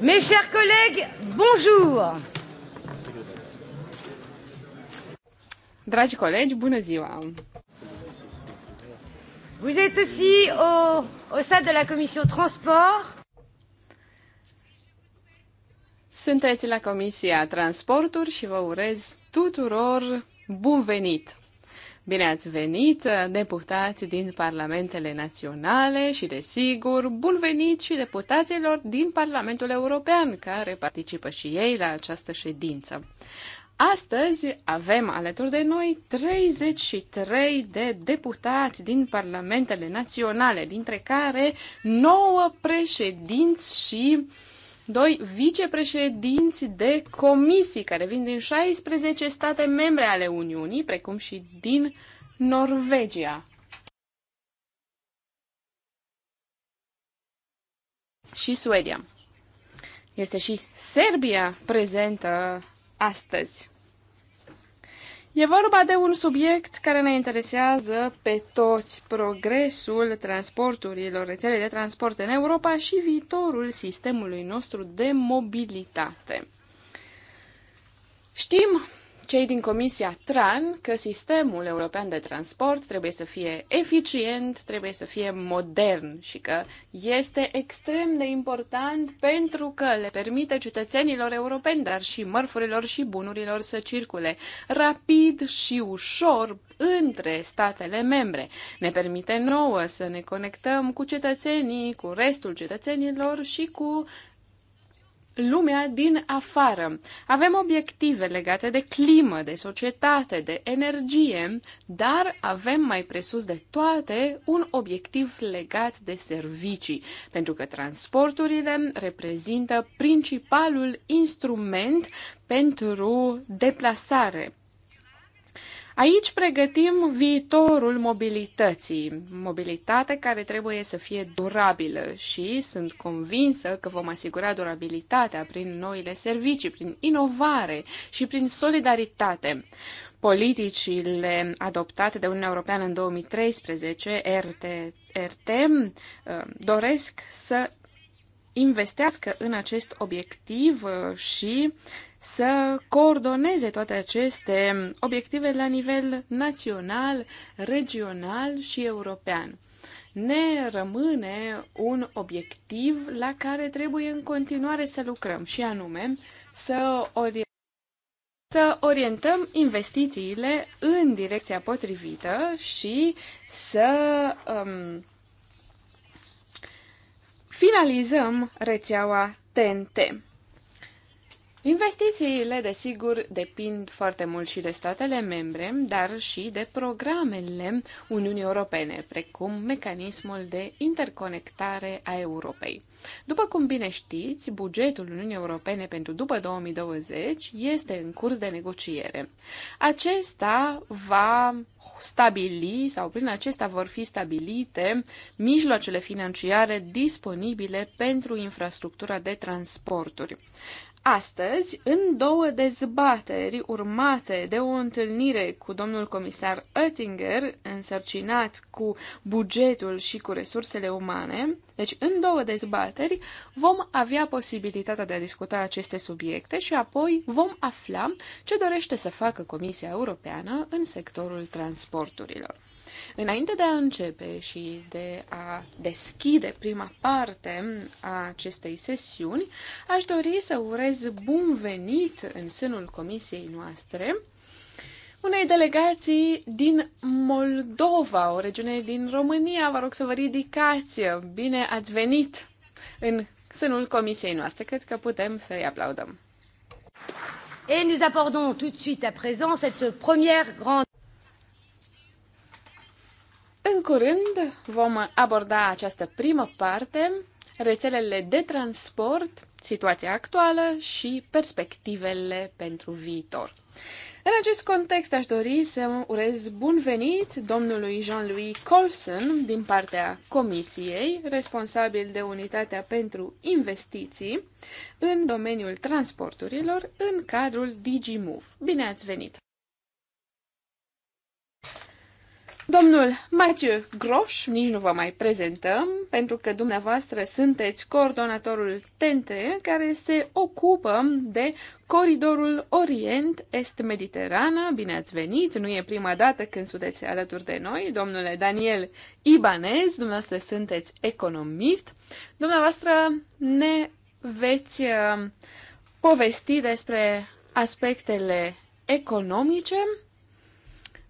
Mes chers collègues, bonjour. Dragi colegi, bună ziua. Vous êtes aussi au, au sein de la commission transport. Sunteți la Comisia Transporturi și vă urez tuturor bun venit! Bine ați venit, deputați din parlamentele naționale și, desigur, bun venit și deputaților din Parlamentul European, care participă și ei la această ședință. Astăzi avem alături de noi 33 de deputați din parlamentele naționale, dintre care 9 președinți și uh, doi vicepreședinți de comisii care vin din 16 state membre ale Uniunii, precum și din Norvegia. Și Suedia. Este și Serbia prezentă astăzi. E vorba de un subiect care ne interesează pe toți, progresul transporturilor, rețelei de transport în Europa și viitorul sistemului nostru de mobilitate. Știm cei din Comisia TRAN că sistemul european de transport trebuie să fie eficient, trebuie să fie modern și că este extrem de important pentru că le permite cetățenilor europeni, dar și mărfurilor și bunurilor să circule rapid și ușor între statele membre. Ne permite nouă să ne conectăm cu cetățenii, cu restul cetățenilor și cu lumea din afară. Avem obiective legate de climă, de societate, de energie, dar avem mai presus de toate un obiectiv legat de servicii, pentru că transporturile reprezintă principalul instrument pentru deplasare, Aici pregătim viitorul mobilității, mobilitate care trebuie să fie durabilă și sunt convinsă că vom asigura durabilitatea prin noile servicii, prin inovare și prin solidaritate. Politicile adoptate de Uniunea Europeană în 2013, RT, RT doresc să investească în acest obiectiv uh, și uh, să coordoneze toate aceste obiective la nivel național, regional și european. Ne rămâne un obiectiv la care trebuie în continuare să lucrăm și anume să orientăm să orientăm investițiile în direcția potrivită și să um, finalizăm rețeaua TNT. Investițiile, desigur, depind foarte mult și de statele membre, dar și de programele Uniunii Europene, precum mecanismul de interconectare a Europei. După cum bine știți, bugetul Uniunii Europene pentru după 2020 este în curs de negociere. Acesta va stabili sau prin acesta vor fi stabilite mijloacele financiare disponibile pentru infrastructura de transporturi. Astăzi, în două dezbateri urmate de o întâlnire cu domnul comisar Oettinger, însărcinat cu bugetul și cu resursele umane, deci în două dezbateri vom avea posibilitatea de a discuta aceste subiecte și apoi vom afla ce dorește să facă Comisia Europeană în sectorul transporturilor. Înainte de a începe și de a deschide prima parte a acestei sesiuni, aș dori să urez bun venit în sânul comisiei noastre unei delegații din Moldova, o regiune din România. Vă rog să vă ridicați. Bine ați venit în sânul comisiei noastre. Cred că putem să-i aplaudăm. Et nous abordons tout de suite à présent cette première grande în curând vom aborda această primă parte, rețelele de transport, situația actuală și perspectivele pentru viitor. În acest context aș dori să urez bun venit domnului Jean-Louis Colson din partea Comisiei, responsabil de unitatea pentru investiții în domeniul transporturilor în cadrul DigiMove. Bine ați venit! Domnul Mathieu Groș, nici nu vă mai prezentăm, pentru că dumneavoastră sunteți coordonatorul TNT care se ocupă de Coridorul Orient-Est-Mediterană. Bine ați venit, nu e prima dată când sunteți alături de noi. Domnule Daniel Ibanez, dumneavoastră sunteți economist. Dumneavoastră ne veți uh, povesti despre aspectele economice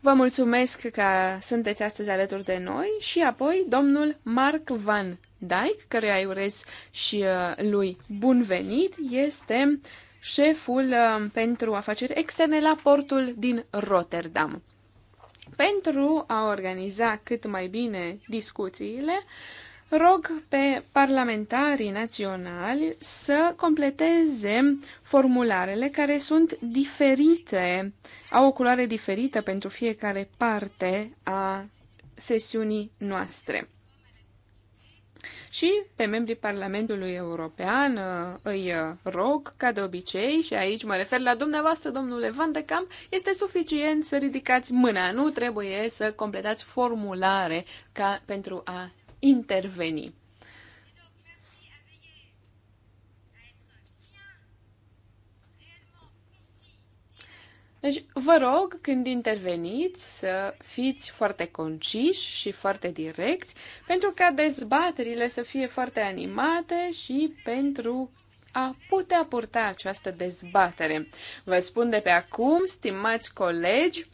Vă mulțumesc că sunteți astăzi alături de noi și apoi domnul Mark Van Dijk, căruia îi urez și uh, lui bun venit, este șeful uh, pentru afaceri externe la portul din Rotterdam. Pentru a organiza cât mai bine discuțiile, rog pe parlamentarii naționali să completeze formularele care sunt diferite, au o culoare diferită pentru fiecare parte a sesiunii noastre. Și pe membrii Parlamentului European uh, îi rog, ca de obicei, și aici mă refer la dumneavoastră, domnule Van de Camp, este suficient să ridicați mâna, nu trebuie să completați formulare ca pentru a interveni. Deci, vă rog, când interveniți, să fiți foarte conciși și foarte direcți, pentru ca dezbaterile să fie foarte animate și pentru a putea purta această dezbatere. Vă spun de pe acum, stimați colegi,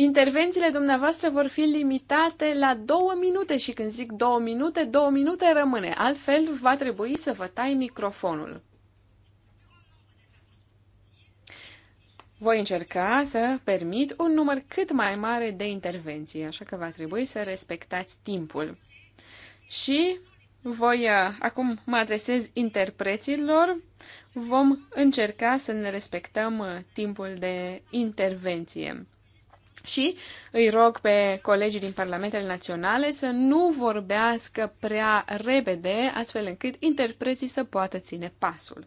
Intervențiile dumneavoastră vor fi limitate la două minute și când zic două minute, două minute rămâne. Altfel va trebui să vă tai microfonul. Voi încerca să permit un număr cât mai mare de intervenții, așa că va trebui să respectați timpul. Și voi, uh, acum mă adresez interpreților, vom încerca să ne respectăm uh, timpul de intervenție și îi rog pe colegii din Parlamentele Naționale să nu vorbească prea repede, astfel încât interpreții să poată ține pasul.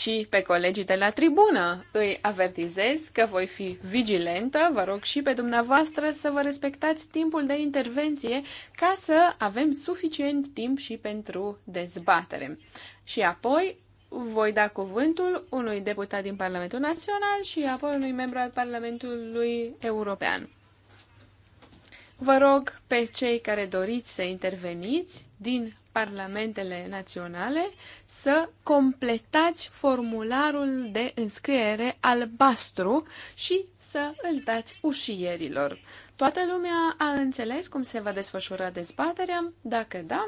și pe colegii de la tribună. Îi avertizez că voi fi vigilentă, vă rog și pe dumneavoastră să vă respectați timpul de intervenție ca să avem suficient timp și pentru dezbatere. Și apoi voi da cuvântul unui deputat din Parlamentul Național și apoi unui membru al Parlamentului European. Vă rog pe cei care doriți să interveniți din parlamentele naționale să completați formularul de înscriere albastru și să îl dați ușierilor. Toată lumea a înțeles cum se va desfășura dezbaterea? Dacă da,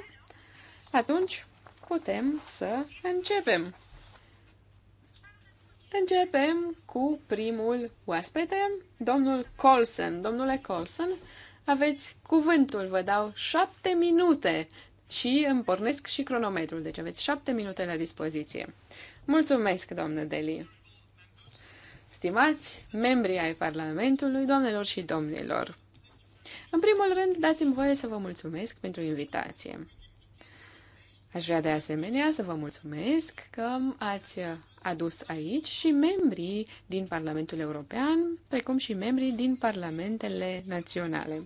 atunci putem să începem. Începem cu primul oaspete, domnul Colson. Domnule Colson, aveți cuvântul, vă dau șapte minute și îmi pornesc și cronometrul, deci aveți șapte minute la dispoziție. Mulțumesc, domnule Deli. Stimați membrii ai Parlamentului, domnilor și domnilor, în primul rând, dați-mi voie să vă mulțumesc pentru invitație. Aș vrea de asemenea să vă mulțumesc că ați adus aici și membrii din Parlamentul European, precum și membrii din parlamentele naționale.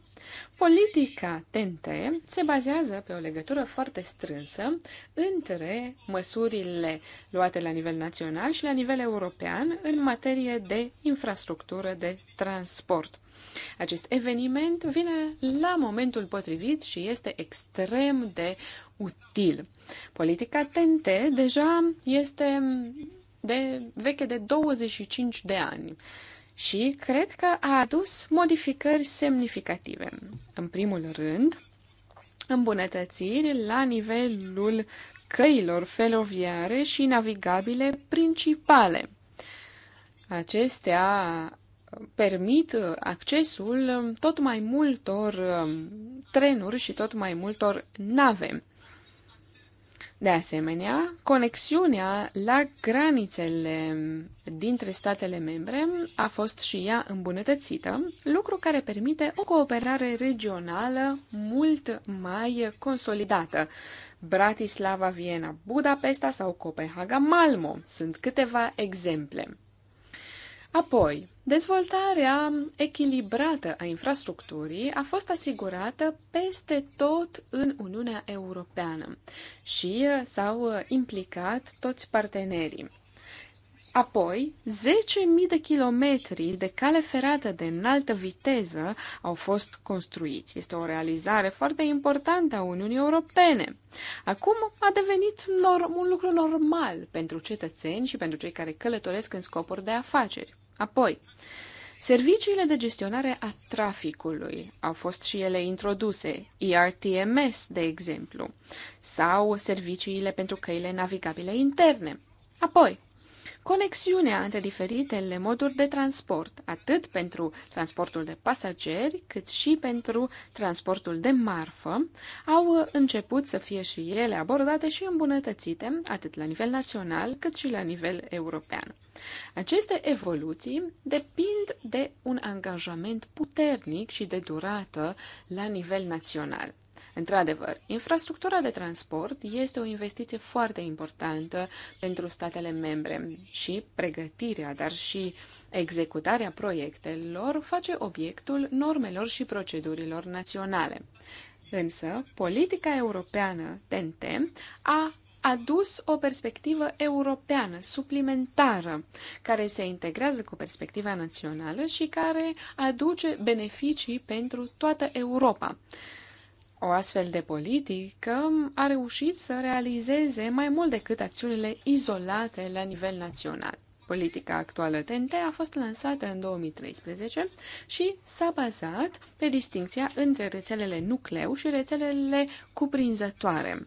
Politica TNT se bazează pe o legătură foarte strânsă între măsurile luate la nivel național și la nivel european în materie de infrastructură de transport. Acest eveniment vine la momentul potrivit și este extrem de util. Politica TNT deja este de veche de 25 de ani și cred că a adus modificări semnificative. În primul rând, îmbunătățiri la nivelul căilor feroviare și navigabile principale. Acestea permit uh, accesul um, tot mai multor um, trenuri și tot mai multor nave. De asemenea, conexiunea la granițele um, dintre statele membre a fost și ea îmbunătățită, lucru care permite o cooperare regională mult mai consolidată. Bratislava, Viena, Budapesta sau Copenhaga, Malmo sunt câteva exemple. Apoi, Dezvoltarea echilibrată a infrastructurii a fost asigurată peste tot în Uniunea Europeană și uh, s-au uh, implicat toți partenerii. Apoi, 10.000 de kilometri de cale ferată de înaltă viteză au fost construiți. Este o realizare foarte importantă a Uniunii Europene. Acum a devenit norm, un lucru normal pentru cetățeni și pentru cei care călătoresc în scopuri de afaceri. Apoi, serviciile de gestionare a traficului au fost și ele introduse, ERTMS, de exemplu, sau serviciile pentru căile navigabile interne. Apoi, conexiunea între diferitele moduri de transport, atât pentru transportul de pasageri, cât și pentru transportul de marfă, au început să fie și ele abordate și îmbunătățite, atât la nivel național, cât și la nivel european. Aceste evoluții depind de un angajament puternic și de durată la nivel național. Într-adevăr, infrastructura de transport este o investiție foarte importantă pentru statele membre și pregătirea, dar și executarea proiectelor face obiectul normelor și procedurilor naționale. Însă, politica europeană TNT a adus o perspectivă europeană, suplimentară, care se integrează cu perspectiva națională și care aduce beneficii pentru toată Europa. O astfel de politică a reușit să realizeze mai mult decât acțiunile izolate la nivel național. Politica actuală TNT a fost lansată în 2013 și s-a bazat pe distinția între rețelele nucleu și rețelele cuprinzătoare.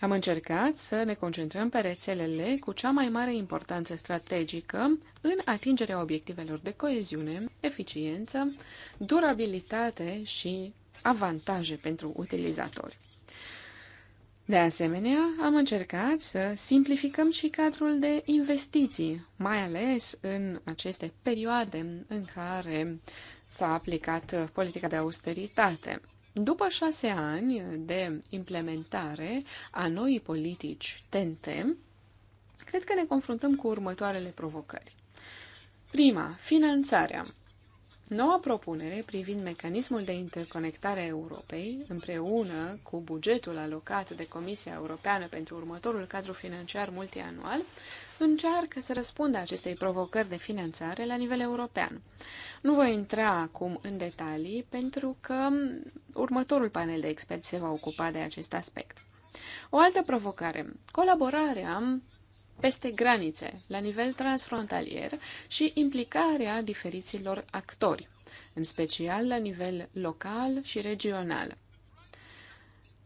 Am încercat să ne concentrăm pe rețelele cu cea mai mare importanță strategică în atingerea obiectivelor de coeziune, eficiență, durabilitate și avantaje pentru utilizatori. De asemenea, am încercat să simplificăm și cadrul de investiții, mai ales în aceste perioade în care s-a aplicat politica de austeritate. După șase ani de implementare a noii politici TNT, cred că ne confruntăm cu următoarele provocări. Prima, finanțarea. Noua propunere privind mecanismul de interconectare a Europei, împreună cu bugetul alocat de Comisia Europeană pentru următorul cadru financiar multianual, încearcă să răspundă acestei provocări de finanțare la nivel european. Nu voi intra acum în detalii, pentru că următorul panel de experți se va ocupa de acest aspect. O altă provocare, colaborarea peste granițe, la nivel transfrontalier și implicarea diferiților actori, în special la nivel local și regional.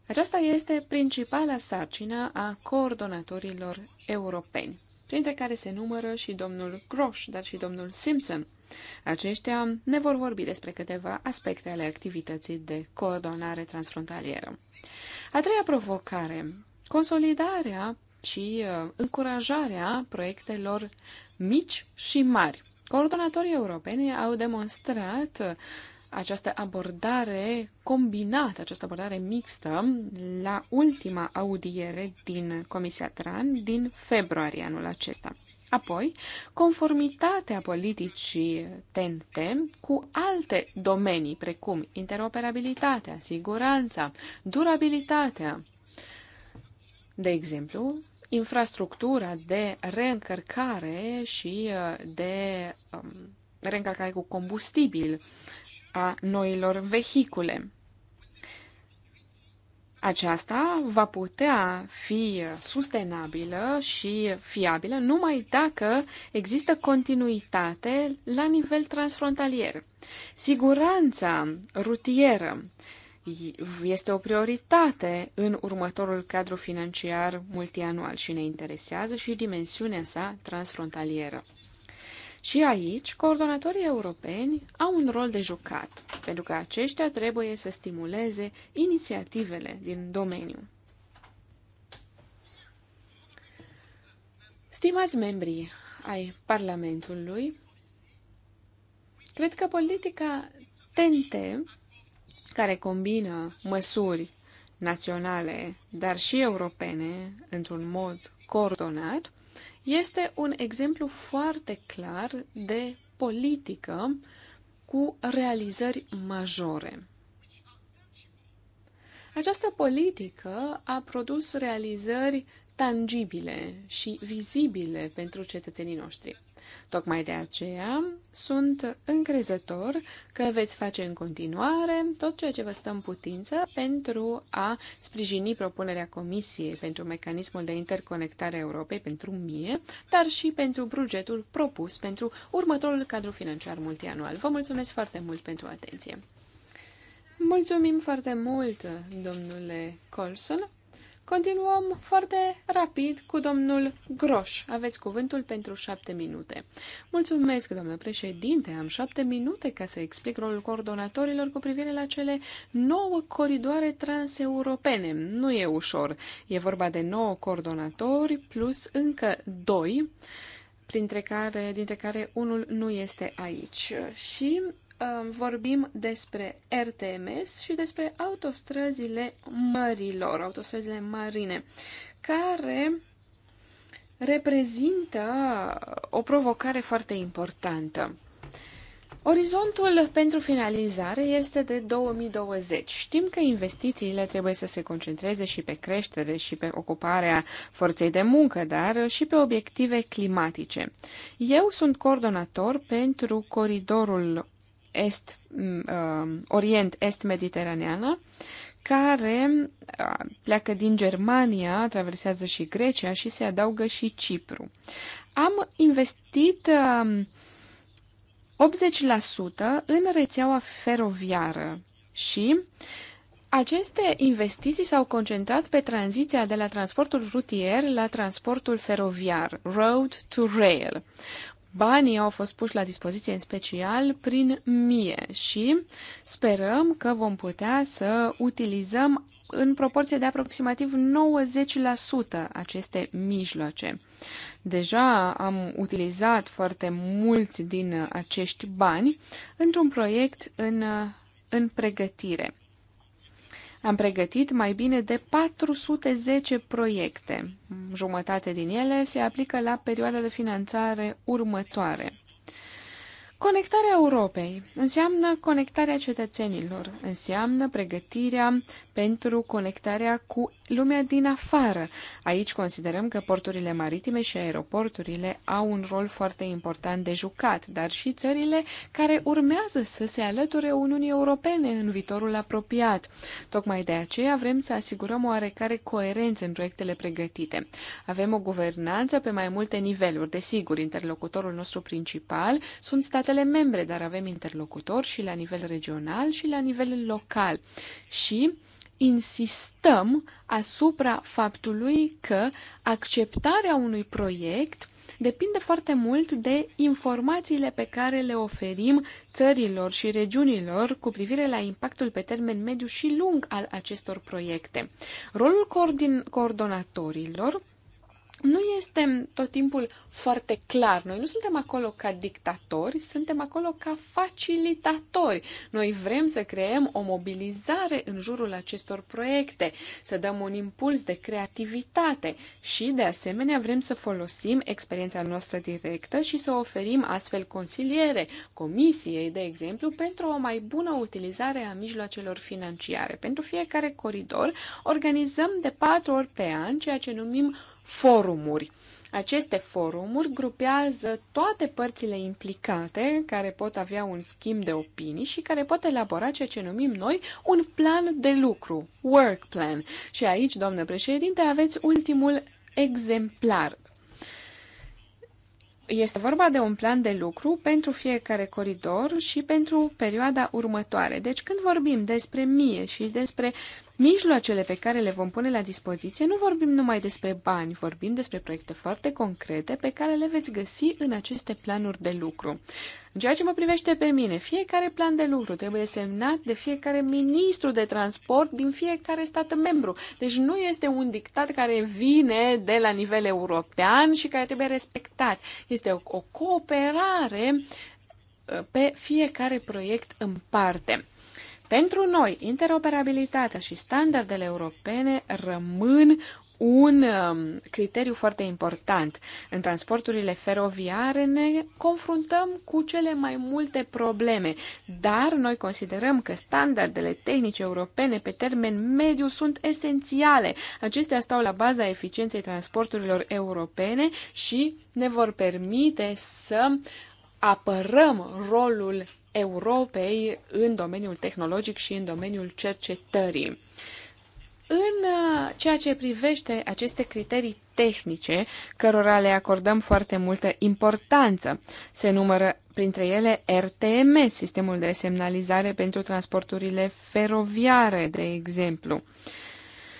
Aceasta este principala sarcină a coordonatorilor europeni, printre care se numără și domnul Grosh, dar și domnul Simpson. Aceștia ne vor vorbi despre câteva aspecte ale activității de coordonare transfrontalieră. A treia provocare, consolidarea ci uh, încurajarea proiectelor mici și mari. Coordonatorii europeni au demonstrat uh, această abordare combinată, această abordare mixtă la ultima audiere din Comisia Tran din februarie anul acesta. Apoi, conformitatea politicii TNT cu alte domenii, precum interoperabilitatea, siguranța, durabilitatea. De exemplu, infrastructura de reîncărcare și uh, de um, reîncărcare cu combustibil a noilor vehicule. Aceasta va putea fi sustenabilă și fiabilă numai dacă există continuitate la nivel transfrontalier. Siguranța rutieră este o prioritate în următorul cadru financiar multianual și ne interesează și dimensiunea sa transfrontalieră. Și aici, coordonatorii europeni au un rol de jucat, pentru că aceștia trebuie să stimuleze inițiativele din domeniu. Stimați membrii ai Parlamentului, cred că politica TNT care combină măsuri naționale, dar și europene, într-un mod coordonat, este un exemplu foarte clar de politică cu realizări majore. Această politică a produs realizări tangibile și vizibile pentru cetățenii noștri. Tocmai de aceea sunt încrezător că veți face în continuare tot ceea ce vă stă în putință pentru a sprijini propunerea Comisiei pentru mecanismul de interconectare a Europei pentru mie, dar și pentru brugetul propus pentru următorul cadru financiar multianual. Vă mulțumesc foarte mult pentru atenție! Mulțumim foarte mult, domnule Colson. Continuăm foarte rapid cu domnul Groș. Aveți cuvântul pentru șapte minute. Mulțumesc, domnule președinte. Am șapte minute ca să explic rolul coordonatorilor cu privire la cele nouă coridoare transeuropene. Nu e ușor. E vorba de nouă coordonatori plus încă doi printre care, dintre care unul nu este aici. Și Um, vorbim despre RTMS și despre autostrăzile mărilor, autostrăzile marine, care reprezintă o provocare foarte importantă. Orizontul pentru finalizare este de 2020. Știm că investițiile trebuie să se concentreze și pe creștere și pe ocuparea forței de muncă, dar și pe obiective climatice. Eu sunt coordonator pentru coridorul est, uh, orient-est mediteraneană, care uh, pleacă din Germania, traversează și Grecia și se adaugă și Cipru. Am investit 80% um, în rețeaua feroviară și aceste investiții s-au concentrat pe tranziția de la transportul rutier la transportul feroviar, road to rail. Banii au fost puși la dispoziție în special prin mie și sperăm că vom putea să utilizăm în proporție de aproximativ 90% aceste mijloace. Deja am utilizat foarte mulți din acești bani într-un proiect în, în pregătire. Am pregătit mai bine de 410 proiecte. Jumătate din ele se aplică la perioada de finanțare următoare. Conectarea Europei înseamnă conectarea cetățenilor, înseamnă pregătirea pentru conectarea cu lumea din afară. Aici considerăm că porturile maritime și aeroporturile au un rol foarte important de jucat, dar și țările care urmează să se alăture Uniunii Europene în viitorul apropiat. Tocmai de aceea vrem să asigurăm oarecare coerență în proiectele pregătite. Avem o guvernanță pe mai multe niveluri, desigur, interlocutorul nostru principal sunt statele statele membre, dar avem interlocutori și la nivel regional și la nivel local. Și insistăm asupra faptului că acceptarea unui proiect depinde foarte mult de informațiile pe care le oferim țărilor și regiunilor cu privire la impactul pe termen mediu și lung al acestor proiecte. Rolul coordin- coordonatorilor nu este tot timpul foarte clar. Noi nu suntem acolo ca dictatori, suntem acolo ca facilitatori. Noi vrem să creăm o mobilizare în jurul acestor proiecte, să dăm un impuls de creativitate și, de asemenea, vrem să folosim experiența noastră directă și să oferim astfel consiliere comisiei, de exemplu, pentru o mai bună utilizare a mijloacelor financiare. Pentru fiecare coridor organizăm de patru ori pe an ceea ce numim forumuri. Aceste forumuri grupează toate părțile implicate care pot avea un schimb de opinii și care pot elabora ceea ce numim noi un plan de lucru, work plan. Și aici, doamnă președinte, aveți ultimul exemplar. Este vorba de un plan de lucru pentru fiecare coridor și pentru perioada următoare. Deci când vorbim despre mie și despre mijloacele pe care le vom pune la dispoziție, nu vorbim numai despre bani, vorbim despre proiecte foarte concrete pe care le veți găsi în aceste planuri de lucru. În ceea ce mă privește pe mine, fiecare plan de lucru trebuie semnat de fiecare ministru de transport din fiecare stat membru. Deci nu este un dictat care vine de la nivel european și care trebuie respectat. Este o, o cooperare uh, pe fiecare proiect în parte. Pentru noi, interoperabilitatea și standardele europene rămân un um, criteriu foarte important. În transporturile feroviare ne confruntăm cu cele mai multe probleme, dar noi considerăm că standardele tehnice europene pe termen mediu sunt esențiale. Acestea stau la baza eficienței transporturilor europene și ne vor permite să apărăm rolul Europei în domeniul tehnologic și în domeniul cercetării. În uh, ceea ce privește aceste criterii tehnice, cărora le acordăm foarte multă importanță, se numără printre ele RTMS, sistemul de semnalizare pentru transporturile feroviare, de exemplu. Uh,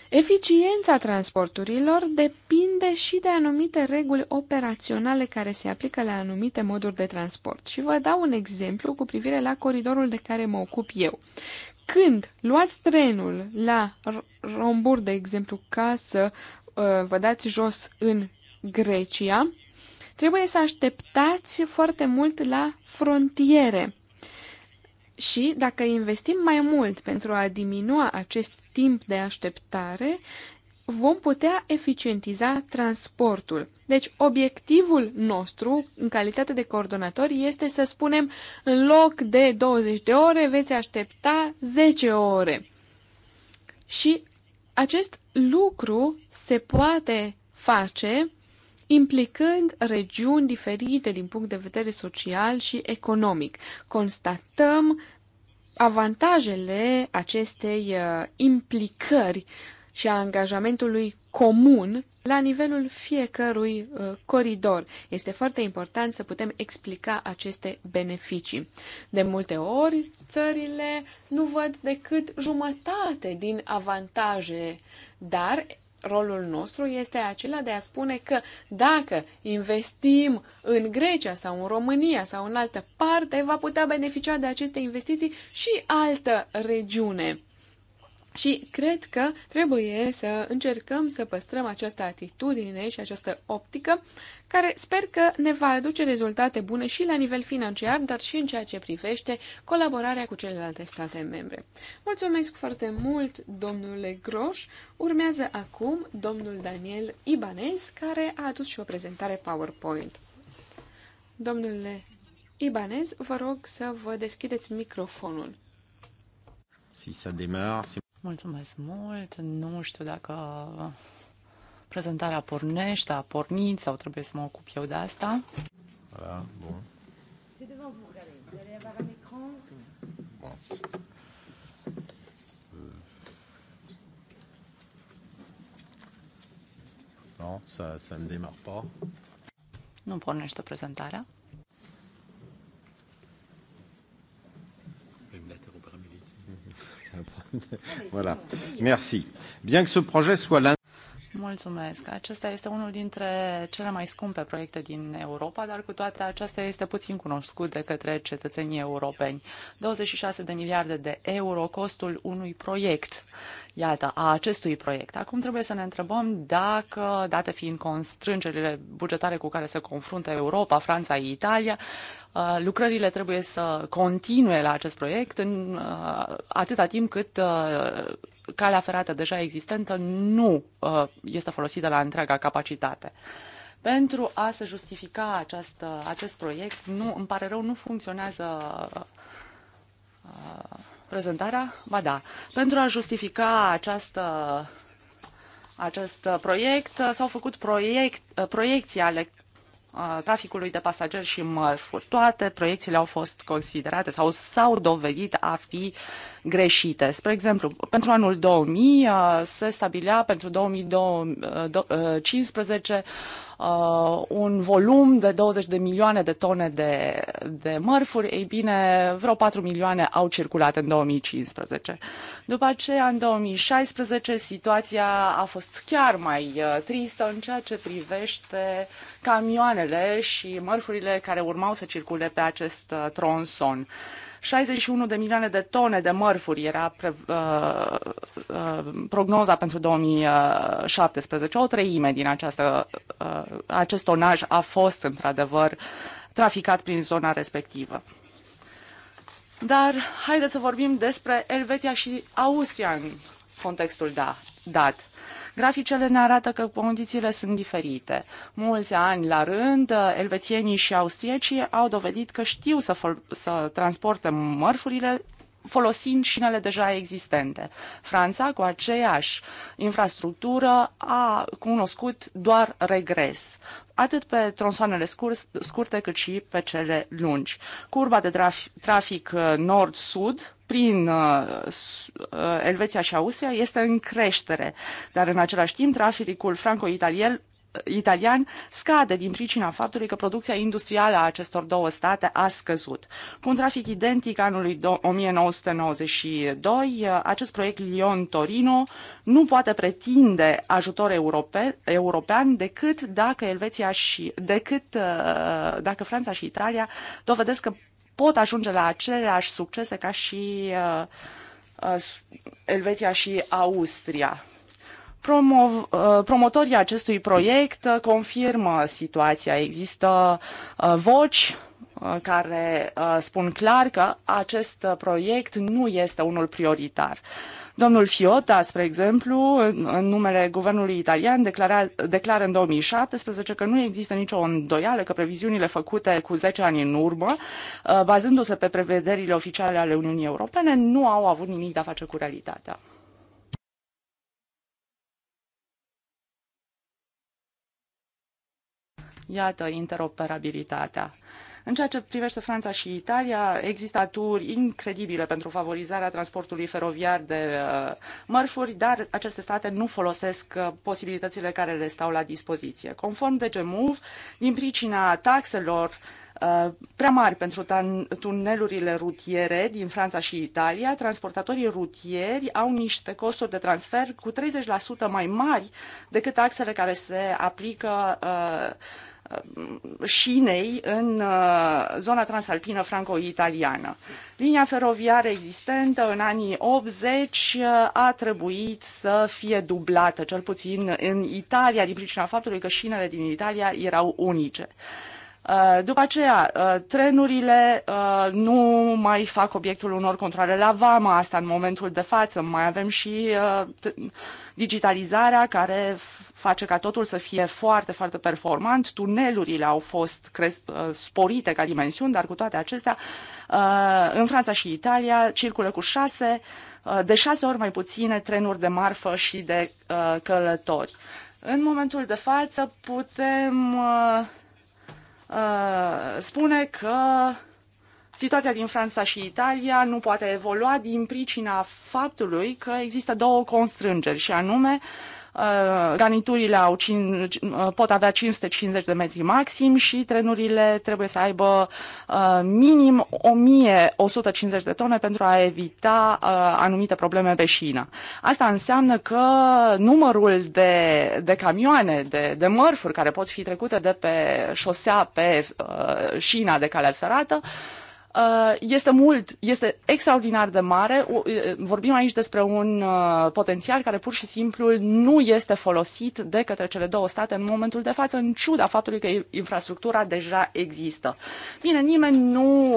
Eficiența transporturilor depinde și de anumite reguli operaționale care se aplică la anumite moduri de transport. Și vă dau un exemplu cu privire la coridorul de care mă ocup eu. Când luați trenul la Rombur, de exemplu, ca să uh, vă dați jos în Grecia, trebuie să așteptați foarte mult la frontiere. Și dacă investim mai mult pentru a diminua acest timp de așteptare, vom putea eficientiza transportul. Deci, obiectivul nostru, în calitate de coordonator, este să spunem, în loc de 20 de ore, veți aștepta 10 ore. Și acest lucru se poate face implicând regiuni diferite din punct de vedere social și economic. Constatăm avantajele acestei uh, implicări și a angajamentului comun la nivelul fiecărui uh, coridor. Este foarte important să putem explica aceste beneficii. De multe ori, țările nu văd decât jumătate din avantaje, dar rolul nostru este acela de a spune că dacă investim în Grecia sau în România sau în altă parte, va putea beneficia de aceste investiții și altă regiune. Și cred că trebuie să încercăm să păstrăm această atitudine și această optică, care sper că ne va aduce rezultate bune și la nivel financiar, dar și în ceea ce privește colaborarea cu celelalte state membre. Mulțumesc foarte mult, domnule Groș. Urmează acum domnul Daniel Ibanez, care a adus și o prezentare PowerPoint. Domnule Ibanez, vă rog să vă deschideți microfonul. Si ça démarre, si... Mulțumesc mult. Nu știu dacă prezentarea pornește, a pornit sau trebuie să mă ocup eu de asta. Da, bun. Euh, non, ça, ça ne démarre pas. Nu pornește prezentarea. voilà. Merci. Bien que ce projet soit l'un Mulțumesc. Acesta este unul dintre cele mai scumpe proiecte din Europa, dar cu toate acestea este puțin cunoscut de către cetățenii europeni. 26 de miliarde de euro costul unui proiect. Iată, a acestui proiect. Acum trebuie să ne întrebăm dacă, date fiind constrângerile bugetare cu care se confruntă Europa, Franța, Italia, uh, lucrările trebuie să continue la acest proiect în uh, atâta timp cât uh, calea ferată deja existentă nu uh, este folosită la întreaga capacitate. Pentru a se justifica această, uh, acest proiect, nu, îmi pare rău, nu funcționează uh, prezentarea? Ba da. Pentru a justifica această acest proiect, s-au făcut proiect, proiecții ale Uh, traficului de pasageri și mărfuri. Toate proiecțiile au fost considerate sau s-au dovedit a fi greșite. Spre exemplu, pentru anul 2000 uh, se stabilea pentru 2015 uh, un volum de 20 de milioane de tone de, de mărfuri, ei bine, vreo 4 milioane au circulat în 2015. După aceea, în 2016, situația a fost chiar mai uh, tristă în ceea ce privește camioanele și mărfurile care urmau să circule pe acest uh, tronson. Uh, 61 de milioane de tone de mărfuri era pre, uh, uh, prognoza pentru 2017. O treime din această, uh, acest tonaj a fost într-adevăr traficat prin zona respectivă. Dar haideți să vorbim despre Elveția și Austria în contextul da, dat. Graficele ne arată că condițiile sunt diferite. Mulți ani la rând, elvețienii și austriecii au dovedit că știu să, să transporte mărfurile folosind șinele deja existente. Franța, cu aceeași infrastructură, a cunoscut doar regres atât pe tronsoanele scurte cât și pe cele lungi. Curba de trafic, trafic uh, nord-sud prin uh, uh, Elveția și Austria este în creștere, dar în același timp traficul franco-italian italian scade din pricina faptului că producția industrială a acestor două state a scăzut. Cu un trafic identic anului 1992, acest proiect Lyon-Torino nu poate pretinde ajutor europe, european decât dacă Elveția și decât uh, dacă Franța și Italia dovedesc că pot ajunge la aceleași succese ca și uh, uh, Elveția și Austria. Promov, uh, promotorii acestui proiect uh, confirmă situația. Există uh, voci care spun clar că acest proiect nu este unul prioritar. Domnul Fiota, spre exemplu, în numele guvernului italian, declara, declară în 2017 că nu există nicio îndoială că previziunile făcute cu 10 ani în urmă, bazându-se pe prevederile oficiale ale Uniunii Europene, nu au avut nimic de a face cu realitatea. Iată interoperabilitatea. În ceea ce privește Franța și Italia, există aturi incredibile pentru favorizarea transportului feroviar de uh, mărfuri, dar aceste state nu folosesc uh, posibilitățile care le stau la dispoziție. Conform DGMUV, din pricina taxelor uh, prea mari pentru tunelurile rutiere din Franța și Italia, transportatorii rutieri au niște costuri de transfer cu 30% mai mari decât taxele care se aplică uh, Uh, șinei în uh, zona transalpină franco-italiană. Linia feroviară existentă în anii 80 uh, a trebuit să fie dublată, cel puțin în Italia, din pricina faptului că șinele din Italia erau unice. După aceea, trenurile nu mai fac obiectul unor controle la vama, asta în momentul de față. Mai avem și digitalizarea care face ca totul să fie foarte, foarte performant. Tunelurile au fost uh, sporite ca dimensiuni, dar cu toate acestea, uh, în Franța și Italia circulă cu șase, uh, de șase ori mai puține trenuri de marfă și de călători. În momentul de față putem spune că Situația din Franța și Italia nu poate evolua din pricina faptului că există două constrângeri și anume uh, garniturile au cin, uh, pot avea 550 de metri maxim și trenurile trebuie să aibă uh, minim 1150 de tone pentru a evita anumite probleme pe șină. Asta înseamnă că numărul de, de camioane, de, de mărfuri care pot fi trecute de pe șosea pe șina de cale ferată Uh, este mult, este extraordinar de mare. Uh, vorbim aici despre un uh, potențial care pur și simplu nu este folosit de către cele două state în momentul de față, în ciuda faptului că infrastructura deja există. Bine, nimeni nu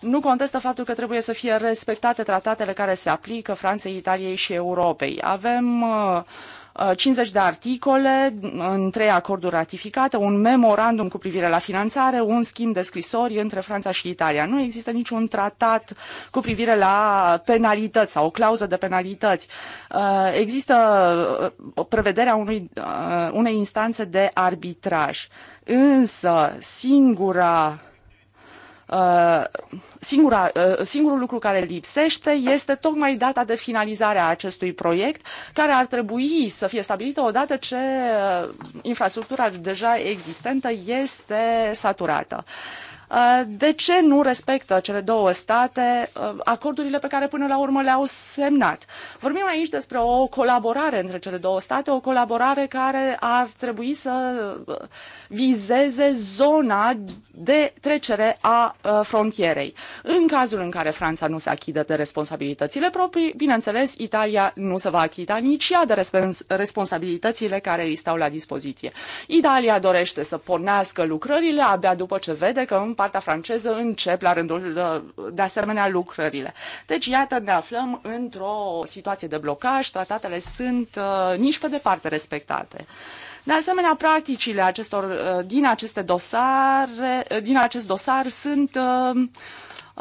nu contestă faptul că trebuie să fie respectate tratatele care se aplică Franței, Italiei și Europei. Avem uh, 50 uh, de articole uh, în trei acorduri ratificate, un memorandum cu privire la finanțare, un schimb de scrisori între Franța și Italia. Nu există niciun tratat cu privire la penalități sau o clauză de penalități. Uh, există prevederea unui, unei instanțe de arbitraj. Însă, singura Uh, singura, uh, singurul lucru care lipsește este tocmai data de finalizare a acestui proiect, care ar trebui să fie stabilită odată ce uh, infrastructura deja existentă este saturată. Uh, de ce nu respectă cele două state uh, acordurile pe care până la urmă le-au semnat. Vorbim aici despre o colaborare între cele două state, o colaborare care ar trebui să uh, vizeze zona de trecere a frontierei. În cazul în care Franța nu se achidă de responsabilitățile proprii, bineînțeles, Italia nu se va achita nici ea de responsabilitățile care îi stau la dispoziție. Italia dorește să pornească lucrările abia după ce vede că în partea franceză încep la rândul de asemenea lucrările. Deci, iată, ne aflăm într-o situație de blocaj, tratatele sunt uh, nici pe departe respectate. De asemenea, practicile acestor, uh, din, aceste dosare, uh, din acest dosar sunt uh,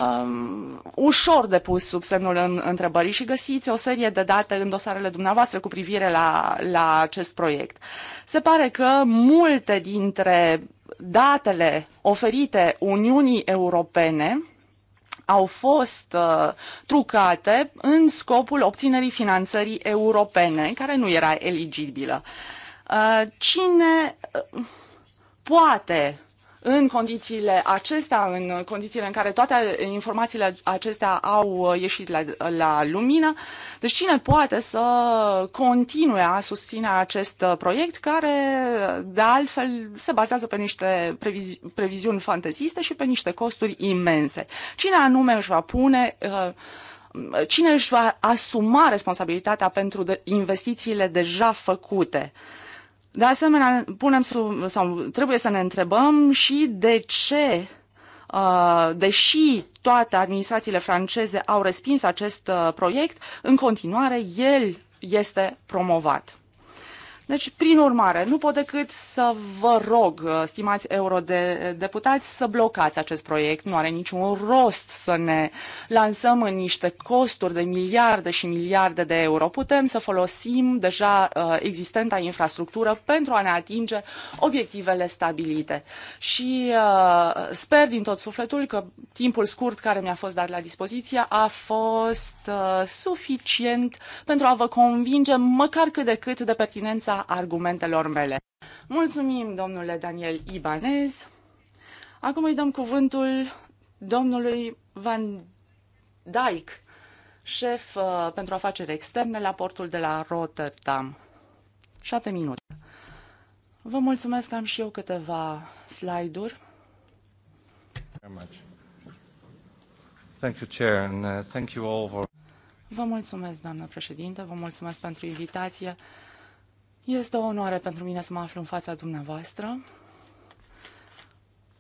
um, ușor de pus sub semnul în, întrebării și găsiți o serie de date în dosarele dumneavoastră cu privire la, la acest proiect. Se pare că multe dintre datele oferite Uniunii Europene au fost uh, trucate în scopul obținerii finanțării europene, care nu era eligibilă. Uh, cine uh, poate în condițiile acestea, în condițiile în care toate informațiile acestea au uh, ieșit la, la lumină. Deci cine poate să continue a susține acest uh, proiect care, uh, de altfel, se bazează pe niște previzi, previziuni fanteziste și pe niște costuri imense? Cine anume își va pune... Uh, cine își va asuma responsabilitatea pentru investițiile deja făcute? Uh, de asemenea, punem sub, sau trebuie să ne întrebăm și de ce, uh, deși toate administrațiile franceze au respins acest uh, proiect, în continuare el este promovat. Deci, prin urmare, nu pot decât să vă rog, uh, stimați eurodeputați, să blocați acest proiect. Nu are niciun rost să ne lansăm în niște costuri de miliarde și miliarde de euro. Putem să folosim deja uh, existenta infrastructură pentru a ne atinge obiectivele stabilite. Și uh, sper din tot sufletul că timpul scurt care mi-a fost dat la dispoziție a fost suficient pentru a vă convinge măcar cât de cât de pertinența argumentelor mele. Mulțumim, domnule Daniel Ibanez. Acum îi dăm cuvântul domnului Van Dijk, șef uh, pentru afaceri externe la portul de la Rotterdam. Șapte minute. Vă mulțumesc, am și eu câteva slide-uri. Uh, vă mulțumesc, doamnă președinte, vă mulțumesc pentru invitație. Este o onoare pentru mine să mă aflu în fața dumneavoastră.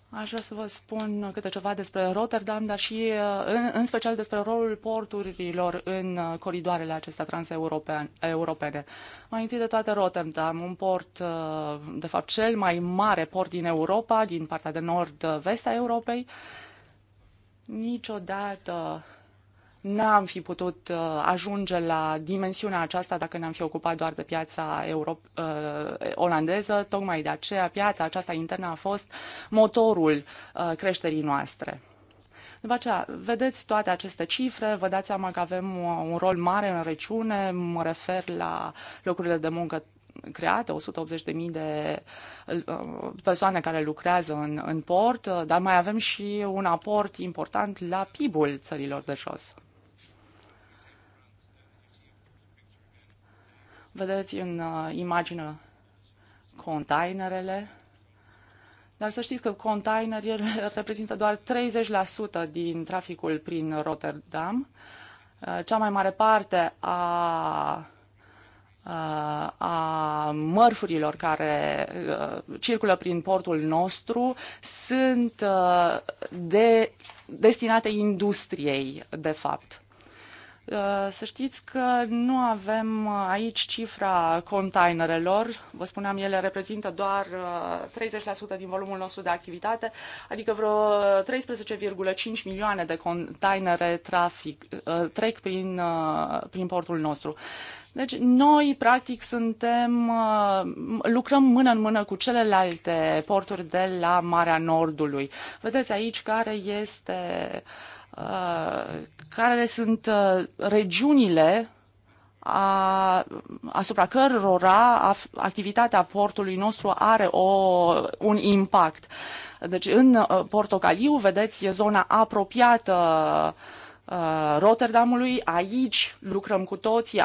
Aș vrea să vă spun câte ceva despre Rotterdam, dar și uh, în, în special despre rolul porturilor în uh, coridoarele acestea transeuropene. Mai întâi de toate Rotterdam, un port, uh, de fapt cel mai mare port din Europa, din partea de nord-vest a Europei. Niciodată n-am fi putut uh, ajunge la dimensiunea aceasta dacă ne-am fi ocupat doar de piața euro- uh, olandeză. Tocmai de aceea piața aceasta internă a fost motorul uh, creșterii noastre. După aceea, vedeți toate aceste cifre, vă dați seama că avem un rol mare în regiune, mă refer la locurile de muncă create, 180.000 de persoane care lucrează în, în port, dar mai avem și un aport important la PIB-ul țărilor de jos. Vedeți în uh, imagine containerele, dar să știți că containerele reprezintă doar 30% din traficul prin Rotterdam. Uh, cea mai mare parte a uh, a mărfurilor care circulă prin portul nostru sunt de, destinate industriei, de fapt. Uh, să știți că nu avem uh, aici cifra containerelor, vă spuneam, ele reprezintă doar 30% uh, din volumul nostru de activitate, adică vreo 13,5 milioane de containere trafic, trec prin, prin portul nostru. Deci noi, practic, suntem, lucrăm mână în mână cu celelalte porturi de la Marea Nordului. Vedeți aici care este uh, Uh, care sunt uh, regiunile a, asupra cărora activitatea portului nostru are o, un impact. Deci în uh, Portocaliu vedeți zona apropiată uh, Uh, Rotterdamului. Aici lucrăm cu toții,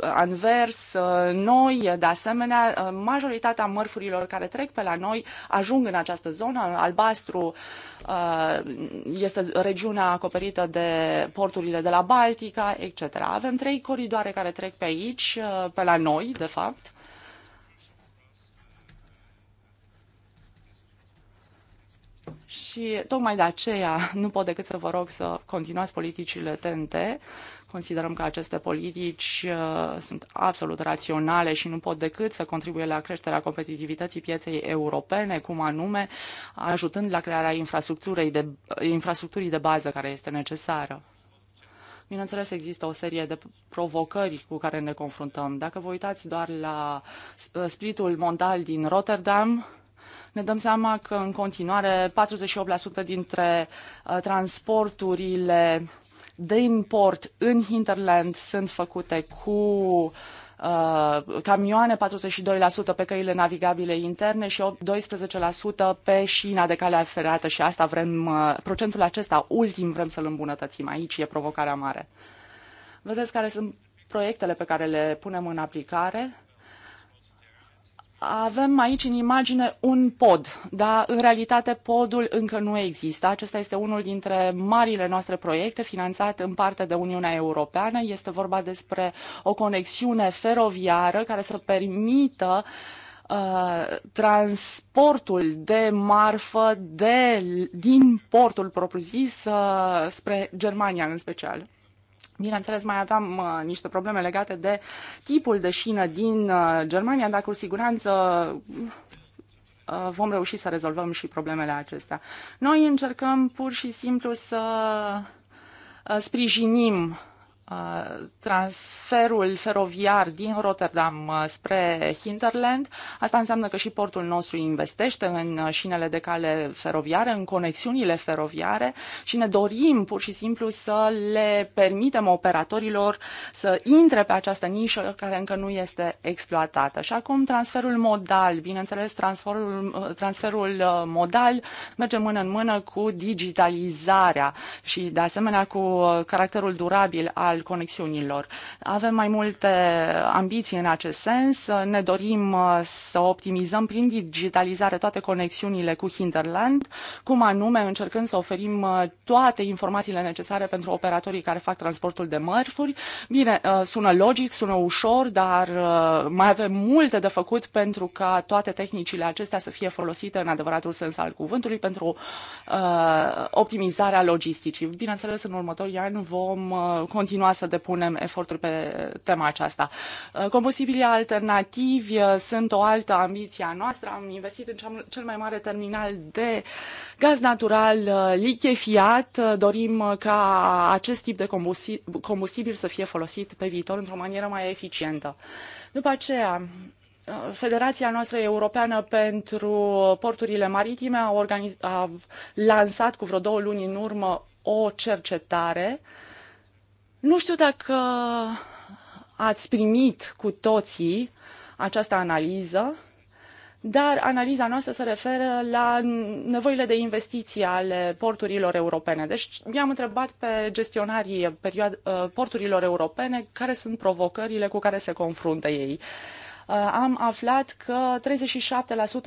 Anvers, uh, noi, de asemenea, uh, majoritatea mărfurilor care trec pe la noi ajung în această zonă. Albastru este regiunea acoperită de porturile de la Baltica, etc. Avem trei coridoare care trec pe aici, pe la noi, de fapt. Și tocmai de aceea nu pot decât să vă rog să continuați politicile TNT. Considerăm că aceste politici uh, sunt absolut raționale și nu pot decât să contribuie la creșterea competitivității pieței europene, cum anume, ajutând la crearea infrastructurii de, infrastructurii de bază care este necesară. Bineînțeles, există o serie de provocări cu care ne confruntăm. Dacă vă uitați doar la uh, splitul mondial din Rotterdam, ne dăm seama că în continuare 48% dintre uh, transporturile de import în hinterland sunt făcute cu uh, camioane, 42% pe căile navigabile interne și 12% pe șina de calea ferată și asta vrem, uh, procentul acesta ultim vrem să-l îmbunătățim. Aici e provocarea mare. Vedeți care sunt proiectele pe care le punem în aplicare. Avem aici în imagine un pod, dar în realitate podul încă nu există. Acesta este unul dintre marile noastre proiecte finanțat în parte de Uniunea Europeană. Este vorba despre o conexiune feroviară care să permită uh, transportul de marfă de, din portul propriu-zis uh, spre Germania în special. Bineînțeles, mai aveam uh, niște probleme legate de tipul de șină din uh, Germania, dar cu siguranță uh, vom reuși să rezolvăm și problemele acestea. Noi încercăm pur și simplu să uh, sprijinim transferul feroviar din Rotterdam uh, spre Hinterland. Asta înseamnă că și portul nostru investește în uh, șinele de cale feroviare, în conexiunile feroviare și ne dorim pur și simplu să le permitem operatorilor să intre pe această nișă care încă nu este exploatată. Și acum transferul modal, bineînțeles, transferul, uh, transferul modal merge mână în mână cu digitalizarea și de asemenea cu caracterul durabil al nivel conexiunilor. Avem mai multe ambiții în acest sens. Ne dorim uh, să optimizăm prin digitalizare toate conexiunile cu Hinterland, cum anume încercând să oferim uh, toate informațiile necesare pentru operatorii care fac transportul de mărfuri. Bine, uh, sună logic, sună ușor, dar mai avem multe de făcut pentru ca toate tehnicile acestea să fie folosite în adevăratul sens al cuvântului pentru uh, optimizarea logisticii. Bineînțeles, în următorii ani vom continua continua să depunem eforturi pe tema aceasta. Uh, combustibilii alternativi uh, sunt o altă ambiție a noastră. Am investit în cel mai mare terminal de gaz natural uh, lichefiat. Dorim ca acest tip de combustibil să fie folosit pe viitor într-o manieră mai eficientă. După aceea, Federația noastră europeană pentru porturile maritime a, organiz... a lansat cu vreo două luni în urmă o cercetare uh, nu știu dacă ați primit cu toții această analiză, dar analiza noastră se referă la nevoile de investiții ale porturilor europene. Deci mi am întrebat pe gestionarii uh, porturilor europene care sunt provocările cu care se confruntă ei. Uh, am aflat că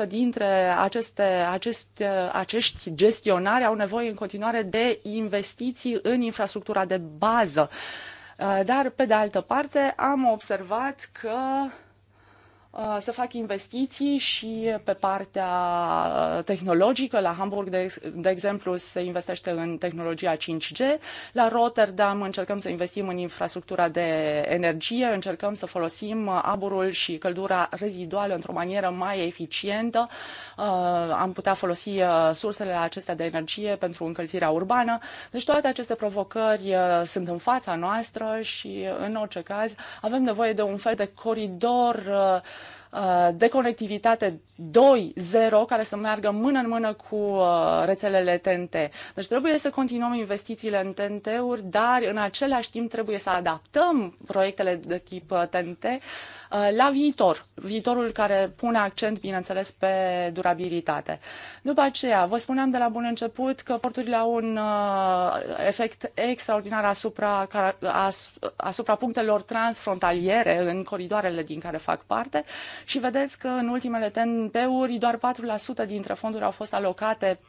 37% dintre aceste, aceste, uh, acești gestionari au nevoie în continuare de investiții în infrastructura de bază. Uh, dar, pe de altă parte, am observat că Uh, să fac investiții și pe partea uh, tehnologică. La Hamburg, de, de exemplu, se investește în tehnologia 5G. La Rotterdam încercăm să investim în infrastructura de energie, încercăm să folosim uh, aburul și căldura reziduală într-o manieră mai eficientă. Am putea folosi sursele acestea de energie pentru încălzirea urbană. Deci toate aceste provocări sunt în fața noastră și, în orice caz, avem nevoie de un fel de coridor uh, Uh, de conectivitate 2.0 care să meargă mână în mână cu uh, rețelele TNT. Deci trebuie să continuăm investițiile în TNT-uri, dar în același timp trebuie să adaptăm proiectele de tip TNT uh, la viitor, viitorul care pune accent, bineînțeles, pe durabilitate. După aceea, vă spuneam de la bun început că porturile au un efect extraordinar asupra, asupra punctelor transfrontaliere în coridoarele din care fac parte și vedeți că în ultimele TNT-uri doar 4% dintre fonduri au fost alocate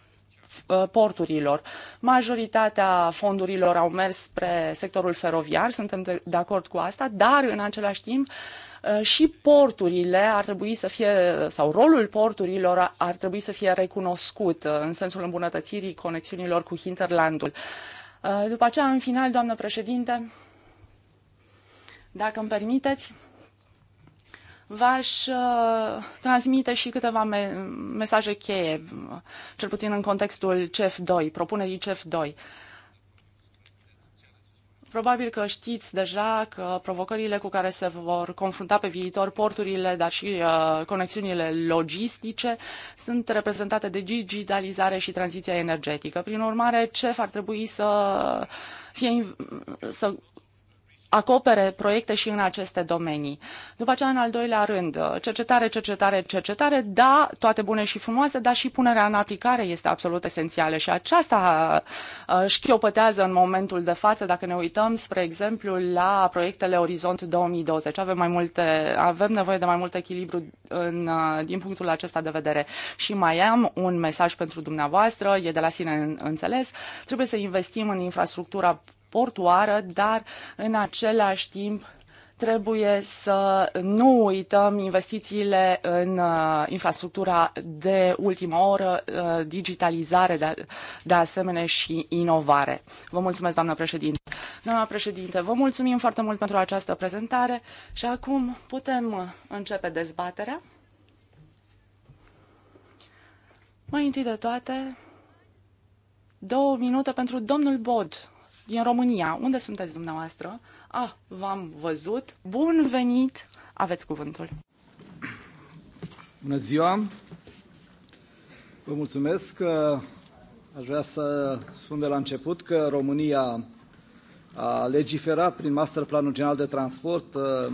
uh, porturilor. Majoritatea fondurilor au mers spre sectorul feroviar, suntem de, de acord cu asta, dar în același timp uh, și porturile ar trebui să fie, sau rolul porturilor ar trebui să fie recunoscut uh, în sensul îmbunătățirii conexiunilor cu hinterlandul. După aceea, în final, doamnă președinte, dacă îmi permiteți, v-aș uh, transmite și câteva me mesaje cheie, cel puțin în contextul CEF2, propunerii CEF2. Probabil că știți deja că provocările cu care se vor confrunta pe viitor porturile, dar și uh, conexiunile logistice sunt reprezentate de digitalizare și tranziția energetică. Prin urmare, CEF ar trebui să, fie, să acopere proiecte și în aceste domenii. După aceea, în al doilea rând, cercetare, cercetare, cercetare, da, toate bune și frumoase, dar și punerea în aplicare este absolut esențială și aceasta uh, șchiopătează în momentul de față, dacă ne uităm, spre exemplu, la proiectele Orizont 2020. Avem, mai multe, avem nevoie de mai mult echilibru în, uh, din punctul acesta de vedere. Și mai am un mesaj pentru dumneavoastră, e de la sine înțeles, trebuie să investim în infrastructura portuară, dar în același timp trebuie să nu uităm investițiile în uh, infrastructura de ultimă oră, uh, digitalizare de, de asemenea și inovare. Vă mulțumesc, doamnă președinte. Doamna președinte, vă mulțumim foarte mult pentru această prezentare și acum putem începe dezbaterea. Mai întâi de toate, două minute pentru domnul Bod din România. Unde sunteți dumneavoastră? Ah, v-am văzut. Bun venit! Aveți cuvântul. Bună ziua! Vă mulțumesc că aș vrea să spun de la început că România a legiferat prin Masterplanul General de Transport uh,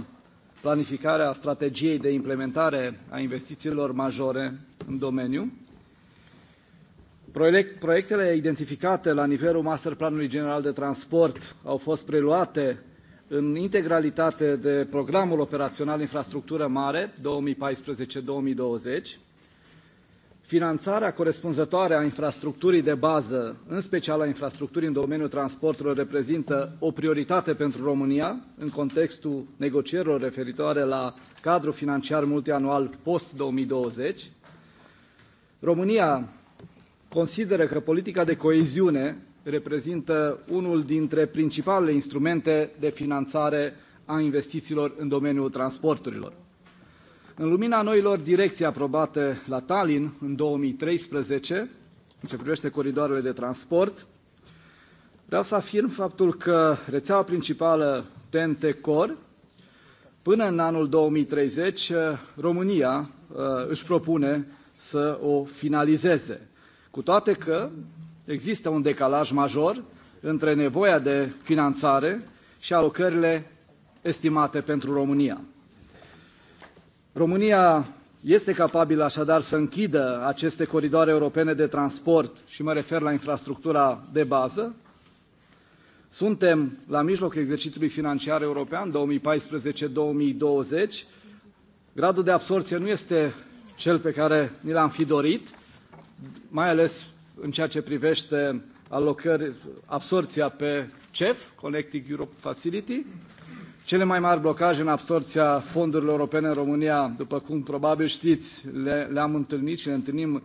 planificarea strategiei de implementare a investițiilor majore în domeniu Proiectele identificate la nivelul Masterplanului General de Transport au fost preluate în integralitate de Programul Operațional Infrastructură Mare 2014-2020. Finanțarea corespunzătoare a infrastructurii de bază, în special a infrastructurii în domeniul transporturilor, reprezintă o prioritate pentru România în contextul negocierilor referitoare la cadrul financiar multianual post-2020. România consideră că politica de coeziune reprezintă unul dintre principalele instrumente de finanțare a investițiilor în domeniul transporturilor. În lumina noilor direcții aprobate la Tallinn în 2013, în ce privește coridoarele de transport, vreau să afirm faptul că rețeaua principală TNT Core, până în anul 2030, România uh, își propune să o finalizeze cu toate că există un decalaj major între nevoia de finanțare și alocările estimate pentru România. România este capabilă așadar să închidă aceste coridoare europene de transport și mă refer la infrastructura de bază. Suntem la mijlocul exercițiului financiar european 2014-2020. Gradul de absorție nu este cel pe care ni l-am fi dorit, mai ales în ceea ce privește alocări, absorția pe CEF, Connecting Europe Facility. Cele mai mari blocaje în absorția fondurilor europene în România, după cum probabil știți, le, le-am întâlnit și le întâlnim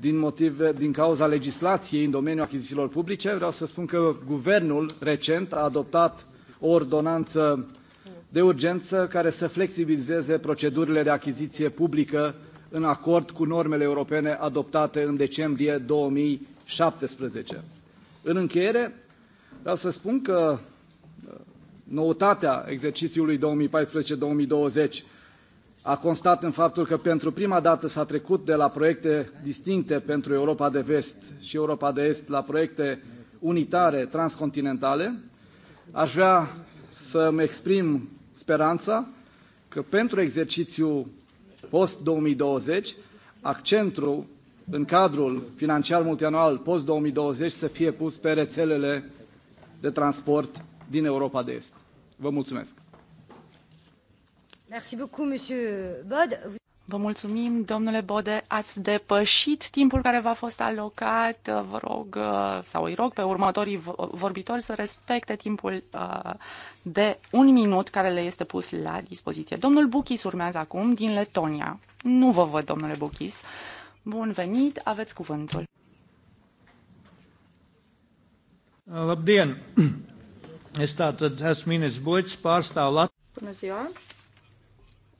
din, motive, din cauza legislației în domeniul achizițiilor publice. Vreau să spun că guvernul recent a adoptat o ordonanță de urgență care să flexibilizeze procedurile de achiziție publică în acord cu normele europene adoptate în decembrie 2017. În încheiere, vreau să spun că uh, noutatea exercițiului 2014-2020 a constat în faptul că pentru prima dată s-a trecut de la proiecte distincte pentru Europa de Vest și Europa de Est la proiecte unitare transcontinentale. Aș vrea să-mi exprim speranța că pentru exercițiul post-2020, accentul în cadrul financiar multianual post-2020 să fie pus pe rețelele de transport din Europa de Est. Vă mulțumesc! Merci beaucoup, Monsieur Bod. Vă mulțumim, domnule Bode, ați depășit timpul care v-a fost alocat. Vă rog, uh, sau îi rog pe următorii vorbitori să respecte timpul uh, de un minut care le este pus la dispoziție. Domnul Buchis urmează acum din Letonia. Nu vă văd, domnule Buchis. Bun venit, aveți cuvântul. Uh, labdien! Es tātad esmu Ines Boits, pārstāvu Latviju. Bună ziua!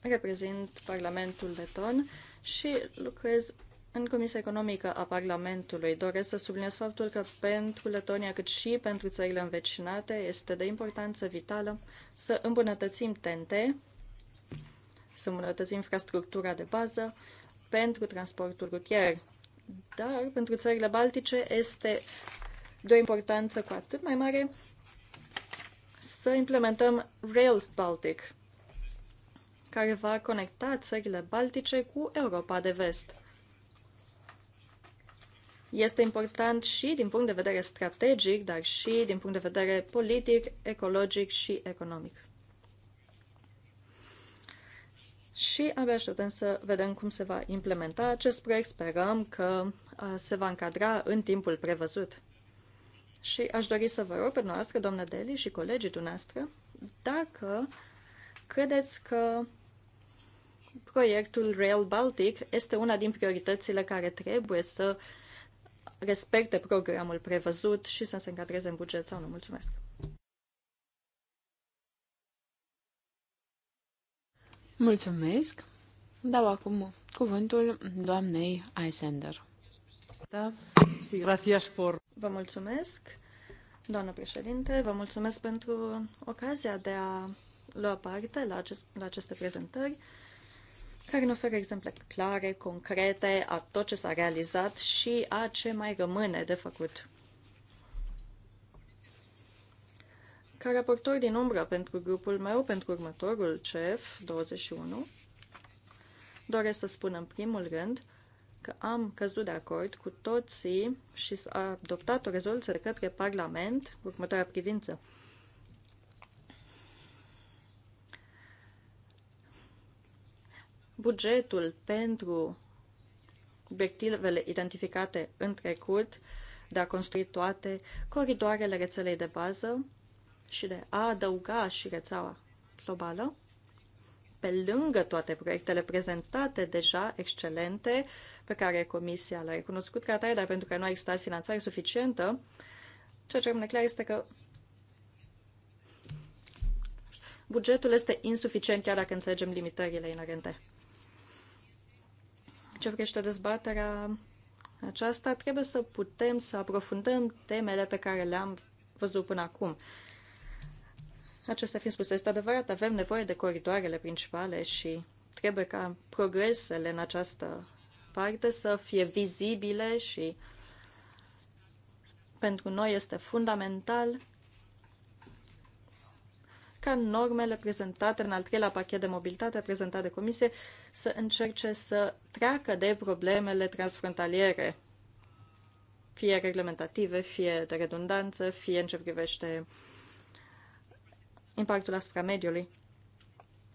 reprezint Parlamentul Leton și lucrez în Comisia Economică a Parlamentului. Doresc să subliniez faptul că pentru Letonia, cât și pentru țările învecinate, este de importanță vitală să îmbunătățim TNT, să îmbunătățim infrastructura de bază pentru transportul rutier. Dar pentru țările baltice este de o importanță cu atât mai mare să implementăm Rail Baltic, care va conecta țările baltice cu Europa de vest. Este important și din punct de vedere strategic, dar și din punct de vedere politic, ecologic și economic. și abia așteptăm să vedem cum se va implementa acest proiect. Sperăm că se va încadra în timpul prevăzut. Și aș dori să vă rog pe noastră, doamna Deli și colegii dumneavoastră, dacă credeți că proiectul Rail Baltic este una din prioritățile care trebuie să respecte programul prevăzut și să se încadreze în buget sau nu. Mulțumesc! Mulțumesc! Dau acum cuvântul doamnei Eisender. Da, Vă mulțumesc, doamnă președinte, vă mulțumesc pentru ocazia de a lua parte la, acest, la aceste prezentări care ne oferă exemple clare, concrete a tot ce s-a realizat și a ce mai rămâne de făcut. Ca raportor din umbră pentru grupul meu, pentru următorul CEF 21, doresc să spun în primul rând că am căzut de acord cu toții și s-a adoptat o rezoluție de către Parlament, următoarea privință, bugetul pentru obiectivele identificate în trecut de a construi toate coridoarele rețelei de bază și de a adăuga și rețeaua globală, pe lângă toate proiectele prezentate deja excelente, pe care Comisia le-a recunoscut ca atare, dar pentru că nu a existat finanțare suficientă, ceea ce rămâne clar este că bugetul este insuficient chiar dacă înțelegem limitările inerente ce vrește dezbaterea aceasta, trebuie să putem să aprofundăm temele pe care le-am văzut până acum. Acestea fiind spuse, este adevărat, avem nevoie de coridoarele principale și trebuie ca progresele în această parte să fie vizibile și pentru noi este fundamental ca normele prezentate în al treilea pachet de mobilitate prezentat de comisie să încerce să treacă de problemele transfrontaliere, fie reglementative, fie de redundanță, fie în ce privește impactul asupra mediului.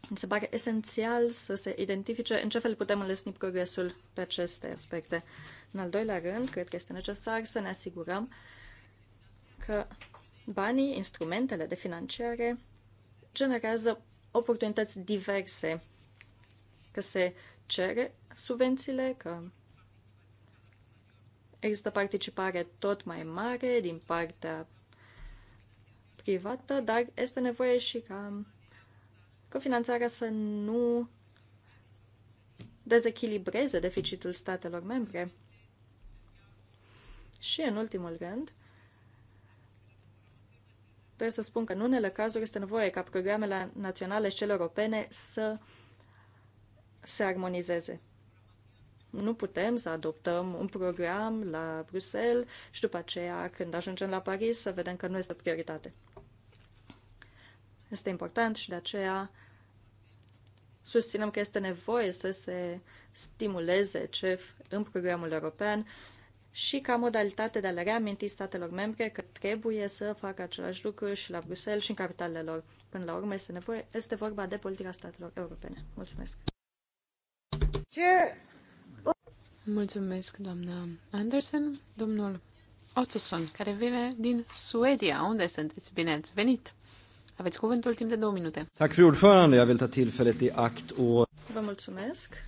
Mi se pare esențial să se identifice în ce fel putem înlesni progresul pe aceste aspecte. În al doilea rând, cred că este necesar să ne asigurăm că banii, instrumentele de finanțare generează oportunități diverse, că se cere subvențiile, că există participare tot mai mare din partea privată, dar este nevoie și ca cofinanțarea să nu dezechilibreze deficitul statelor membre. Și în ultimul rând, Trebuie să spun că în unele cazuri este nevoie ca programele naționale și cele europene să se armonizeze. Nu putem să adoptăm un program la Bruxelles și după aceea, când ajungem la Paris, să vedem că nu este prioritate. Este important și de aceea susținem că este nevoie să se stimuleze CEF în programul european și ca modalitate de a le reaminti statelor membre că trebuie să facă același lucru și la Bruxelles și în capitalele lor. Până la urmă este, nevoie, este vorba de politica statelor europene. Mulțumesc! Ce? Mulțumesc, doamna Anderson. Domnul Ottoson, care vine din Suedia. Unde sunteți? Bine ați venit! Aveți cuvântul timp de două minute. Vă mulțumesc!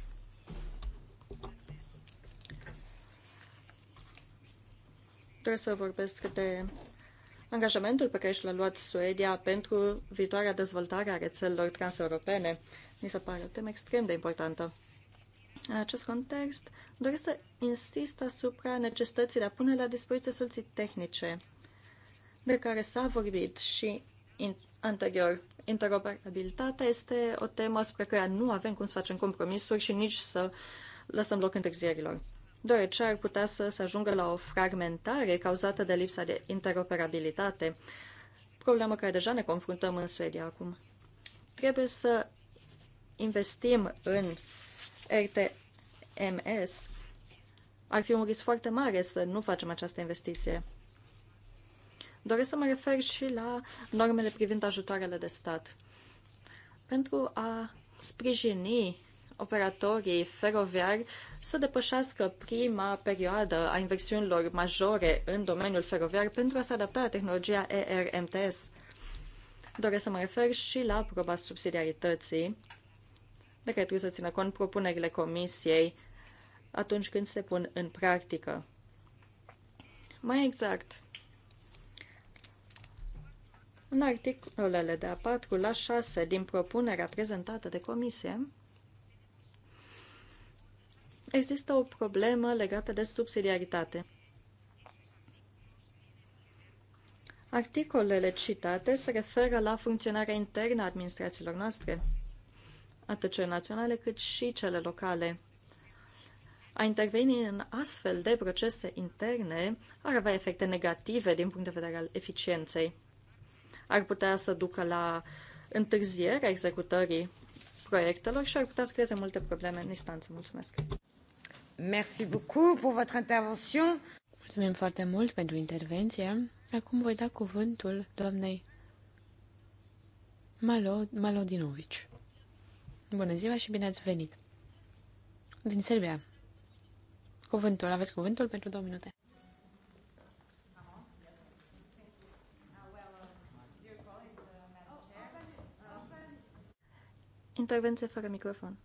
Trebuie să vorbesc de angajamentul pe care și l-a luat Suedia pentru viitoarea dezvoltare a rețelelor transeuropene. Mi se pare o temă extrem de importantă. În acest context, doresc să insist asupra necesității de a pune la dispoziție soluții tehnice de care s-a vorbit și in, anterior. Interoperabilitatea este o temă asupra care nu avem cum să facem compromisuri și nici să lăsăm loc întârzierilor deoarece ar putea să se ajungă la o fragmentare cauzată de lipsa de interoperabilitate, problemă care deja ne confruntăm în Suedia acum. Trebuie să investim în RTMS. Ar fi un risc foarte mare să nu facem această investiție. Doresc să mă refer și la normele privind ajutoarele de stat. Pentru a sprijini operatorii feroviari să depășească prima perioadă a inversiunilor majore în domeniul feroviar pentru a se adapta la tehnologia ERMTS. Doresc să mă refer și la proba subsidiarității de care trebuie să țină cont propunerile Comisiei atunci când se pun în practică. Mai exact, în articolele de a 4 la 6 din propunerea prezentată de Comisie, există o problemă legată de subsidiaritate. Articolele citate se referă la funcționarea internă a administrațiilor noastre, atât cele naționale cât și cele locale. A interveni în astfel de procese interne ar avea efecte negative din punct de vedere al eficienței. Ar putea să ducă la întârzierea executării proiectelor și ar putea să creeze multe probleme în instanță. Mulțumesc! Merci beaucoup pour votre intervention. Mulțumim foarte mult pentru intervenție. Acum voi da cuvântul doamnei Malo, Malodinovici. Bună ziua și bine ați venit! Din Serbia. Cuvântul, aveți cuvântul pentru două minute. Intervenție fără microfon.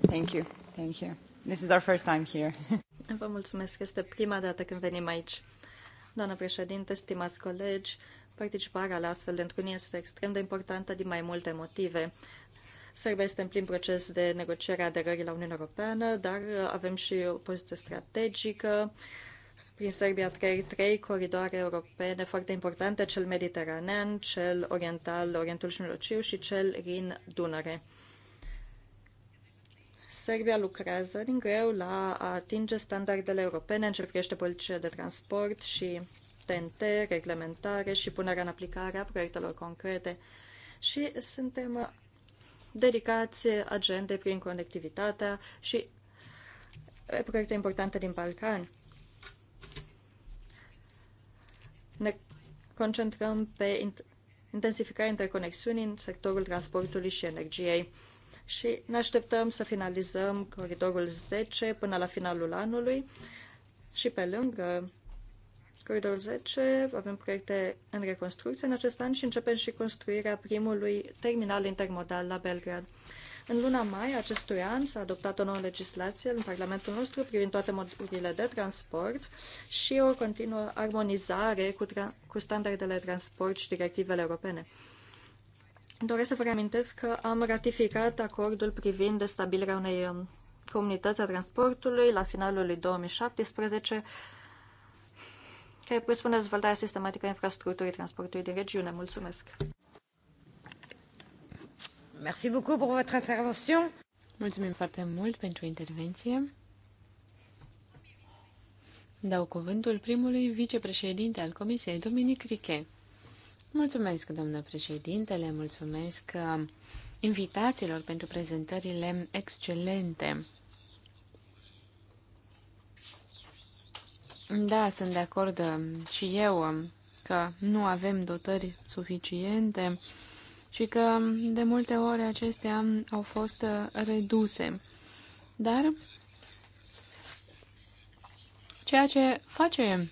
Thank you. Thank you. This is our first time here. Vă mulțumesc, este prima dată când venim aici. Doamna președinte, stimați colegi, participarea la astfel de întruniri este extrem de importantă din mai multe motive. Serbia este în plin proces de negociere a aderării la Uniunea Europeană, dar avem și o poziție strategică. Prin Serbia trec trei coridoare europene foarte importante, cel mediteranean, cel oriental, Orientul și Mijlociu și cel Rin-Dunăre. Serbia lucrează din greu la a atinge standardele europene în ce privește politicile de transport și TNT, reglementare și punerea în aplicare a proiectelor concrete și suntem dedicați agende prin conectivitatea și proiecte importante din Balcani. Ne concentrăm pe intensificarea interconexiunii în sectorul transportului și energiei și ne așteptăm să finalizăm coridorul 10 până la finalul anului și pe lângă coridorul 10 avem proiecte în reconstrucție în acest an și începem și construirea primului terminal intermodal la Belgrad. În luna mai acestui an s-a adoptat o nouă legislație în Parlamentul nostru privind toate modurile de transport și o continuă armonizare cu, cu standardele de transport și directivele europene. Doresc să vă reamintesc că am ratificat acordul privind stabilirea unei um, comunități a transportului la finalul lui 2017, care presupune dezvoltarea sistematică a infrastructurii transportului din regiune. Mulțumesc! Merci beaucoup pour votre intervention. Mulțumim foarte mult pentru intervenție. Dau cuvântul primului vicepreședinte al Comisiei, Dominic Riche. Mulțumesc, domnule președintele, mulțumesc uh, invitațiilor pentru prezentările excelente. Da, sunt de acord uh, și eu uh, că nu avem dotări suficiente și că de multe ori acestea au fost reduse. Dar ceea ce face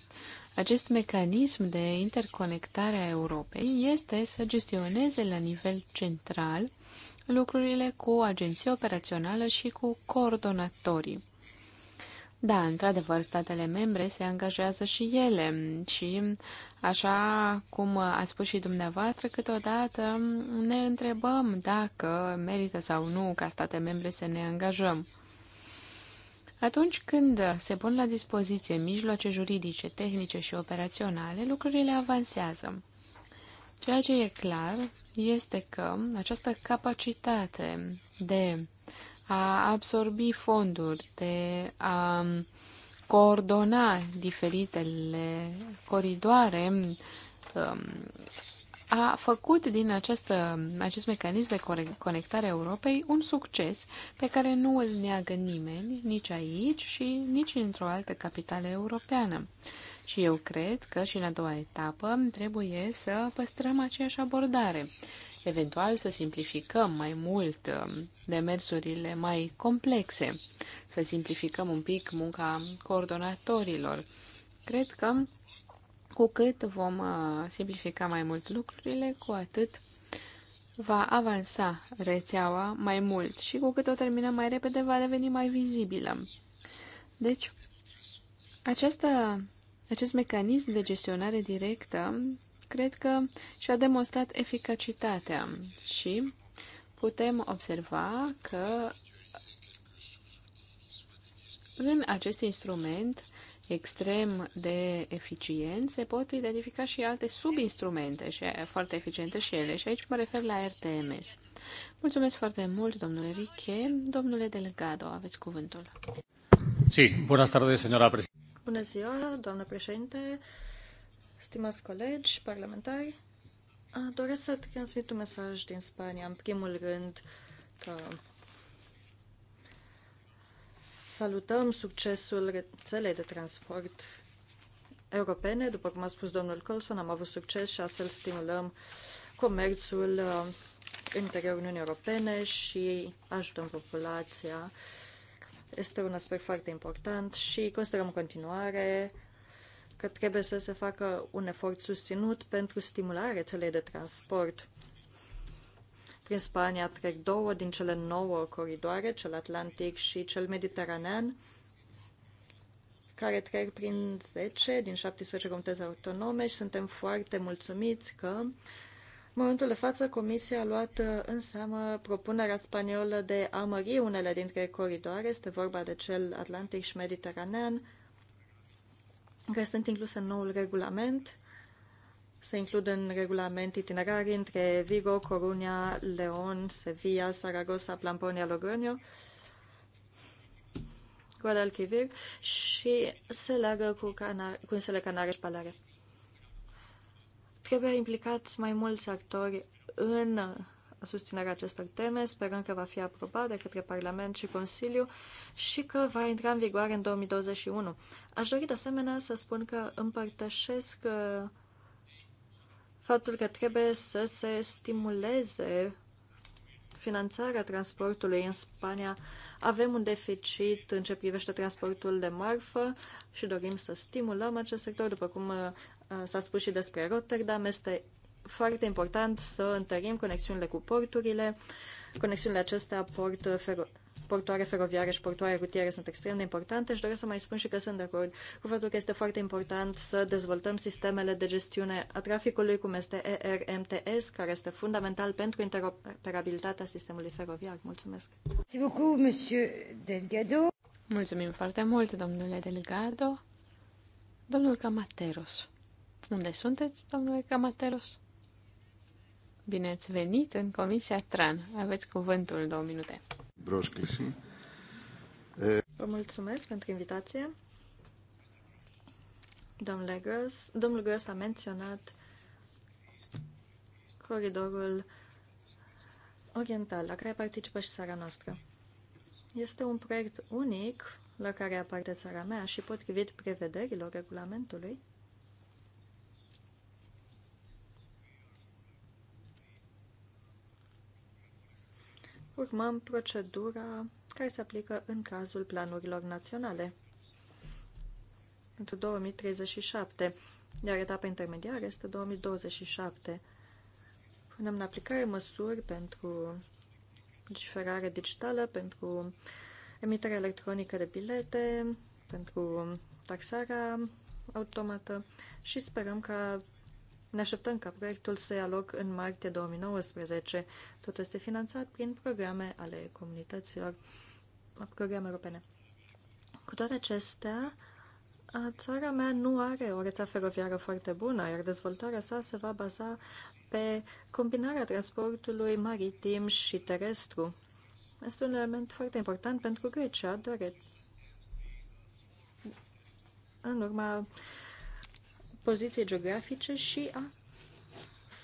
acest mecanism de interconectare a Europei este să gestioneze la nivel central lucrurile cu agenția operațională și cu coordonatorii. Da, într-adevăr, statele membre se angajează și ele și, așa cum a spus și dumneavoastră, câteodată ne întrebăm dacă merită sau nu ca state membre să ne angajăm. Atunci când se pun la dispoziție mijloace juridice, tehnice și operaționale, lucrurile avansează. Ceea ce e clar este că această capacitate de a absorbi fonduri, de a coordona diferitele coridoare um, a făcut din acest, acest mecanism de conectare a Europei un succes pe care nu îl neagă nimeni, nici aici și nici într-o altă capitală europeană. Și eu cred că și în a doua etapă trebuie să păstrăm aceeași abordare, eventual să simplificăm mai mult um, demersurile mai complexe, să simplificăm un pic munca coordonatorilor. Cred că cu cât vom uh, simplifica mai mult lucrurile, cu atât va avansa rețeaua mai mult și cu cât o terminăm mai repede, va deveni mai vizibilă. Deci, această, acest mecanism de gestionare directă cred că și-a demonstrat eficacitatea și putem observa că în acest instrument extrem de eficient, se pot identifica și alte subinstrumente și foarte eficiente și ele. Și aici mă refer la RTMS. Mulțumesc foarte mult, domnule Riche. Domnule Delgado, aveți cuvântul. Sí, buenas tardes, señora presidente. Bună ziua, doamnă președinte, stimați colegi parlamentari. Doresc să transmit un mesaj din Spania. În primul rând, că Salutăm succesul rețelei de transport europene. După cum a spus domnul Colson, am avut succes și astfel stimulăm comerțul uh, în interiorul Uniunii Europene și ajutăm populația. Este un aspect foarte important și considerăm în continuare că trebuie să se facă un efort susținut pentru stimularea rețelei de transport prin Spania trec două din cele nouă coridoare, cel atlantic și cel mediteranean, care trec prin 10 din 17 comunități autonome și suntem foarte mulțumiți că în momentul de față, Comisia a luat uh, în seamă propunerea spaniolă de a mări unele dintre coridoare, este vorba de cel atlantic și mediteranean, care sunt incluse în noul regulament se includ în regulament itinerarii între Vigo, Coruña, León, Sevilla, Saragossa, Plamponia, Logroño, Guadalquivir și se leagă cu, canar- cu insele Canare și Palare. Trebuie implicați mai mulți actori în susținerea acestor teme. Sperăm că va fi aprobat de către Parlament și Consiliu și că va intra în vigoare în 2021. Aș dori de asemenea să spun că împărtășesc uh, faptul că trebuie să se stimuleze finanțarea transportului în Spania. Avem un deficit în ce privește transportul de marfă și dorim să stimulăm acest sector, după cum uh, s-a spus și despre Rotterdam. Este foarte important să întărim conexiunile cu porturile, conexiunile acestea port, fero- portoare feroviare și portoare rutiere sunt extrem de importante și doresc să mai spun și că sunt de acord cu faptul că este foarte important să dezvoltăm sistemele de gestiune a traficului, cum este ERMTS, care este fundamental pentru interoperabilitatea sistemului feroviar. Mulțumesc! Mulțumim foarte mult, domnule Delgado. Domnul Camateros. Unde sunteți, domnule Camateros? Bine ați venit în Comisia TRAN. Aveți cuvântul două minute. Vă mulțumesc pentru invitație. Domnule Gros, domnul Gros a menționat coridorul oriental, la care participă și țara noastră. Este un proiect unic la care aparte țara mea și potrivit prevederilor regulamentului, urmăm procedura care se aplică în cazul planurilor naționale pentru 2037, iar etapa intermediară este 2027. Punem în aplicare măsuri pentru legiferare digitală, pentru emiterea electronică de bilete, pentru taxarea automată și sperăm ca ne așteptăm ca proiectul să ia loc în martie 2019. Totul este finanțat prin programe ale comunităților, programe europene. Cu toate acestea, țara mea nu are o rețea feroviară foarte bună, iar dezvoltarea sa se va baza pe combinarea transportului maritim și terestru. Este un element foarte important pentru Grecia, deoarece în urma poziției geografice și a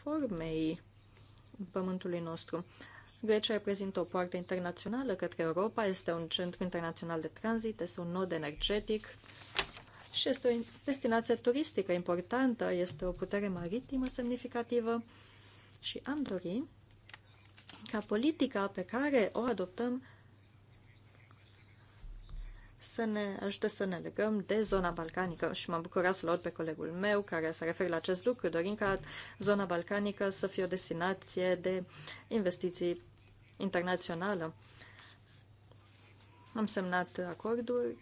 formei pământului nostru. Grecia reprezintă o poartă internațională către Europa, este un centru internațional de tranzit, este un nod energetic și este o destinație turistică importantă, este o putere maritimă semnificativă și am dori ca politica pe care o adoptăm să ne ajute să ne legăm de zona balcanică și m-am bucurat să-l aud pe colegul meu care se referă la acest lucru, dorim ca zona balcanică să fie o destinație de investiții internațională. Am semnat acorduri,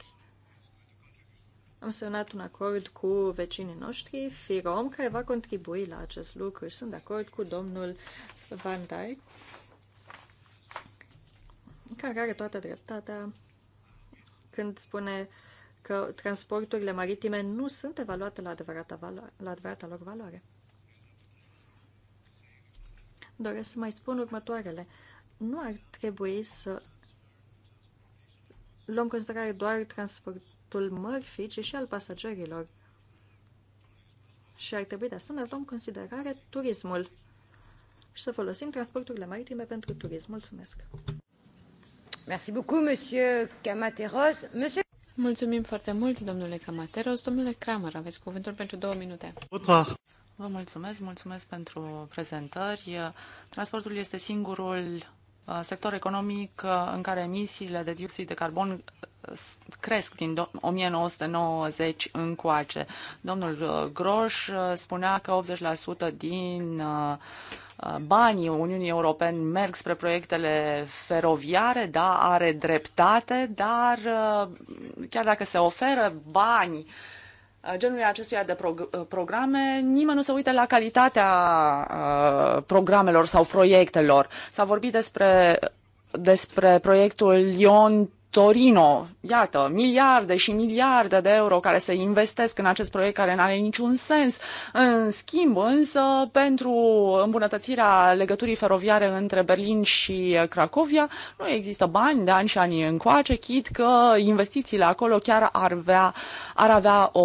am semnat un acord cu vecinii noștri, FIROM, care va contribui la acest lucru și sunt de acord cu domnul Van Dijk, care are toată dreptatea când spune că transporturile maritime nu sunt evaluate la adevărata, valoare, la adevărata lor valoare. Doresc să mai spun următoarele. Nu ar trebui să luăm considerare doar transportul mărfii, ci și al pasagerilor. Și ar trebui de asemenea să luăm considerare turismul și să folosim transporturile maritime pentru turism. Mulțumesc! Mulțumim foarte mult, domnule Camateros. Domnule Kramer, aveți cuvântul pentru două minute. Vă mulțumesc, mulțumesc pentru prezentări. Transportul este singurul uh, sector economic uh, în care emisiile de dioxid de carbon uh, cresc din 1990 încoace. Domnul Groș spunea că 80% din banii Uniunii Europene merg spre proiectele feroviare, da, are dreptate, dar uh, chiar dacă se oferă bani uh, genului acestuia de prog- uh, programe, nimeni nu se uită la calitatea programelor sau proiectelor. S-a vorbit despre despre proiectul Lyon Torino, iată, miliarde și miliarde de euro care se investesc în acest proiect care nu are niciun sens. În schimb, însă, pentru îmbunătățirea legăturii feroviare între Berlin și Cracovia, nu există bani de ani și ani încoace, chit că investițiile acolo chiar ar avea, ar avea o,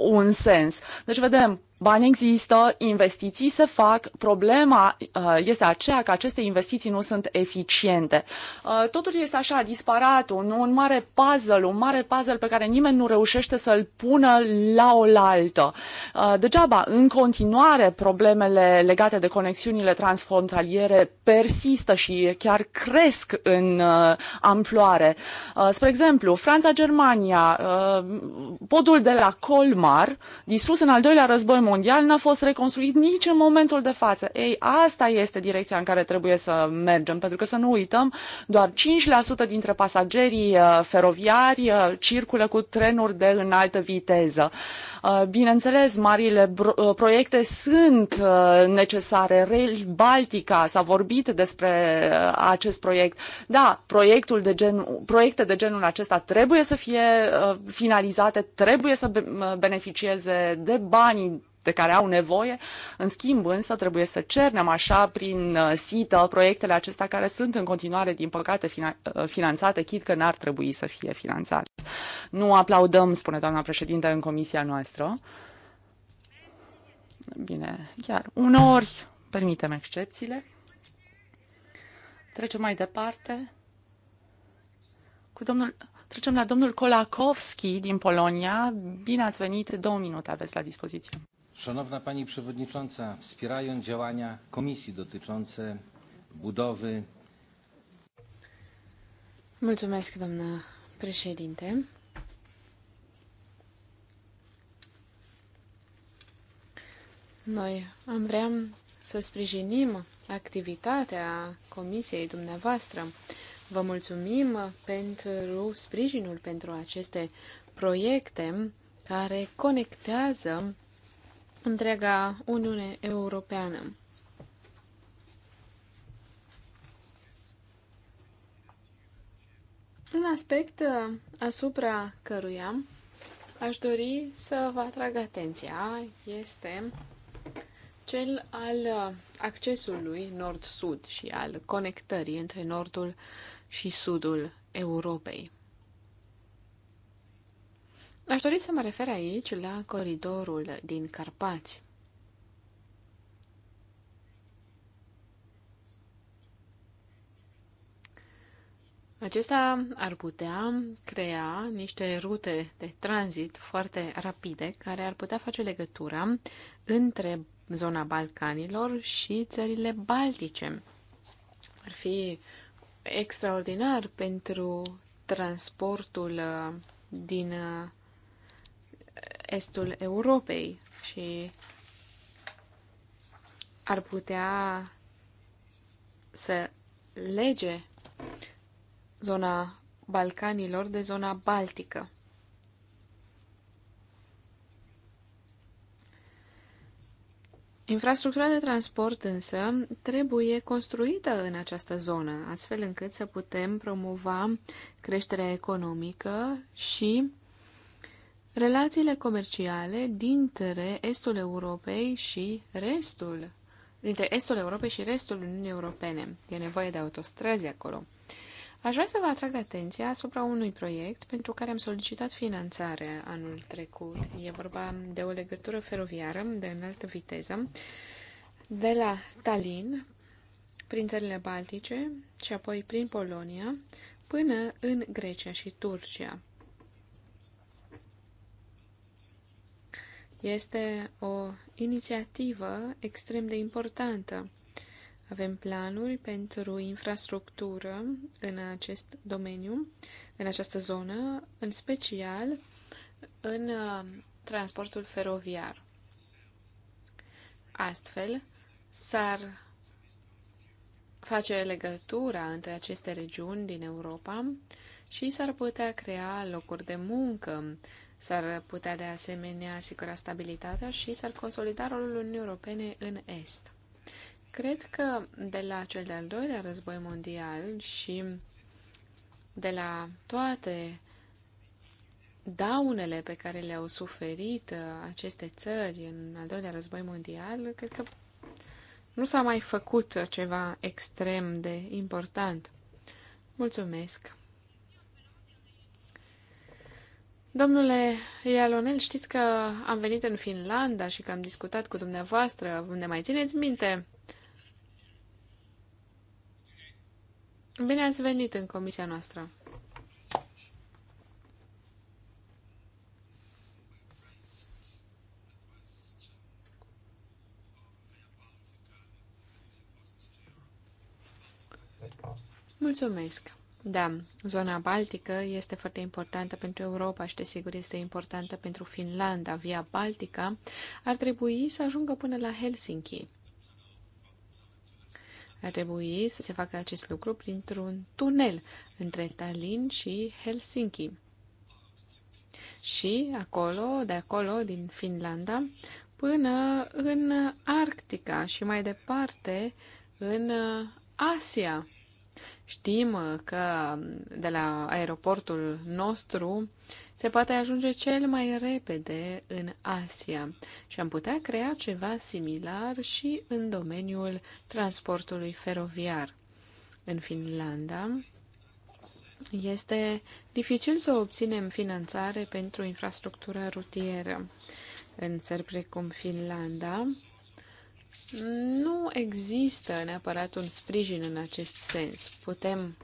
un sens. Deci vedem Bani există, investiții se fac, problema uh, este aceea că aceste investiții nu sunt eficiente. Uh, totul este așa disparat, un, un mare puzzle, un mare puzzle pe care nimeni nu reușește să-l pună la oaltă. Uh, degeaba, în continuare, problemele legate de conexiunile transfrontaliere persistă și chiar cresc în amploare. Spre exemplu, Franța-Germania, podul de la Colmar, distrus în al doilea război mondial n-a fost reconstruit nici în momentul de față. Ei, asta este direcția în care trebuie să mergem, pentru că să nu uităm, doar 5% dintre pasagerii uh, feroviari uh, circulă cu trenuri de înaltă viteză. Uh, bineînțeles, marile proiecte sunt necesare. Rail Baltica s-a vorbit despre acest proiect. Da, proiectul de gen, proiecte de genul acesta trebuie să fie finalizate, trebuie să beneficieze de banii de care au nevoie. În schimb, însă, trebuie să cernem așa prin uh, sită proiectele acestea care sunt în continuare, din păcate, uh, finanțate, chid că n-ar trebui să fie finanțate. Nu aplaudăm, spune doamna președinte, în comisia noastră. Bine, chiar uneori permitem excepțiile. Trecem mai departe. Cu domnul, trecem la domnul Kolakowski din Polonia. Bine ați venit, două minute aveți la dispoziție. Szanowna Pani Przewodnicząca, wspierając działania Komisji dotyczące budowy. Mulțumesc, doamna președinte. Noi am vrea să sprijinim activitatea comisiei dumneavoastră. Vă mulțumim pentru sprijinul pentru aceste proiecte care conectează întreaga Uniune Europeană. Un aspect uh, asupra căruia aș dori să vă atrag atenția este cel al uh, accesului nord-sud și al conectării între nordul și sudul Europei. Aș dori să mă refer aici la coridorul din Carpați. Acesta ar putea crea niște rute de tranzit foarte rapide care ar putea face legătura între zona Balcanilor și țările Baltice. Ar fi extraordinar pentru transportul din estul Europei și ar putea să lege zona Balcanilor de zona Baltică. Infrastructura de transport însă trebuie construită în această zonă, astfel încât să putem promova creșterea economică și Relațiile comerciale dintre estul Europei și restul, dintre estul Europei și restul Uniunii Europene. E nevoie de autostrăzi acolo. Aș vrea să vă atrag atenția asupra unui proiect pentru care am solicitat finanțare anul trecut. E vorba de o legătură feroviară de înaltă viteză de la Tallinn, prin țările Baltice și apoi prin Polonia, până în Grecia și Turcia. Este o inițiativă extrem de importantă. Avem planuri pentru infrastructură în acest domeniu, în această zonă, în special în uh, transportul feroviar. Astfel, s-ar face legătura între aceste regiuni din Europa și s-ar putea crea locuri de muncă S-ar putea de asemenea asigura stabilitatea și s-ar consolida rolul Uniunii Europene în Est. Cred că de la cel de-al doilea război mondial și de la toate daunele pe care le-au suferit uh, aceste țări în al doilea război mondial, cred că nu s-a mai făcut ceva extrem de important. Mulțumesc! Domnule Ialonel, știți că am venit în Finlanda și că am discutat cu dumneavoastră. Ne mai țineți minte? Bine ați venit în comisia noastră. Mulțumesc. Da, zona Baltică este foarte importantă pentru Europa și, desigur, este importantă pentru Finlanda. Via Baltica ar trebui să ajungă până la Helsinki. Ar trebui să se facă acest lucru printr-un tunel între Tallinn și Helsinki. Și acolo, de acolo, din Finlanda, până în Arctica și mai departe în Asia. Știm uh, că um, de la aeroportul nostru se poate ajunge cel mai repede în Asia și am putea crea ceva similar și în domeniul transportului feroviar. În Finlanda este dificil să obținem finanțare pentru infrastructura rutieră. În țări precum Finlanda, nu există neapărat un sprijin în acest sens. Putem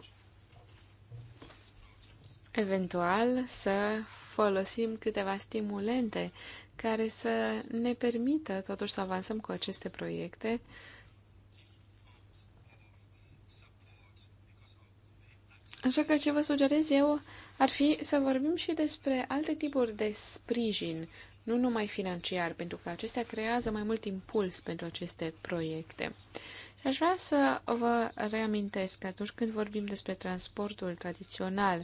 eventual să folosim câteva stimulente care să ne permită totuși să avansăm cu aceste proiecte Așa că ce vă sugerez eu ar fi să vorbim și despre alte tipuri de sprijin nu numai financiar, pentru că acestea creează mai mult impuls pentru aceste proiecte. Și aș vrea să vă reamintesc că atunci când vorbim despre transportul tradițional,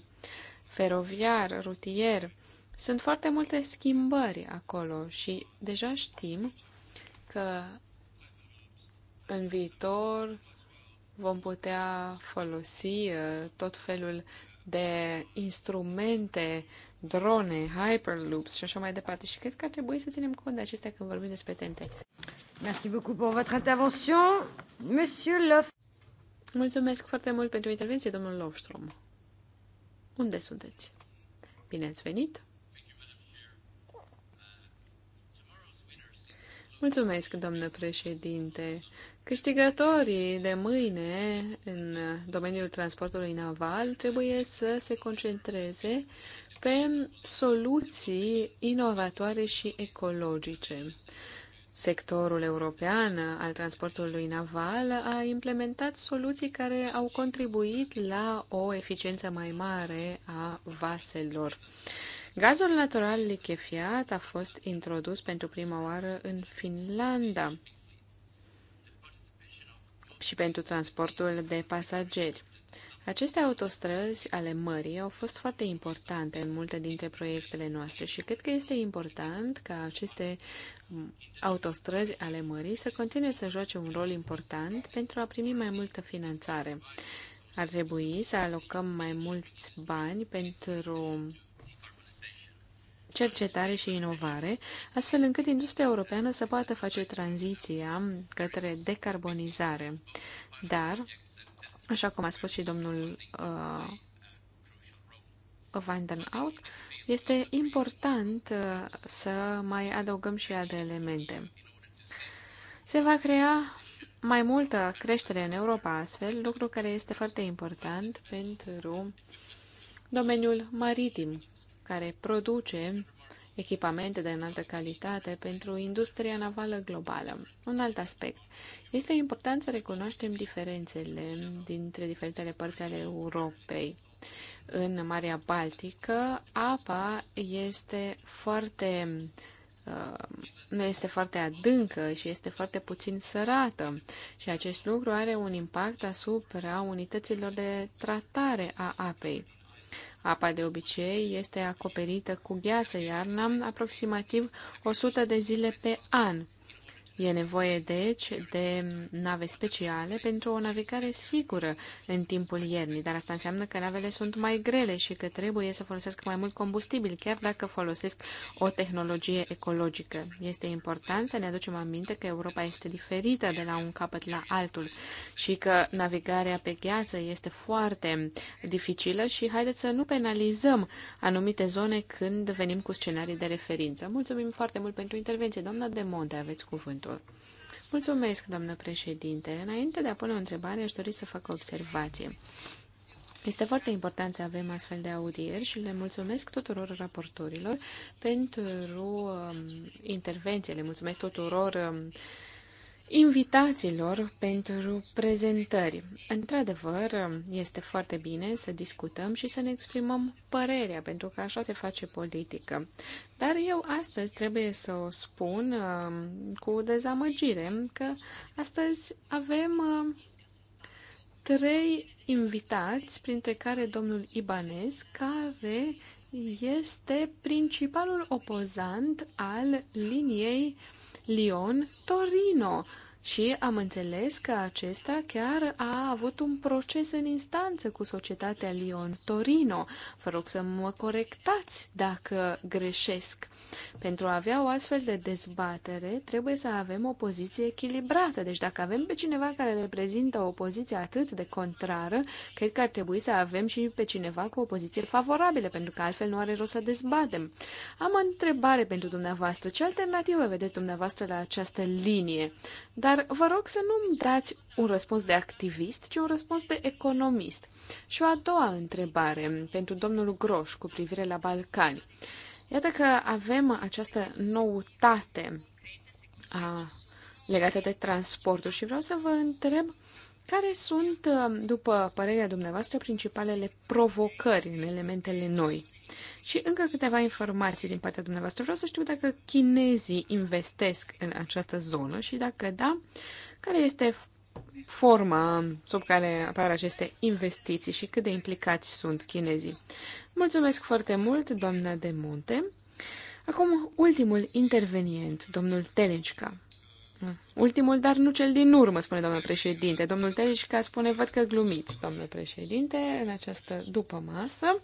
feroviar, rutier, sunt foarte multe schimbări acolo și deja știm că în viitor vom putea folosi uh, tot felul de instrumente drone, hyperloops și așa mai departe. Și cred că ar trebui să ținem cont de acestea când vorbim despre TNT. Merci beaucoup pour votre intervention, monsieur Lof. Mulțumesc foarte mult pentru intervenție, domnul Lofstrom. Unde sunteți? Bine ați venit! Mulțumesc, domnule președinte. Câștigătorii de mâine în domeniul transportului naval trebuie să se concentreze pe soluții inovatoare și ecologice. Sectorul european al transportului naval a implementat soluții care au contribuit la o eficiență mai mare a vaselor. Gazul natural lichefiat a fost introdus pentru prima oară în Finlanda și pentru transportul de pasageri. Aceste autostrăzi ale mării au fost foarte importante în multe dintre proiectele noastre și cred că este important ca aceste autostrăzi ale mării să continue să joace un rol important pentru a primi mai multă finanțare. Ar trebui să alocăm mai mulți bani pentru cercetare și inovare, astfel încât industria europeană să poată face tranziția către decarbonizare. Dar așa cum a spus și domnul uh, Van den Out, este important uh, să mai adăugăm și alte elemente. Se va crea mai multă creștere în Europa astfel, lucru care este foarte important pentru domeniul maritim, care produce echipamente de înaltă calitate pentru industria navală globală. Un alt aspect. Este important să recunoaștem diferențele dintre diferitele părți ale Europei. În Marea Baltică, apa este foarte nu uh, este foarte adâncă și este foarte puțin sărată. Și acest lucru are un impact asupra unităților de tratare a apei. Apa de obicei este acoperită cu gheață iarna aproximativ 100 de zile pe an. E nevoie, deci, de nave speciale pentru o navigare sigură în timpul iernii, dar asta înseamnă că navele sunt mai grele și că trebuie să folosesc mai mult combustibil, chiar dacă folosesc o tehnologie ecologică. Este important să ne aducem aminte că Europa este diferită de la un capăt la altul și că navigarea pe gheață este foarte dificilă și haideți să nu penalizăm anumite zone când venim cu scenarii de referință. Mulțumim foarte mult pentru intervenție. Doamna de Monte, aveți cuvântul cuvântul. Mulțumesc, doamnă președinte. Înainte de a pune o întrebare, aș dori să fac o observație. Este foarte important să avem astfel de audieri și le mulțumesc tuturor raportorilor pentru um, intervenție. Le mulțumesc tuturor um, invitațiilor pentru prezentări. Într-adevăr, este foarte bine să discutăm și să ne exprimăm părerea, pentru că așa se face politică. Dar eu astăzi trebuie să o spun um, cu dezamăgire că astăzi avem um, trei invitați, printre care domnul Ibanez, care este principalul opozant al liniei uh, Lyon, Torino. Și am înțeles că acesta chiar a avut un proces în instanță cu societatea Lyon-Torino. Vă rog să mă corectați dacă greșesc. Pentru a avea o astfel de dezbatere, trebuie să avem o poziție echilibrată. Deci dacă avem pe cineva care reprezintă o poziție atât de contrară, cred că ar trebui să avem și pe cineva cu o poziție favorabilă, pentru că altfel nu are rost să dezbatem. Am o întrebare pentru dumneavoastră. Ce alternativă vedeți dumneavoastră la această linie? Dar dar vă rog să nu-mi dați un răspuns de activist, ci un răspuns de economist. Și o a doua întrebare pentru domnul Groș cu privire la Balcani. Iată că avem această noutate a, legată de transportul și vreau să vă întreb care sunt, după părerea dumneavoastră, principalele provocări în elementele noi? Și încă câteva informații din partea dumneavoastră. Vreau să știu dacă chinezii investesc în această zonă și dacă da, care este forma sub care apar aceste investiții și cât de implicați sunt chinezii. Mulțumesc foarte mult, doamna de munte. Acum, ultimul intervenient, domnul Telecca. Ultimul, dar nu cel din urmă, spune doamna președinte. Domnul Telecca spune, văd că glumiți, doamnă președinte, în această după masă.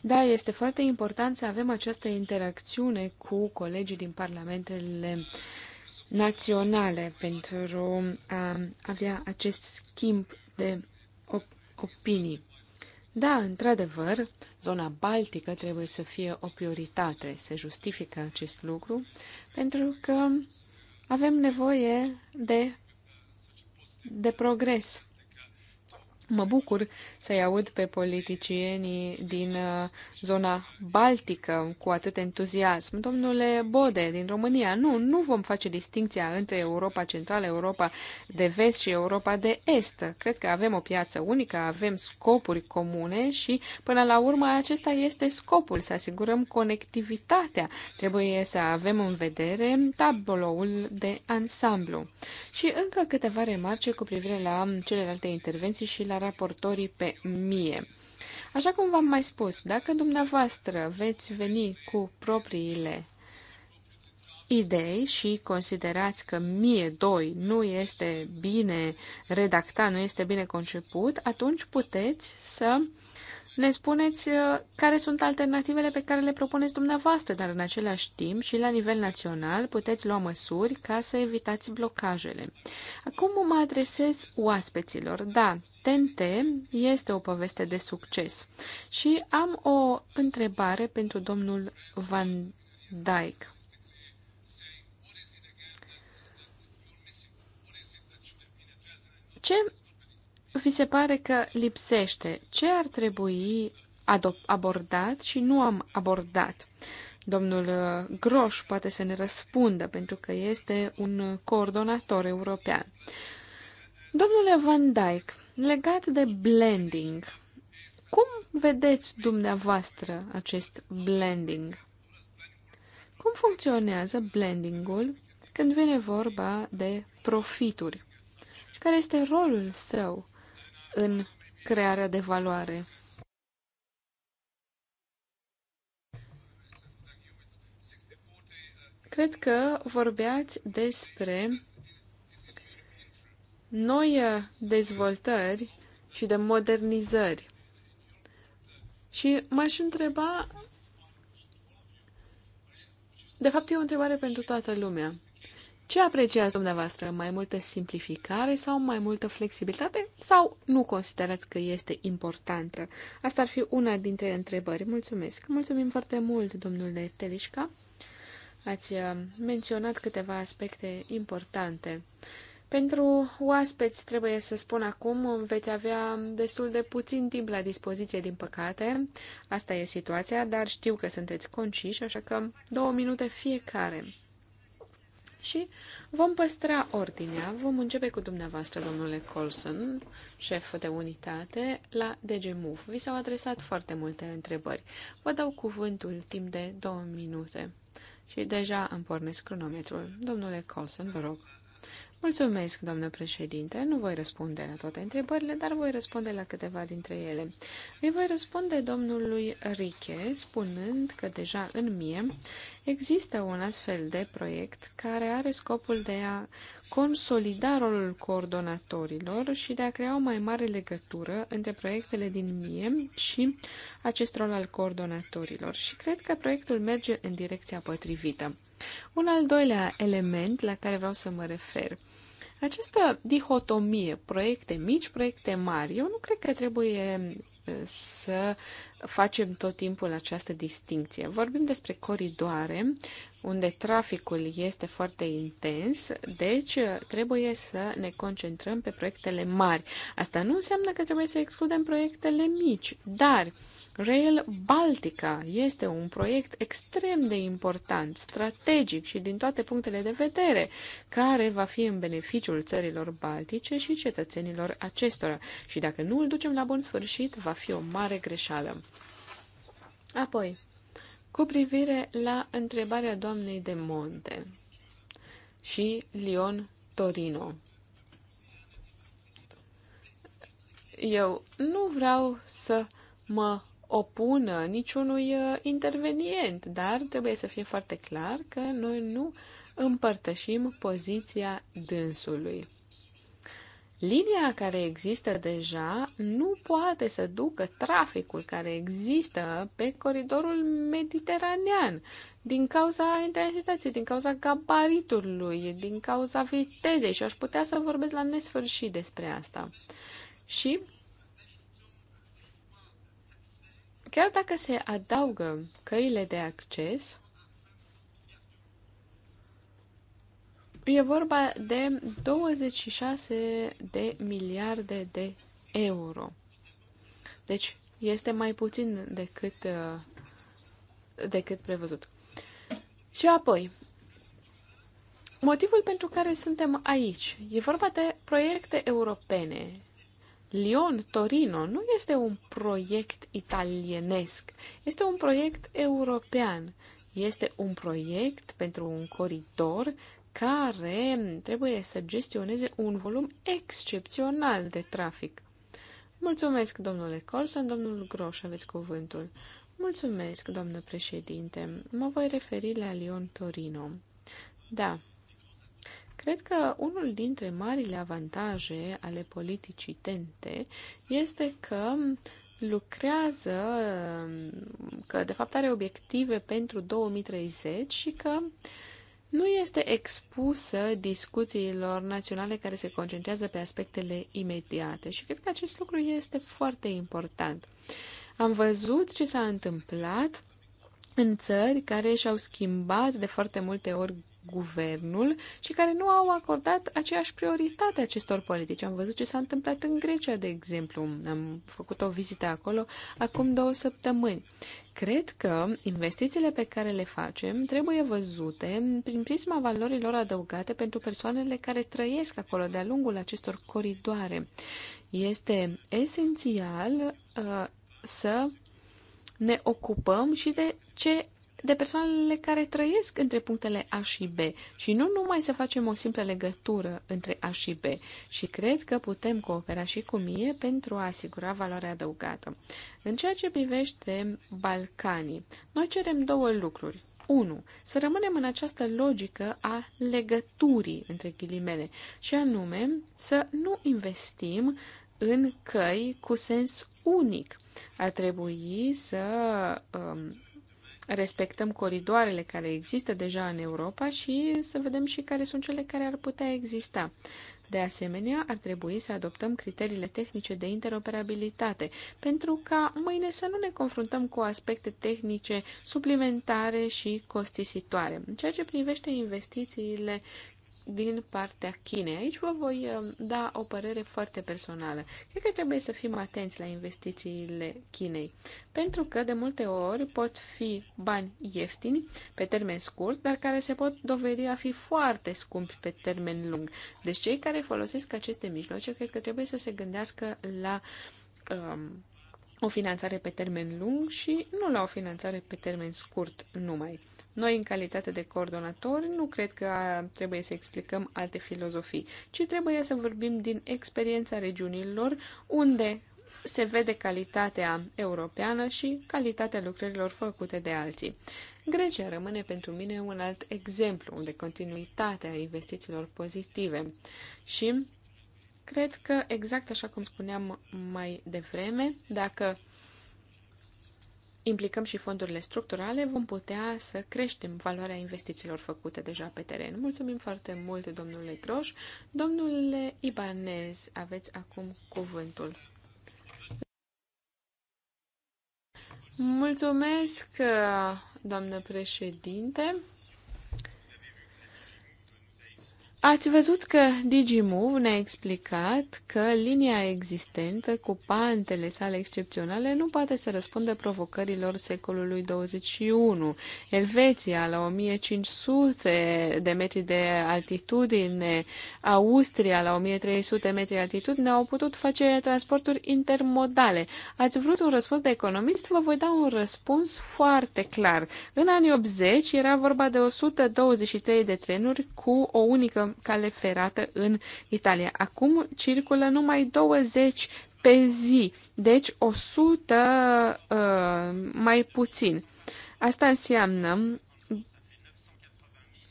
Da, este foarte important să avem această interacțiune cu colegii din parlamentele naționale pentru a avea acest schimb de op- opinii. Da, într-adevăr, zona baltică trebuie să fie o prioritate. Se justifică acest lucru pentru că avem nevoie de, de progres Mă bucur să-i aud pe politicienii din uh, zona baltică cu atât entuziasm. Domnule Bode, din România, nu, nu vom face distinția între Europa Centrală, Europa de Vest și Europa de Est. Cred că avem o piață unică, avem scopuri comune și, până la urmă, acesta este scopul, să asigurăm conectivitatea. Trebuie să avem în vedere tabloul de ansamblu. Și încă câteva remarce cu privire la celelalte intervenții și la raportorii pe mie. Așa cum v-am mai spus, dacă dumneavoastră veți veni cu propriile idei și considerați că mie doi nu este bine redactat, nu este bine conceput, atunci puteți să ne spuneți uh, care sunt alternativele pe care le propuneți dumneavoastră, dar în același timp și la nivel național puteți lua măsuri ca să evitați blocajele. Acum mă adresez oaspeților. Da, TNT este o poveste de succes și am o întrebare pentru domnul Van Dijk. Ce vi se pare că lipsește? Ce ar trebui abordat și nu am abordat? Domnul uh, Groș poate să ne răspundă, pentru că este un coordonator european. Domnule Van Dijk, legat de blending, cum vedeți dumneavoastră acest blending? Cum funcționează blendingul când vine vorba de profituri? Care este rolul său în crearea de valoare. Cred că vorbeați despre noi dezvoltări și de modernizări. Și m-aș întreba. De fapt, e o întrebare pentru toată lumea. Ce apreciați dumneavoastră? Mai multă simplificare sau mai multă flexibilitate? Sau nu considerați că este importantă? Asta ar fi una dintre întrebări. Mulțumesc! Mulțumim foarte mult, domnule Telișca! Ați uh, menționat câteva aspecte importante. Pentru oaspeți, trebuie să spun acum, veți avea destul de puțin timp la dispoziție, din păcate. Asta e situația, dar știu că sunteți conciși, așa că două minute fiecare și vom păstra ordinea. Vom începe cu dumneavoastră, domnule Colson, șef de unitate la DG Move. Vi s-au adresat foarte multe întrebări. Vă dau cuvântul timp de două minute. Și deja îmi pornesc cronometrul. Domnule Colson, vă rog. Mulțumesc, doamnă președinte. Nu voi răspunde la toate întrebările, dar voi răspunde la câteva dintre ele. Îi voi răspunde domnului Riche, spunând că deja în mie există un astfel de proiect care are scopul de a consolida rolul coordonatorilor și de a crea o mai mare legătură între proiectele din mie și acest rol al coordonatorilor. Și cred că proiectul merge în direcția potrivită. Un al doilea element la care vreau să mă refer această dihotomie, proiecte mici, proiecte mari, eu nu cred că trebuie eh, să facem tot timpul această distinție. Vorbim despre coridoare, unde traficul este foarte intens, deci eh, trebuie să ne concentrăm pe proiectele mari. Asta nu înseamnă că trebuie să excludem proiectele mici, dar uh, Rail Baltica este un proiect extrem de important, strategic și din toate punctele de vedere, care va fi în beneficiul țărilor baltice și cetățenilor acestora și dacă nu îl ducem la bun sfârșit, va fi o mare greșeală. Apoi, cu privire la întrebarea doamnei de Monte și Lion Torino. Eu nu vreau să mă opună niciunui uh, intervenient, dar trebuie să fie foarte clar că noi nu împărtășim poziția dânsului. Linia care există deja nu poate să ducă traficul care există pe coridorul mediteranean din cauza intensității, din cauza gabaritului, din cauza vitezei și aș putea să vorbesc la nesfârșit despre asta. Și Chiar dacă se adaugă căile de acces, e vorba de 26 de miliarde de euro. Deci este mai puțin decât, uh, decât prevăzut. Și apoi, motivul pentru care suntem aici. E vorba de proiecte europene Lyon-Torino nu este un proiect italienesc, este un proiect european. Este un proiect pentru un coridor care trebuie să gestioneze un volum excepțional de trafic. Mulțumesc, domnule Corson, domnul Groș, aveți cuvântul. Mulțumesc, domnule președinte. Mă voi referi la Lyon-Torino. Da, Cred că unul dintre marile avantaje ale politicii tente este că lucrează, că de fapt are obiective pentru 2030 și că nu este expusă discuțiilor naționale care se concentrează pe aspectele imediate și cred că acest lucru este foarte important. Am văzut ce s-a întâmplat în țări care și-au schimbat de foarte multe ori guvernul și care nu au acordat aceeași prioritate acestor politici. Am văzut ce s-a întâmplat în Grecia, de exemplu. Am făcut o vizită acolo acum două săptămâni. Cred că investițiile pe care le facem trebuie văzute prin prisma valorilor adăugate pentru persoanele care trăiesc acolo de-a lungul acestor coridoare. Este esențial uh, să ne ocupăm și de ce de persoanele care trăiesc între punctele A și B și nu numai să facem o simplă legătură între A și B și cred că putem coopera și cu mie pentru a asigura valoarea adăugată. În ceea ce privește Balcanii, noi cerem două lucruri. 1. Să rămânem în această logică a legăturii, între ghilimele, și anume să nu investim în căi cu sens unic. Ar trebui să um, respectăm coridoarele care există deja în Europa și să vedem și care sunt cele care ar putea exista. De asemenea, ar trebui să adoptăm criteriile tehnice de interoperabilitate, pentru ca mâine să nu ne confruntăm cu aspecte tehnice suplimentare și costisitoare. În ceea ce privește investițiile din partea Chinei. Aici vă voi um, da o părere foarte personală. Cred că trebuie să fim atenți la investițiile Chinei, pentru că de multe ori pot fi bani ieftini pe termen scurt, dar care se pot dovedi a fi foarte scumpi pe termen lung. Deci cei care folosesc aceste mijloace cred că trebuie să se gândească la um, o finanțare pe termen lung și nu la o finanțare pe termen scurt numai. Noi, în calitate de coordonatori, nu cred că trebuie să explicăm alte filozofii, ci trebuie să vorbim din experiența regiunilor unde se vede calitatea europeană și calitatea lucrărilor făcute de alții. Grecia rămâne pentru mine un alt exemplu de continuitatea investițiilor pozitive și cred că, exact așa cum spuneam mai devreme, dacă implicăm și fondurile structurale, vom putea să creștem valoarea investițiilor făcute deja pe teren. Mulțumim foarte mult, domnule Groș. Domnule Ibanez, aveți acum cuvântul. Mulțumesc, doamnă președinte. Ați văzut că DigiMove ne-a explicat că linia existentă cu pantele sale excepționale nu poate să răspundă provocărilor secolului 21. Elveția la 1500 de metri de altitudine, Austria la 1300 metri de altitudine au putut face transporturi intermodale. Ați vrut un răspuns de economist? Vă voi da un răspuns foarte clar. În anii 80 era vorba de 123 de trenuri cu o unică cale ferată în Italia. Acum circulă numai 20 pe zi, deci 100 uh, mai puțin. Asta înseamnă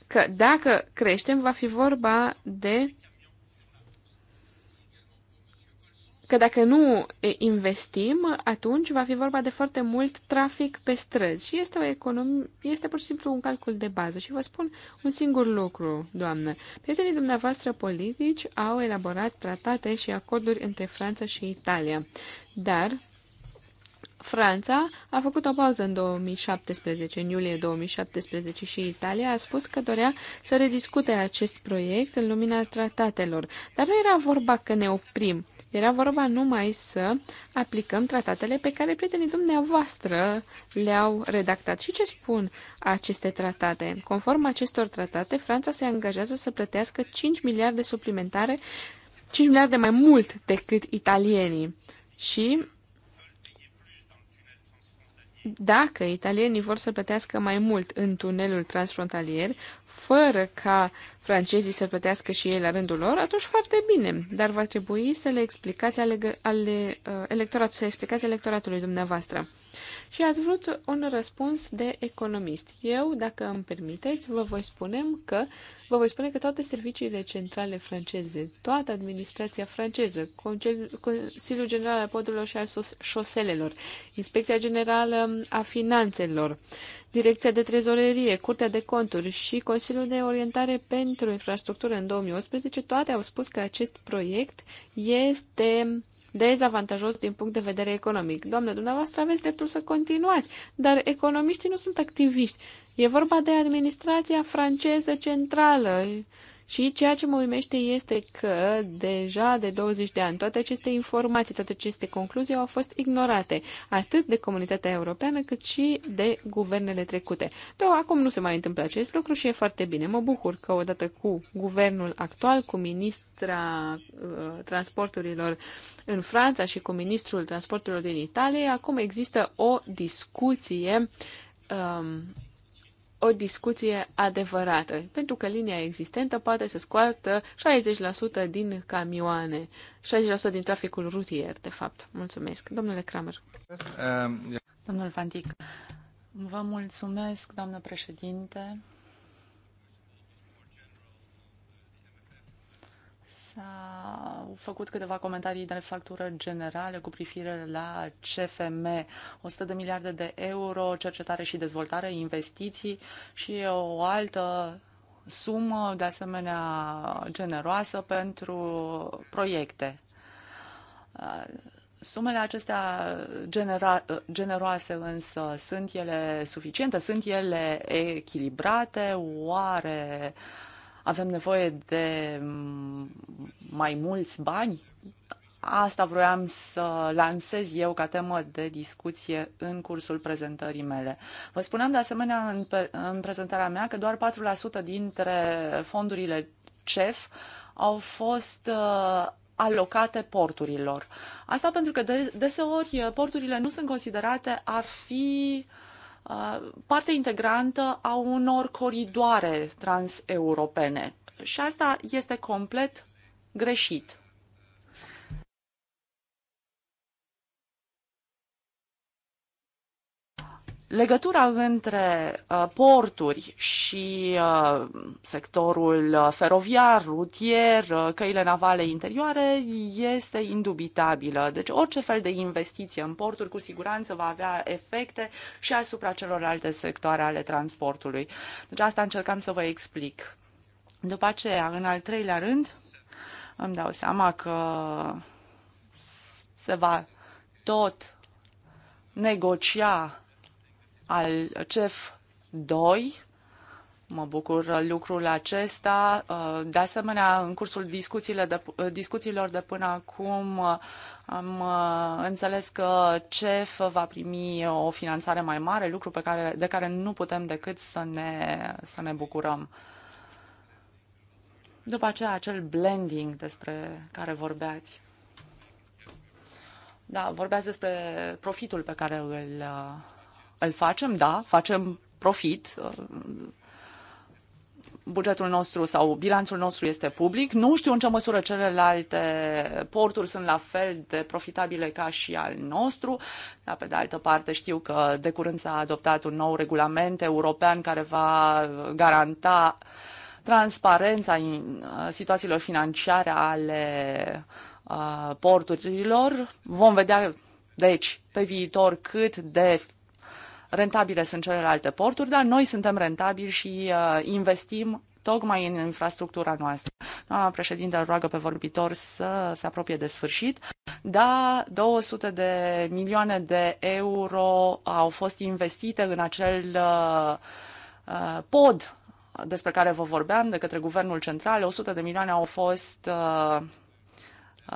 că dacă creștem, va fi vorba de că dacă nu investim, atunci va fi vorba de foarte mult trafic pe străzi și este, o economie, este pur și simplu un calcul de bază. Și vă spun un singur lucru, doamnă. Prietenii dumneavoastră politici au elaborat tratate și acorduri între Franța și Italia, dar Franța a făcut o pauză în 2017, în iulie 2017 și Italia a spus că dorea să rediscute acest proiect în lumina tratatelor. Dar nu era vorba că ne oprim. Era vorba numai să aplicăm tratatele pe care prietenii dumneavoastră le-au redactat. Și ce spun aceste tratate? Conform acestor tratate, Franța se angajează să plătească 5 miliarde suplimentare, 5 miliarde mai mult decât italienii. Și dacă italienii vor să plătească mai mult în tunelul transfrontalier, fără ca francezii să plătească și ei la rândul lor, atunci foarte bine. Dar va trebui să le explicați ale, ale uh, electorat, să explicați electoratului dumneavoastră și ați vrut un răspuns de economist. Eu, dacă îmi permiteți, vă voi spune că vă voi spune că toate serviciile centrale franceze, toată administrația franceză, Consiliul General al Podurilor și al Șoselelor, Inspecția Generală a Finanțelor, Direcția de Trezorerie, Curtea de Conturi și Consiliul de Orientare pentru Infrastructură în 2018, toate au spus că acest proiect este dezavantajos din punct de vedere economic. Doamne, dumneavoastră aveți dreptul să continuați, dar economiștii nu sunt activiști. E vorba de administrația franceză centrală și ceea ce mă uimește este că deja de 20 de ani toate aceste informații, toate aceste concluzii au fost ignorate, atât de comunitatea europeană cât și de guvernele trecute. Dar acum nu se mai întâmplă acest lucru și e foarte bine. Mă bucur că odată cu guvernul actual, cu ministra uh, transporturilor în Franța și cu ministrul transporturilor din Italia, acum există o discuție um, o discuție adevărată, pentru că linia existentă poate să scoată 60% din camioane, 60% din traficul rutier, de fapt. Mulțumesc. Domnule Kramer. Um, Domnul Fantic, vă mulțumesc, doamnă președinte. S-au făcut câteva comentarii de factură generală cu privire la CFM, 100 de miliarde de euro, cercetare și dezvoltare, investiții și o altă sumă, de asemenea generoasă, pentru proiecte. Sumele acestea genera- generoase însă, sunt ele suficiente? Sunt ele echilibrate? Oare uh, avem nevoie de mai mulți bani? Asta vroiam să lansez eu ca temă de discuție în cursul prezentării mele. Vă spuneam de asemenea în, în prezentarea mea că doar 4% dintre fondurile CEF au fost uh, alocate porturilor. Asta pentru că de, deseori uh, porturile nu sunt considerate a fi Uh, parte integrantă a unor coridoare transeuropene. Și asta este complet greșit. Legătura între uh, porturi și uh, sectorul uh, feroviar, rutier, căile navale interioare este indubitabilă. Deci orice fel de investiție în porturi cu siguranță va avea efecte și asupra celorlalte sectoare ale transportului. Deci asta încercam să vă explic. După aceea, în al treilea rând, îmi dau seama că se va tot negocia al CEF 2. Mă bucur lucrul acesta. Uh, de asemenea, în cursul de, uh, discuțiilor de până acum uh, am înțeles că CEF va primi o finanțare mai mare, lucru pe care, de care nu putem decât să ne, să ne bucurăm. După aceea, acel blending despre care vorbeați. Da, vorbeați despre profitul pe care îl îl facem, da, facem profit. Uh, bugetul nostru sau bilanțul nostru este public. Nu știu în ce măsură celelalte porturi sunt la fel de profitabile ca și al nostru, dar pe de altă parte știu că de curând s-a adoptat un nou regulament european care va garanta transparența în uh, situațiilor financiare ale uh, porturilor. Vom vedea deci, pe viitor, cât de rentabile sunt celelalte porturi, dar noi suntem rentabili și uh, investim tocmai în infrastructura noastră. Doamna președinte roagă pe vorbitor să se apropie de sfârșit. Da, 200 de milioane de euro au fost investite în acel uh, uh pod despre care vă vorbeam de către Guvernul Central. 100 de milioane au fost uh,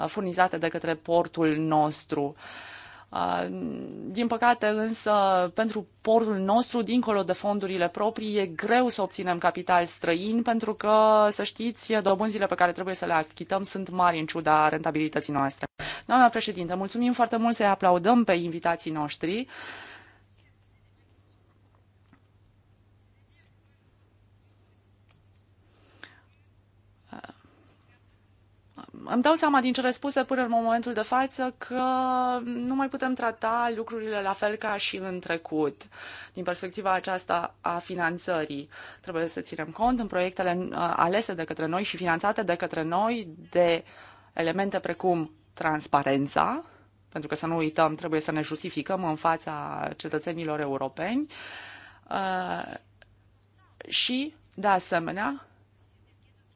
uh, furnizate de către portul nostru. Uh, Ah, din păcate însă, pentru portul nostru, dincolo de fondurile proprii, e greu să obținem capital străin pentru că, să știți, dobânzile pe care trebuie să le achităm sunt mari în ciuda rentabilității noastre. Doamna președinte, mulțumim foarte mult să-i aplaudăm pe invitații noștri. Îmi dau seama din cele spuse până în momentul de față că nu mai putem trata lucrurile la fel ca și în trecut, din perspectiva aceasta a finanțării. Trebuie să ținem cont în proiectele uh, alese de către noi și finanțate de către noi de elemente precum transparența, pentru că să nu uităm, trebuie să ne justificăm în fața cetățenilor europeni, uh, și, de asemenea,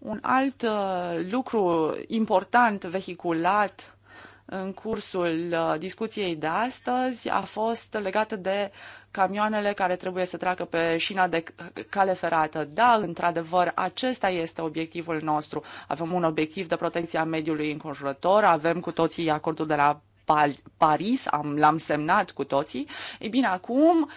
un alt uh, lucru important vehiculat în cursul uh, discuției de astăzi a fost legat de camioanele care trebuie să treacă pe șina de cale ferată. Da, într-adevăr, acesta este obiectivul nostru. Avem un obiectiv de protecție a mediului înconjurător, avem cu toții acordul de la Paris, am, l-am semnat cu toții. Ei bine, acum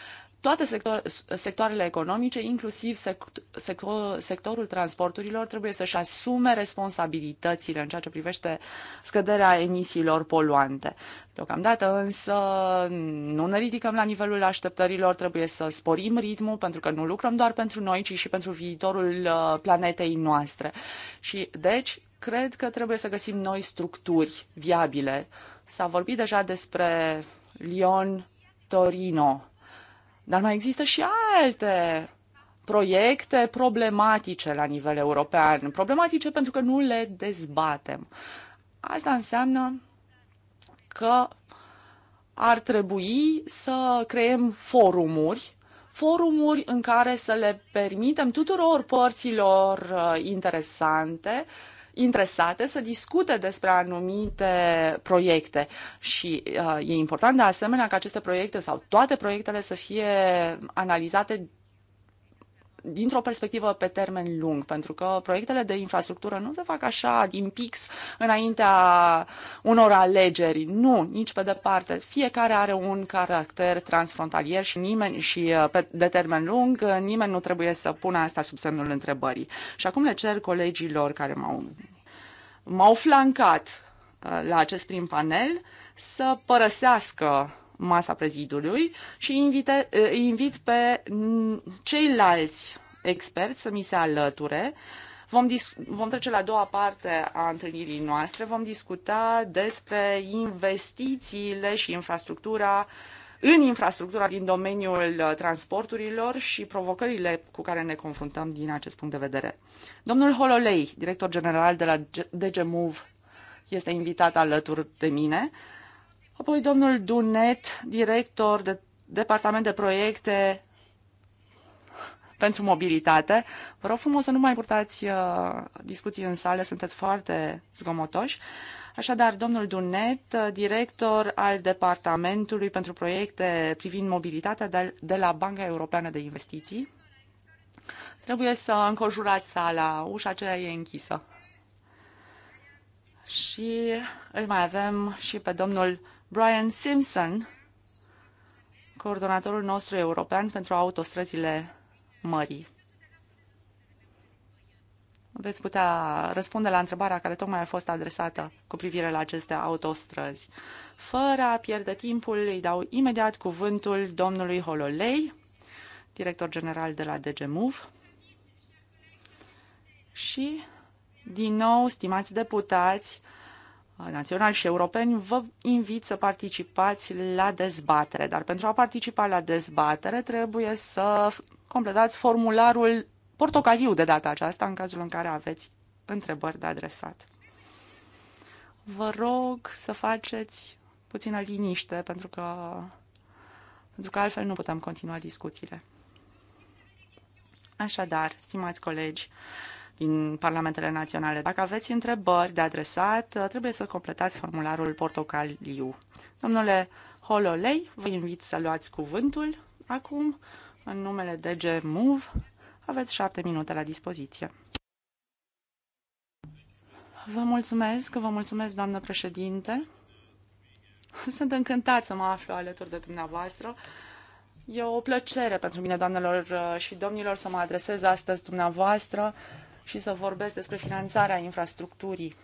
toate sector, sectoarele economice, inclusiv sector, sectorul transporturilor, trebuie să-și asume responsabilitățile în ceea ce privește scăderea emisiilor poluante. Deocamdată însă nu ne ridicăm la nivelul așteptărilor, trebuie să sporim ritmul pentru că nu lucrăm doar pentru noi, ci și pentru viitorul uh, planetei noastre. Și deci cred că trebuie să găsim noi structuri viabile. S-a vorbit deja despre Lyon, Torino, dar mai există și alte proiecte problematice la nivel european. Problematice pentru că nu le dezbatem. Asta înseamnă că ar trebui să creăm forumuri forumuri în care să le permitem tuturor părților uh, interesante uh, interesate să discute despre anumite proiecte și uh, e important de asemenea ca aceste proiecte sau toate proiectele să fie analizate dintr-o perspectivă pe termen lung, pentru că proiectele de infrastructură nu se fac așa din pix înaintea unor alegeri. Nu, nici pe departe. Fiecare are un caracter transfrontalier și nimeni și uh, pe, de termen lung uh, nimeni nu trebuie să pună asta sub semnul întrebării. Și acum le cer colegilor care m-au m-au flancat uh, la acest prim panel să părăsească masa prezidiului și invite, invit pe ceilalți experți să mi se alăture. Vom, vom trece la a doua parte a întâlnirii noastre. Vom discuta despre investițiile și infrastructura în infrastructura din domeniul uh, transporturilor și provocările cu care ne confruntăm din acest punct de vedere. Domnul Hololei, director general de la DGMUV, este invitat alături de mine. Apoi domnul Dunet, director de Departament de Proiecte pentru Mobilitate. Vă rog frumos să nu mai purtați uh, discuții în sală, sunteți foarte zgomotoși. Așadar, domnul Dunet, uh, director al Departamentului pentru Proiecte privind mobilitatea de la Banca Europeană de Investiții. Trebuie să înconjurați sala, ușa aceea e închisă. Și îl mai avem și pe domnul Brian Simpson, coordonatorul nostru european pentru autostrăzile mării. Veți putea răspunde la întrebarea care tocmai a fost adresată cu privire la aceste autostrăzi. Fără a pierde timpul, îi dau imediat cuvântul domnului Hololei, director general de la DGMUV. Și, din nou, stimați deputați, naționali și europeni, vă invit să participați la dezbatere. Dar pentru a participa la dezbatere trebuie să completați formularul portocaliu de data aceasta, în cazul în care aveți întrebări de adresat. Vă rog să faceți puțină liniște, pentru că, pentru că altfel nu putem continua discuțiile. Așadar, stimați colegi, din Parlamentele Naționale. Dacă aveți întrebări de adresat, trebuie să completați formularul portocaliu. Domnule Hololei, vă invit să luați cuvântul acum în numele DG Move. Aveți șapte minute la dispoziție. Vă mulțumesc, vă mulțumesc, doamnă președinte. Sunt încântat să mă aflu alături de dumneavoastră. E o plăcere pentru mine, doamnelor și domnilor, să mă adresez astăzi dumneavoastră și să vorbesc despre finanțarea infrastructurii.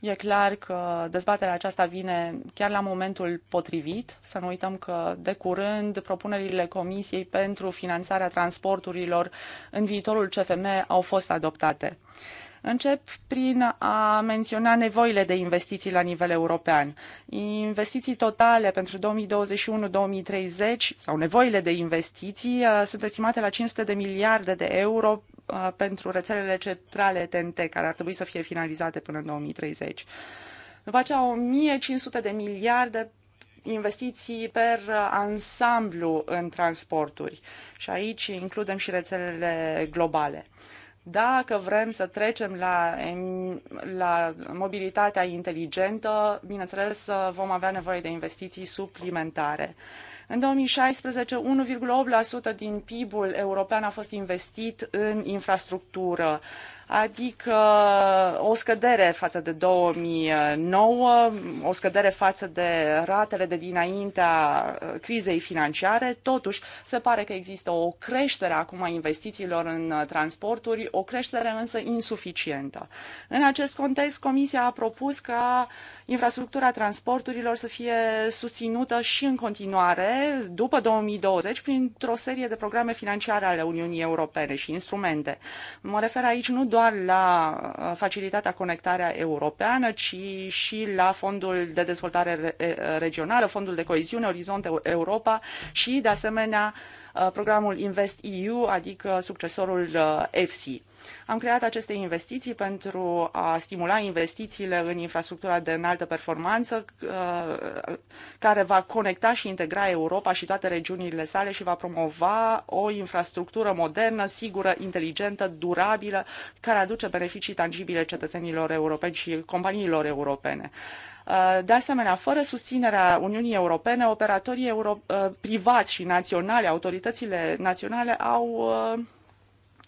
E clar că dezbaterea aceasta vine chiar la momentul potrivit. Să nu uităm că de curând propunerile Comisiei pentru finanțarea transporturilor în viitorul CFM au fost adoptate. Încep prin a menționa nevoile de investiții la nivel european. Investiții totale pentru 2021-2030 sau nevoile de investiții uh, sunt estimate la 500 de miliarde de euro uh, pentru rețelele centrale TNT, care ar trebui să fie finalizate până în 2030. După aceea, 1500 de miliarde investiții per uh, ansamblu în transporturi și aici includem și rețelele globale. Dacă vrem să trecem la, la mobilitatea inteligentă, bineînțeles, vom avea nevoie de investiții suplimentare. În 2016, 1,8% din PIB-ul european a fost investit în infrastructură adică o scădere față de 2009, o scădere față de ratele de dinaintea uh, crizei financiare. Totuși, se pare că există o creștere acum a investițiilor în uh, transporturi, o creștere însă insuficientă. În acest context, Comisia a propus ca infrastructura transporturilor să fie susținută și în continuare, după 2020, printr-o serie de programe financiare ale Uniunii Europene și instrumente. Mă refer aici nu doar la uh, facilitatea conectarea europeană, ci și la fondul de dezvoltare regională, fondul de coeziune, Orizont Europa și, de asemenea, Uh, programul Invest EU, adică succesorul EFSI. Uh, Am creat aceste investiții pentru a stimula investițiile în infrastructura de înaltă performanță uh, care va conecta și integra Europa și toate regiunile sale și va promova o infrastructură modernă, sigură, inteligentă, durabilă, care aduce beneficii tangibile cetățenilor europeni și companiilor europene. Uh, de asemenea, fără susținerea Uniunii Europene, operatorii euro- uh, privați și naționale, autoritățile naționale au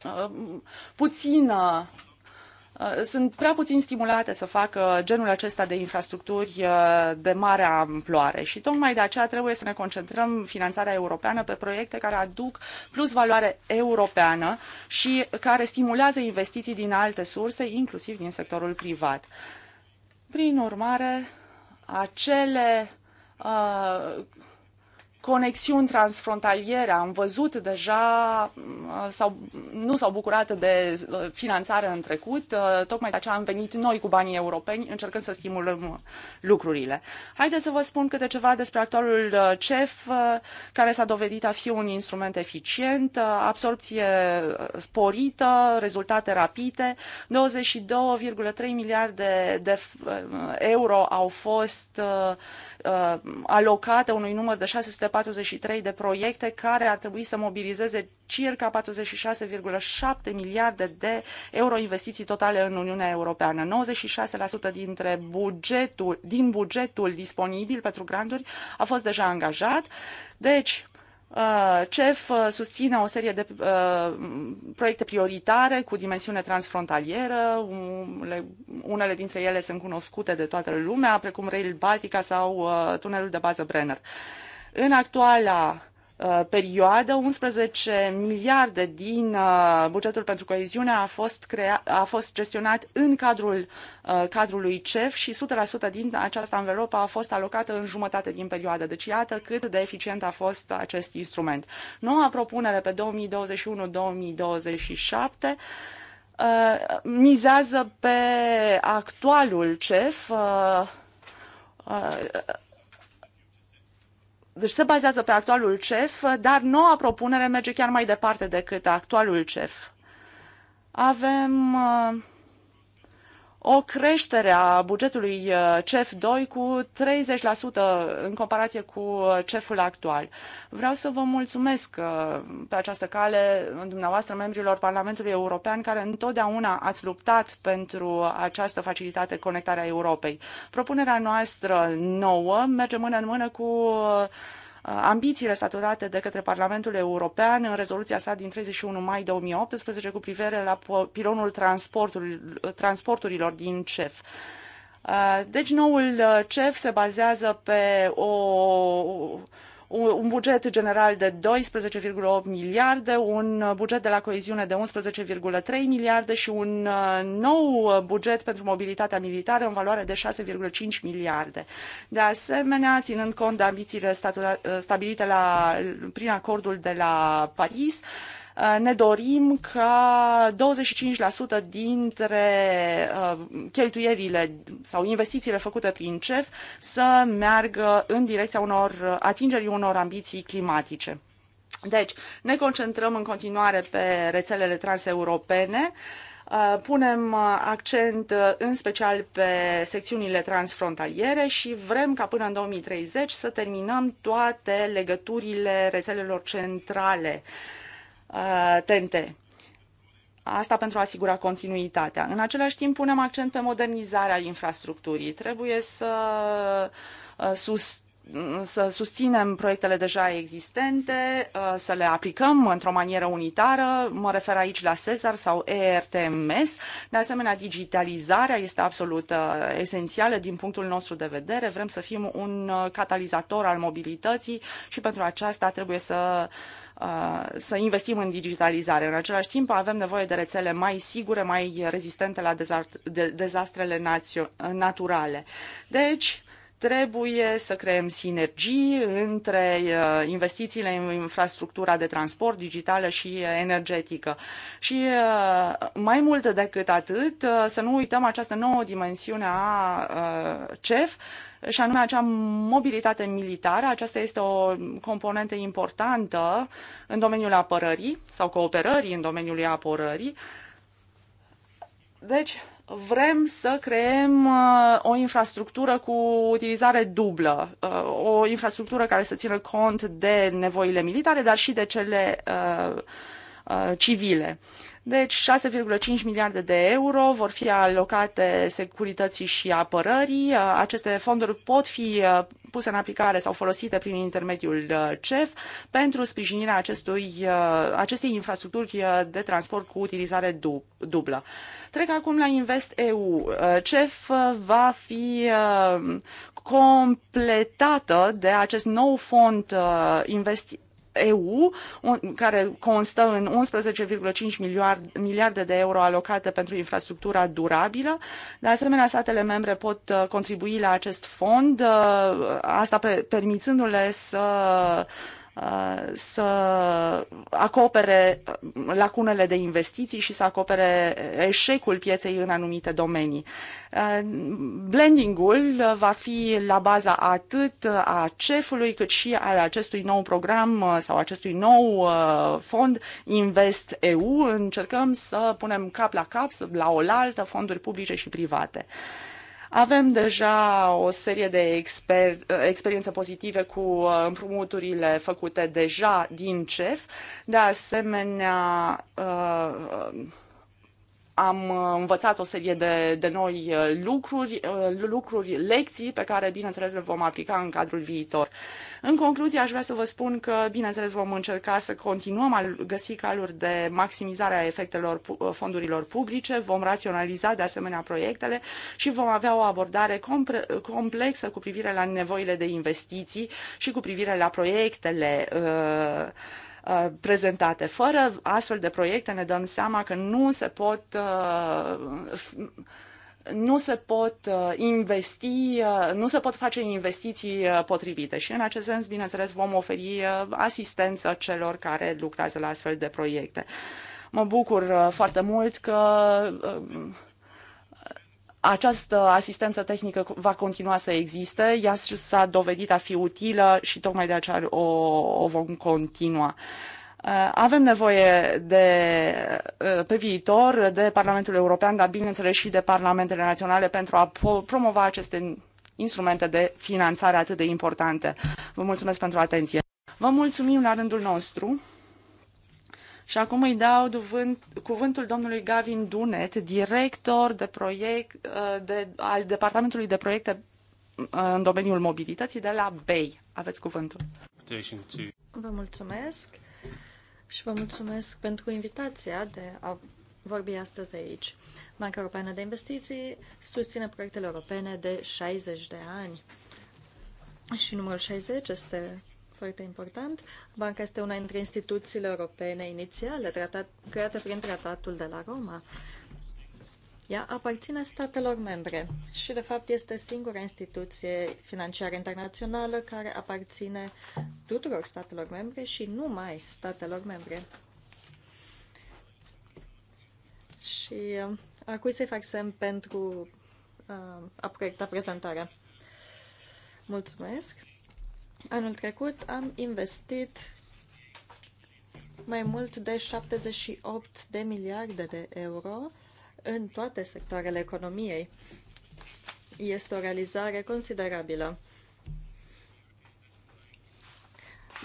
uh, puțină sunt prea puțin stimulate să facă genul acesta de infrastructuri de mare amploare și tocmai de aceea trebuie să ne concentrăm finanțarea europeană pe proiecte care aduc plus valoare europeană și care stimulează investiții din alte surse, inclusiv din sectorul privat. Prin urmare, acele uh, conexiuni transfrontaliere. Am văzut deja, uh, sau, nu s-au bucurat de uh, finanțare în trecut, uh, tocmai de aceea am venit noi cu banii europeni încercând să stimulăm lucrurile. Haideți să vă spun câte ceva despre actualul CEF, care s-a dovedit a fi un instrument eficient, absorpție sporită, rezultate rapide, 22,3 miliarde de euro au fost uh, alocate unui număr de 643 de proiecte care ar trebui să mobilizeze circa 46,7 miliarde de euro investiții totale în Uniunea Europeană. 96% dintre bugetul, din bugetul disponibil pentru granturi a fost deja angajat. Deci, Uh, CEF uh, susține o serie de uh, proiecte prioritare cu dimensiune transfrontalieră, unele dintre ele sunt cunoscute de toată lumea, precum Rail Baltica sau tunelul de bază Brenner. În actuala Uh, perioadă, 11 miliarde din uh, bugetul pentru coeziune a fost, crea- a fost gestionat în cadrul uh, cadrului CEF și 100% din această anvelopă a fost alocată în jumătate din perioadă. Deci iată cât de eficient a fost acest instrument. Noua propunere pe 2021-2027 mizează pe actualul CEF deci se bazează pe actualul CEF, dar noua propunere merge chiar mai departe decât actualul CEF. Avem uh, o creștere a bugetului uh, CEF2 cu 30% în comparație cu uh, CEF-ul actual. Vreau să vă mulțumesc uh, pe această cale dumneavoastră membrilor Parlamentului European care întotdeauna ați luptat pentru această facilitate conectarea Europei. Propunerea noastră nouă merge mână în mână cu Uh, ambițiile statutate de către Parlamentul European în rezoluția sa din 31 mai 2018 cu privire la pilonul uh, transporturilor din CEF. Uh, deci noul CEF se bazează pe o un buget general de 12,8 miliarde, un buget de la coeziune de 11,3 miliarde și un uh, nou buget pentru mobilitatea militară în valoare de 6,5 miliarde. De asemenea, ținând cont de ambițiile stabilite la, prin acordul de la Paris, Uh, ne dorim ca 25% dintre uh, cheltuielile sau investițiile făcute prin CEF să meargă în direcția unor uh, atingerii unor ambiții climatice. Deci, ne concentrăm în continuare pe rețelele transeuropene, punem accent în special pe secțiunile transfrontaliere și vrem ca până în 2030 să terminăm toate legăturile rețelelor centrale Uh, tente. Asta pentru a asigura continuitatea. În același timp, punem accent pe modernizarea infrastructurii. Trebuie să uh, susținem să susținem proiectele deja existente, uh, să le aplicăm într-o manieră unitară. Mă refer aici la Cesar sau ERTMS. De asemenea, digitalizarea este absolut esențială din punctul nostru de vedere. Vrem să fim un catalizator al mobilității și pentru aceasta trebuie să să investim în digitalizare. În același timp, avem nevoie de rețele mai sigure, mai rezistente la dezastrele naturale. Deci, trebuie să creăm sinergii între investițiile în infrastructura de transport digitală și energetică. Și mai mult decât atât, să nu uităm această nouă dimensiune a CEF, și anume acea mobilitate militară. Aceasta este o componentă importantă în domeniul apărării sau cooperării în domeniul apărării. Deci, vrem să creăm uh, o infrastructură cu utilizare dublă, uh, o infrastructură care să țină cont de nevoile militare, dar și de cele uh, civile. Deci 6,5 miliarde de euro vor fi alocate securității și apărării. Uh, aceste fonduri pot fi uh, puse în aplicare sau folosite prin intermediul uh, CEF pentru sprijinirea acestui, acestei infrastructuri de transport cu utilizare dublă. Trec acum la Invest EU. CEF va fi completată de acest nou fond Invest EU, care constă în 11,5 miliarde de euro alocate pentru infrastructura durabilă. De asemenea, statele membre pot uh, contribui la acest fond, uh, asta permițându-le să să acopere lacunele de investiții și să acopere eșecul pieței în anumite domenii. Blending-ul va fi la baza atât a CEF-ului cât și al acestui nou program sau acestui nou uh, fond Invest EU. Încercăm să punem cap la cap, la oaltă, fonduri publice și private. Avem deja o serie de exper- experiențe pozitive cu uh, împrumuturile făcute deja din CEF. De asemenea, uh, am învățat o serie de, de noi uh, lucruri, lucruri, lecții pe care, bineînțeles, le vom aplica în cadrul viitor. În concluzie, aș vrea să vă spun că, bineînțeles, vom încerca să continuăm a găsi caluri de maximizare a efectelor ă, fondurilor publice, vom raționaliza de asemenea proiectele și vom avea o abordare complexă cu privire la nevoile de investiții și cu privire la proiectele uh, prezentate. Fără astfel de proiecte ne dăm seama că nu se pot uh, nu se pot uh, investi, uh, nu se pot face investiții uh, potrivite și în acest sens, bineînțeles, vom oferi asistență celor care lucrează la astfel de proiecte. Mă bucur foarte mult că această asistență tehnică va continua să existe, ea s-a dovedit a fi utilă și tocmai de aceea o, o vom continua. Uh, Uh, avem nevoie de, uh, pe viitor de Parlamentul European, dar bineînțeles și de Parlamentele Naționale pentru a promova aceste instrumente de finanțare atât de importante. Vă mulțumesc pentru atenție. Vă mulțumim la rândul nostru. Și acum îi dau cuvântul domnului Gavin Dunet, director de proiect, uh, de, al Departamentului de Proiecte în domeniul mobilității de la BEI. Aveți cuvântul. Vă mulțumesc și vă mulțumesc pentru invitația de a vorbi astăzi aici. Banca Europeană de Investiții susține proiectele europene de 60 de ani. Și numărul 60 este foarte important. Banca este una dintre instituțiile europene inițiale, tratat, creată prin tratatul de la Roma ea aparține statelor membre și, de fapt, este singura instituție financiară internațională care aparține tuturor statelor membre și numai statelor membre. Și uh, a cui să-i fac semn pentru uh, a proiecta prezentarea. Mulțumesc! Anul trecut am investit mai mult de 78 de miliarde de euro în toate sectoarele economiei. Este o realizare considerabilă.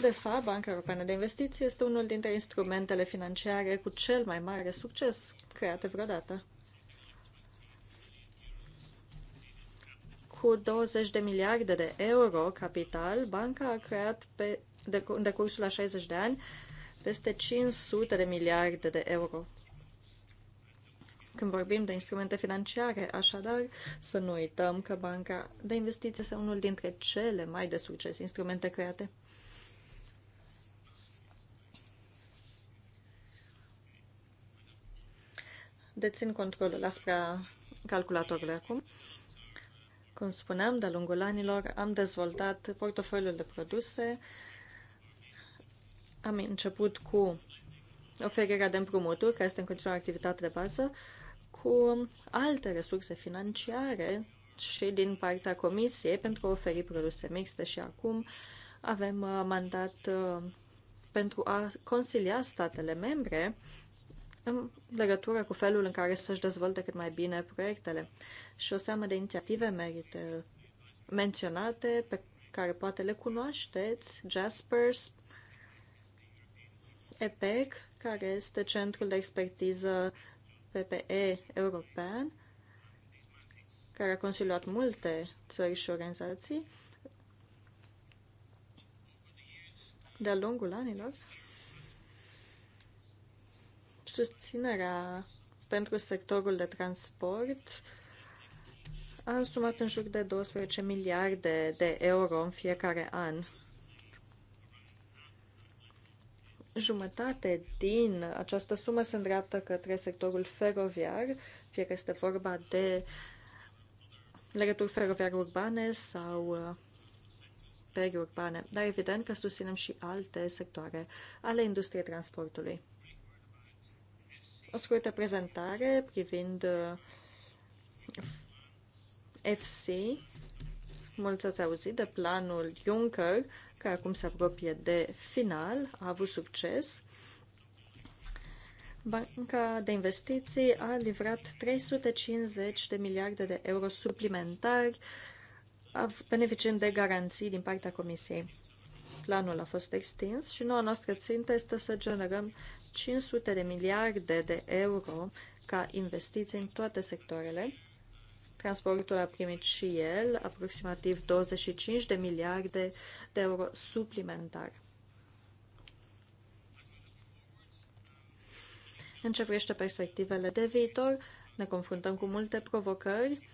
De fapt, Banca Europeană de Investiții este unul dintre instrumentele financiare cu cel mai mare succes create vreodată. Cu 20 de miliarde de euro capital, banca a creat pe, de, în decursul a 60 de ani peste 500 de miliarde de euro când vorbim de instrumente financiare. Așadar, să nu uităm că banca de investiții este unul dintre cele mai de succes instrumente create. Dețin controlul asupra calculatorului acum. Cum spuneam, de-a lungul anilor am dezvoltat portofoliul de produse. Am început cu oferirea de împrumuturi, care este în continuare activitate de bază, cu alte resurse financiare și din partea Comisiei pentru a oferi produse mixte și acum avem uh, mandat uh, pentru a consilia statele membre în legătură cu felul în care să-și dezvolte cât mai bine proiectele. Și o seamă de inițiative merită menționate, pe care poate le cunoașteți, Jaspers, EPEC, care este centrul de expertiză PPE european, care a consiliat multe țări și organizații, de-a lungul anilor, susținerea pentru sectorul de transport a însumat în jur de 12 miliarde de euro în fiecare an. jumătate din această sumă se îndreaptă către sectorul feroviar, fie că este vorba de legături feroviare urbane sau uh, periurbane, dar evident că susținem și alte sectoare ale industriei transportului. O scurtă prezentare privind uh, FC. Mulți ați auzit de planul Juncker, care acum se apropie de final, a avut succes. Banca de investiții a livrat 350 de miliarde de euro suplimentari, beneficiind de garanții din partea Comisiei. Planul a fost extins și noua noastră țintă este să generăm 500 de miliarde de euro ca investiții în toate sectoarele, Transportul a primit și el aproximativ 25 de miliarde de euro suplimentar. În ce privește perspectivele de viitor, ne confruntăm cu multe provocări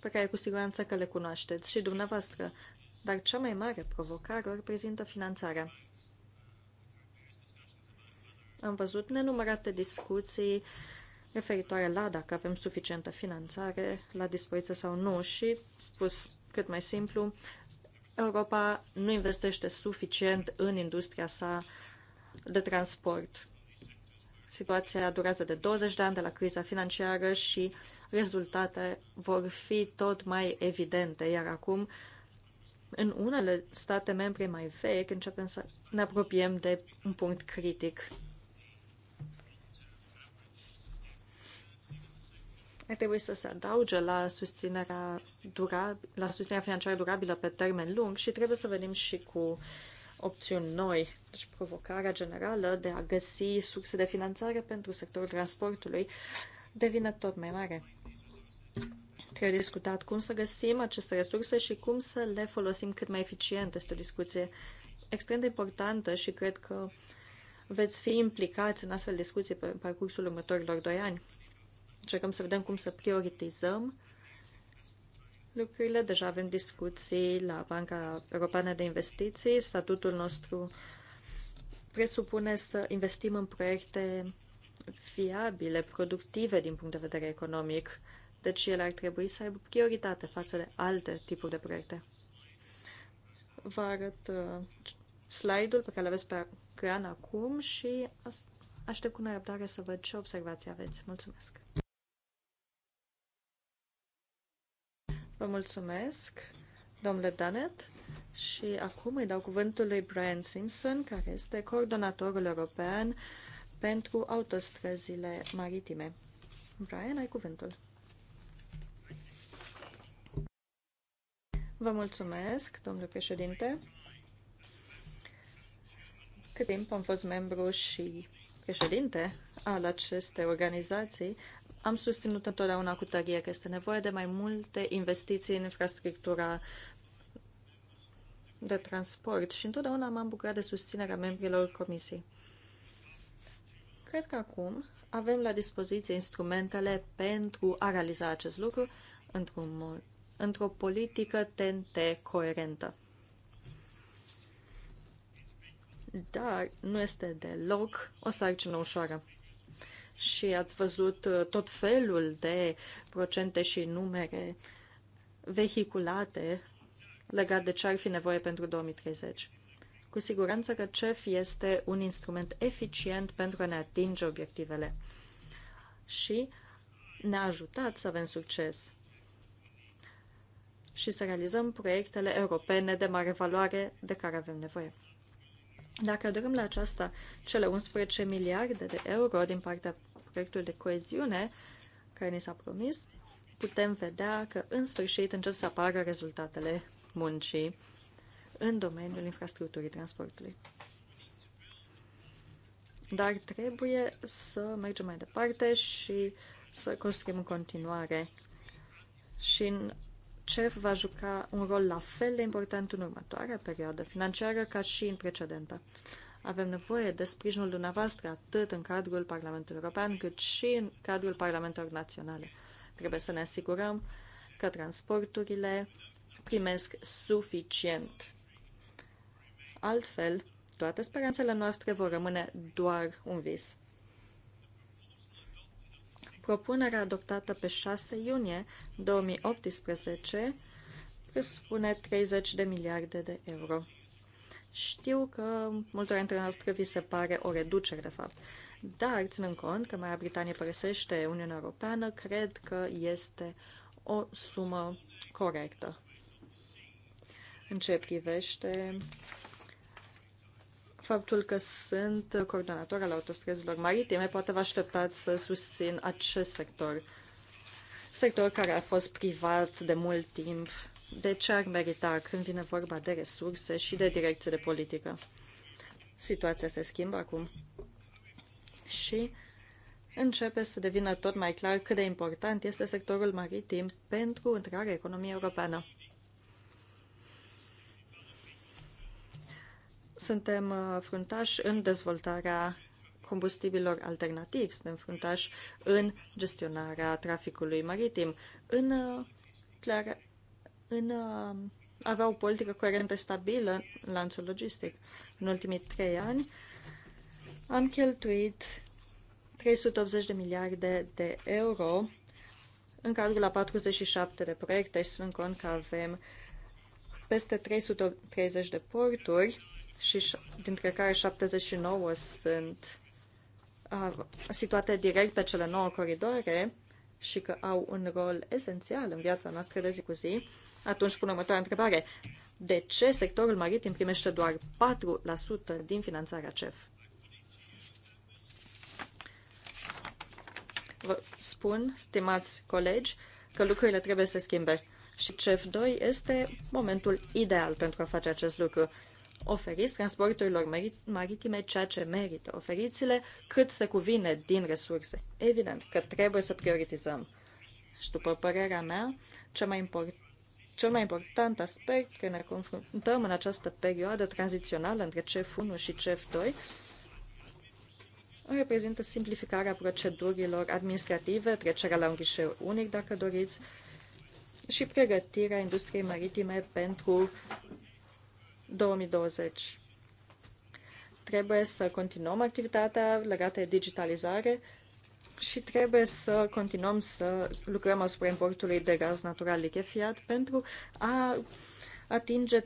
pe care cu siguranță că le cunoașteți și dumneavoastră, dar cea mai mare provocare o reprezintă finanțarea. Am văzut nenumărate discuții uh, referitoare la dacă avem suficientă finanțare la dispoziție sau nu și, spus cât mai simplu, Europa nu investește suficient în industria sa de transport. Situația durează de 20 de ani de la criza financiară și rezultate vor fi tot mai evidente, iar acum în unele state membre mai vechi începem să ne apropiem de un punct critic. ar trebui să se adauge la susținerea, durab- la susținerea financiară durabilă pe termen lung și trebuie să venim și cu opțiuni noi. Deci provocarea generală de a găsi surse de finanțare pentru sectorul transportului devine tot mai mare. Trebuie discutat cum să găsim aceste resurse și cum să le folosim cât mai eficient. Este o discuție extrem de importantă și cred că veți fi implicați în astfel de discuții pe parcursul următorilor doi ani. Încercăm să vedem cum să prioritizăm lucrurile. Deja avem discuții la Banca Europeană de Investiții. Statutul nostru presupune să investim în proiecte fiabile, productive din punct de vedere economic. Deci ele ar trebui să aibă prioritate față de alte tipuri de proiecte. Vă arăt uh, slide-ul pe care îl aveți pe ecran acum și aștept cu nerăbdare să văd ce observații aveți. Mulțumesc! Vă mulțumesc, domnule Danet. Și acum îi dau cuvântul lui Brian Simpson, care este coordonatorul european pentru autostrăzile maritime. Brian, ai cuvântul. Vă mulțumesc, domnule președinte. Cât timp am fost membru și președinte al acestei organizații, am susținut întotdeauna cu tărie că este nevoie de mai multe investiții în infrastructura de transport și întotdeauna m-am bucurat de susținerea membrilor comisiei. Cred că acum avem la dispoziție instrumentele pentru a realiza acest lucru într-un, într-o politică tente coerentă. Dar nu este deloc o sarcină ușoară și ați văzut uh, tot felul de procente și numere vehiculate legat de ce ar fi nevoie pentru 2030. Cu siguranță că CEF este un instrument eficient pentru a ne atinge obiectivele și ne-a ajutat să avem succes și să realizăm proiectele europene de mare valoare de care avem nevoie. Dacă adorăm la aceasta cele 11 miliarde de euro din partea proiectul de coeziune care ni s-a promis, putem vedea că în sfârșit încep să apară rezultatele muncii în domeniul infrastructurii transportului. Dar trebuie să mergem mai departe și să construim în continuare. Și în CEF va juca un rol la fel de important în următoarea perioadă financiară ca și în precedenta. Avem nevoie de sprijinul dumneavoastră atât în cadrul Parlamentului European cât și în cadrul Parlamentelor Naționale. Trebuie să ne asigurăm că transporturile primesc suficient. Altfel, toate speranțele noastre vor rămâne doar un vis. Propunerea adoptată pe 6 iunie 2018 presupune 30 de miliarde de euro. Știu că multora dintre noastre vi se pare o reducere, de fapt. Dar, ținând cont că Marea Britanie părăsește Uniunea Europeană, cred că este o sumă corectă. În ce privește faptul că sunt coordonator al autostrăzilor maritime, poate vă așteptați să susțin acest sector. Sector care a fost privat de mult timp de ce ar merita când vine vorba de resurse și de direcție de politică. Situația se schimbă acum și începe să devină tot mai clar cât de important este sectorul maritim pentru întreaga economie europeană. Suntem uh, fruntași în dezvoltarea combustibilor alternativi, suntem fruntași în gestionarea traficului maritim, în uh, în a uh, avea o politică coerentă și stabilă în lanțul logistic. În ultimii trei ani am cheltuit 380 de miliarde de euro în cadrul la 47 de proiecte și sunt cont că avem peste 330 de porturi și dintre care 79 sunt uh, situate direct pe cele nouă coridoare și că au un rol esențial în viața noastră de zi cu zi atunci pun următoarea întrebare. De ce sectorul maritim primește doar 4% din finanțarea CEF? Vă spun, stimați colegi, că lucrurile trebuie să schimbe. Și CEF2 este momentul ideal pentru a face acest lucru. Oferiți transporturilor maritime ceea ce merită. Oferiți-le cât se cuvine din resurse. Evident că trebuie să prioritizăm. Și după părerea mea, cea mai importantă cel mai important aspect că ne confruntăm în această perioadă tranzițională între CEF1 și CEF2 reprezintă simplificarea procedurilor administrative, trecerea la un ghișeu unic, dacă doriți, și pregătirea industriei maritime pentru 2020. Trebuie să continuăm activitatea legată de digitalizare și trebuie să continuăm să lucrăm asupra importului de gaz natural lichefiat pentru a atinge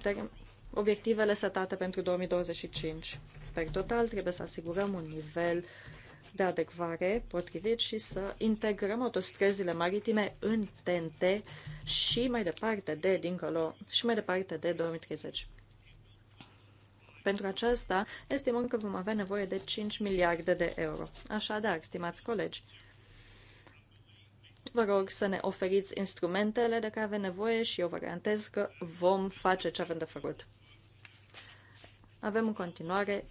obiectivele setate pentru 2025. Per total, trebuie să asigurăm un nivel de adecvare potrivit și să integrăm autostrăzile maritime în TNT și mai departe de dincolo și mai departe de 2030. Pentru aceasta, estimăm că vom avea nevoie de 5 miliarde de euro. Așadar, stimați colegi, vă rog să ne oferiți instrumentele de care avem nevoie și eu vă garantez că vom face ce avem de făcut. Avem în continuare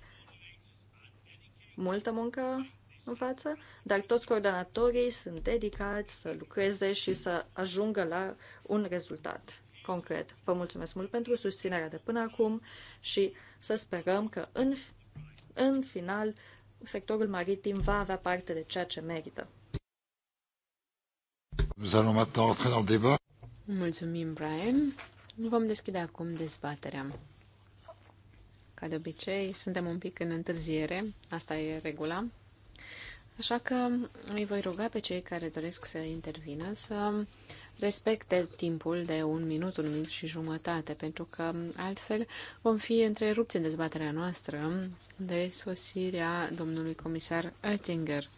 multă muncă în față, dar toți coordonatorii sunt dedicați să lucreze și să ajungă la un rezultat concret. Vă mulțumesc mult pentru susținerea de până acum și să sperăm că în, în final sectorul maritim va avea parte de ceea ce merită. Mulțumim, Brian. Vom deschide acum dezbaterea. Ca de obicei, suntem un pic în întârziere, asta e regula. Așa că îi voi ruga pe cei care doresc să intervină să uh, respecte timpul de un minut, un minut și jumătate, pentru că altfel vom fi întrerupți în dezbaterea noastră de sosirea domnului comisar Oettinger,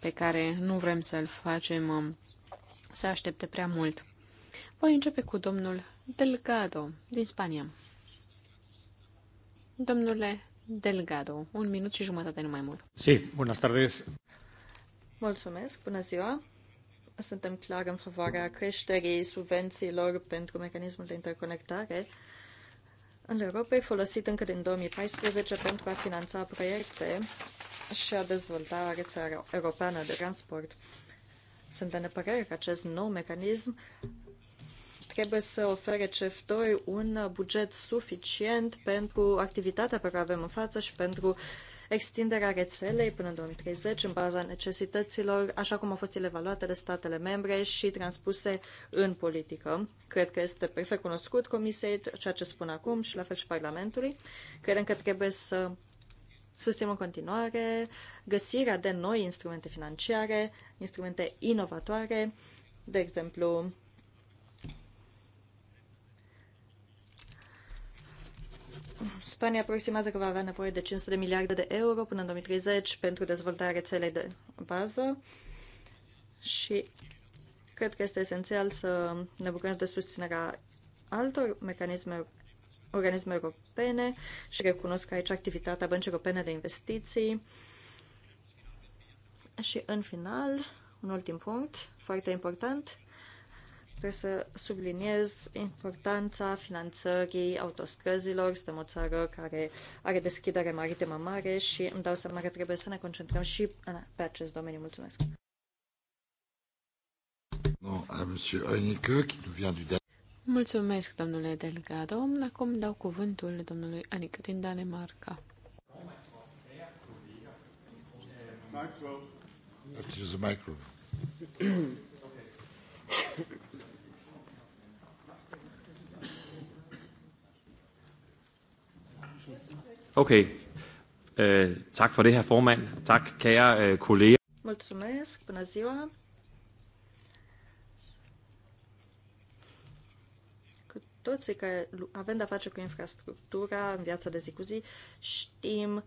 pe care nu vrem să-l facem um, să aștepte prea mult. Voi începe cu domnul Delgado, din Spania. Domnule Delgado, un minut și jumătate, nu mai mult. Sí, buenas tardes. Mulțumesc, bună ziua suntem clar în favoarea creșterii subvențiilor pentru mecanismul de interconectare în Europei, folosit încă din 2014 pentru a finanța proiecte și a dezvolta rețea europeană de transport. Suntem de părere că acest nou mecanism trebuie să ofere CEF2 un buget suficient pentru activitatea pe care o avem în față și pentru uh, extinderea rețelei până în 2030 în baza necesităților, așa cum au fost ele evaluate de statele membre și transpuse în politică. Cred că este perfect cunoscut Comisiei ceea ce spun acum și la fel și Parlamentului. Credem că trebuie să susținem în continuare găsirea de noi instrumente financiare, instrumente inovatoare, de exemplu, Spania aproximează că va avea nevoie de 500 de miliarde de euro până în 2030 pentru dezvoltarea rețelei de bază și cred că este esențial să ne bucurăm de susținerea altor mecanisme organisme europene și recunosc aici activitatea Băncii Europene de Investiții. Și în final, un ultim punct foarte important, Trebuie să subliniez importanța finanțării autostrăzilor. Suntem o țară care are deschidere maritimă mare și îmi dau seama că trebuie să ne concentrăm și pe acest domeniu. Mulțumesc! Mulțumesc, domnule Delgado. Acum dau cuvântul domnului Anică din Danemarca. Micro. Okay. Uh, tak for det, her formand. Tak, kære uh, kolleger. Mulțumesc. Bună ziua. Cu toții care avem de-a face cu infrastructura în viața de zi cu zi, știm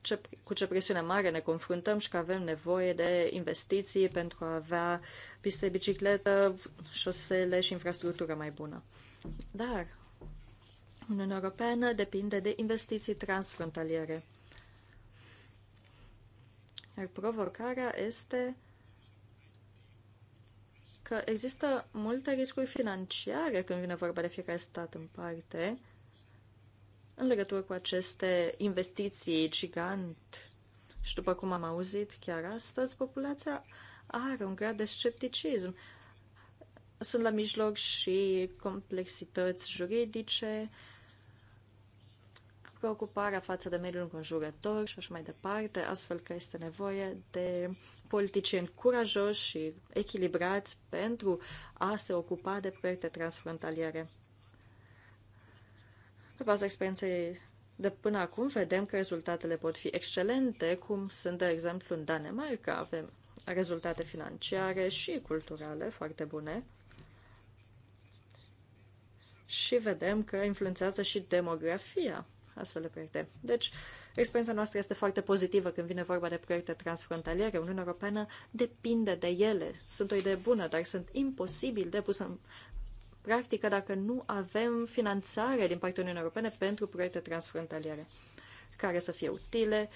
ce, cu ce presiune mare ne confruntăm și că avem nevoie de investiții pentru a avea piste de bicicletă, șosele și infrastructura mai bună. Dar Uniunea Europeană depinde de investiții transfrontaliere. Iar provocarea este că există multe riscuri financiare când vine vorba de fiecare stat în parte în legătură cu aceste investiții gigant. Și după cum am auzit chiar astăzi, populația are un grad de scepticism. Sunt la mijloc și complexități juridice, uh, preocuparea față de mediul înconjurător și așa mai departe, astfel că este nevoie de politicieni curajoși și echilibrați pentru a se ocupa de proiecte transfrontaliere. Pe baza experienței de până acum, vedem că rezultatele pot fi excelente, cum sunt, de exemplu, în Danemarca. Avem rezultate financiare și culturale foarte bune și vedem că influențează și demografia astfel de proiecte. Deci, experiența noastră este foarte pozitivă când vine vorba de proiecte transfrontaliere. Uniunea Europeană depinde de ele. Sunt o idee bună, dar sunt imposibil de pus în practică dacă nu avem finanțare din partea Uniunii Europene pentru proiecte transfrontaliere care să fie utile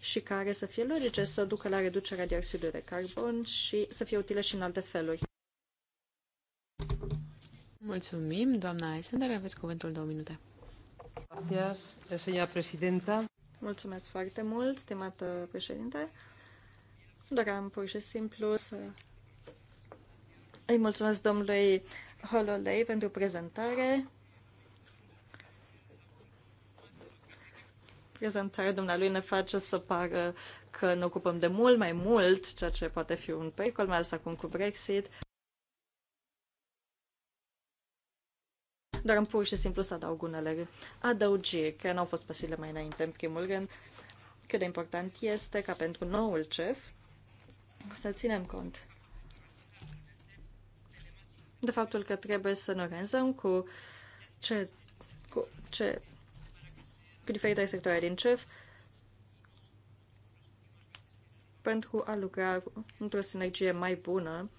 și care să fie logice, să ducă la reducerea dioxidului de carbon și să fie utile și în alte feluri. Mulțumim, doamna Eisender, aveți cuvântul două minute. Mulțumesc foarte mult, stimată președinte. Doream pur și simplu să îi mulțumesc domnului Hololei pentru prezentare. Prezentarea dumnealui ne face să pară că ne ocupăm de mult mai mult, ceea ce poate fi un pericol, mai ales acum cu Brexit. Dar am pur și simplu să adaug unele adăugiri care n-au fost posibile mai înainte. În primul rând, cât de important este ca pentru noul chef să ținem cont de faptul că trebuie să ne organizăm cu ce, cu ce cu diferite sectoare din CEF pentru a lucra într-o sinergie mai bună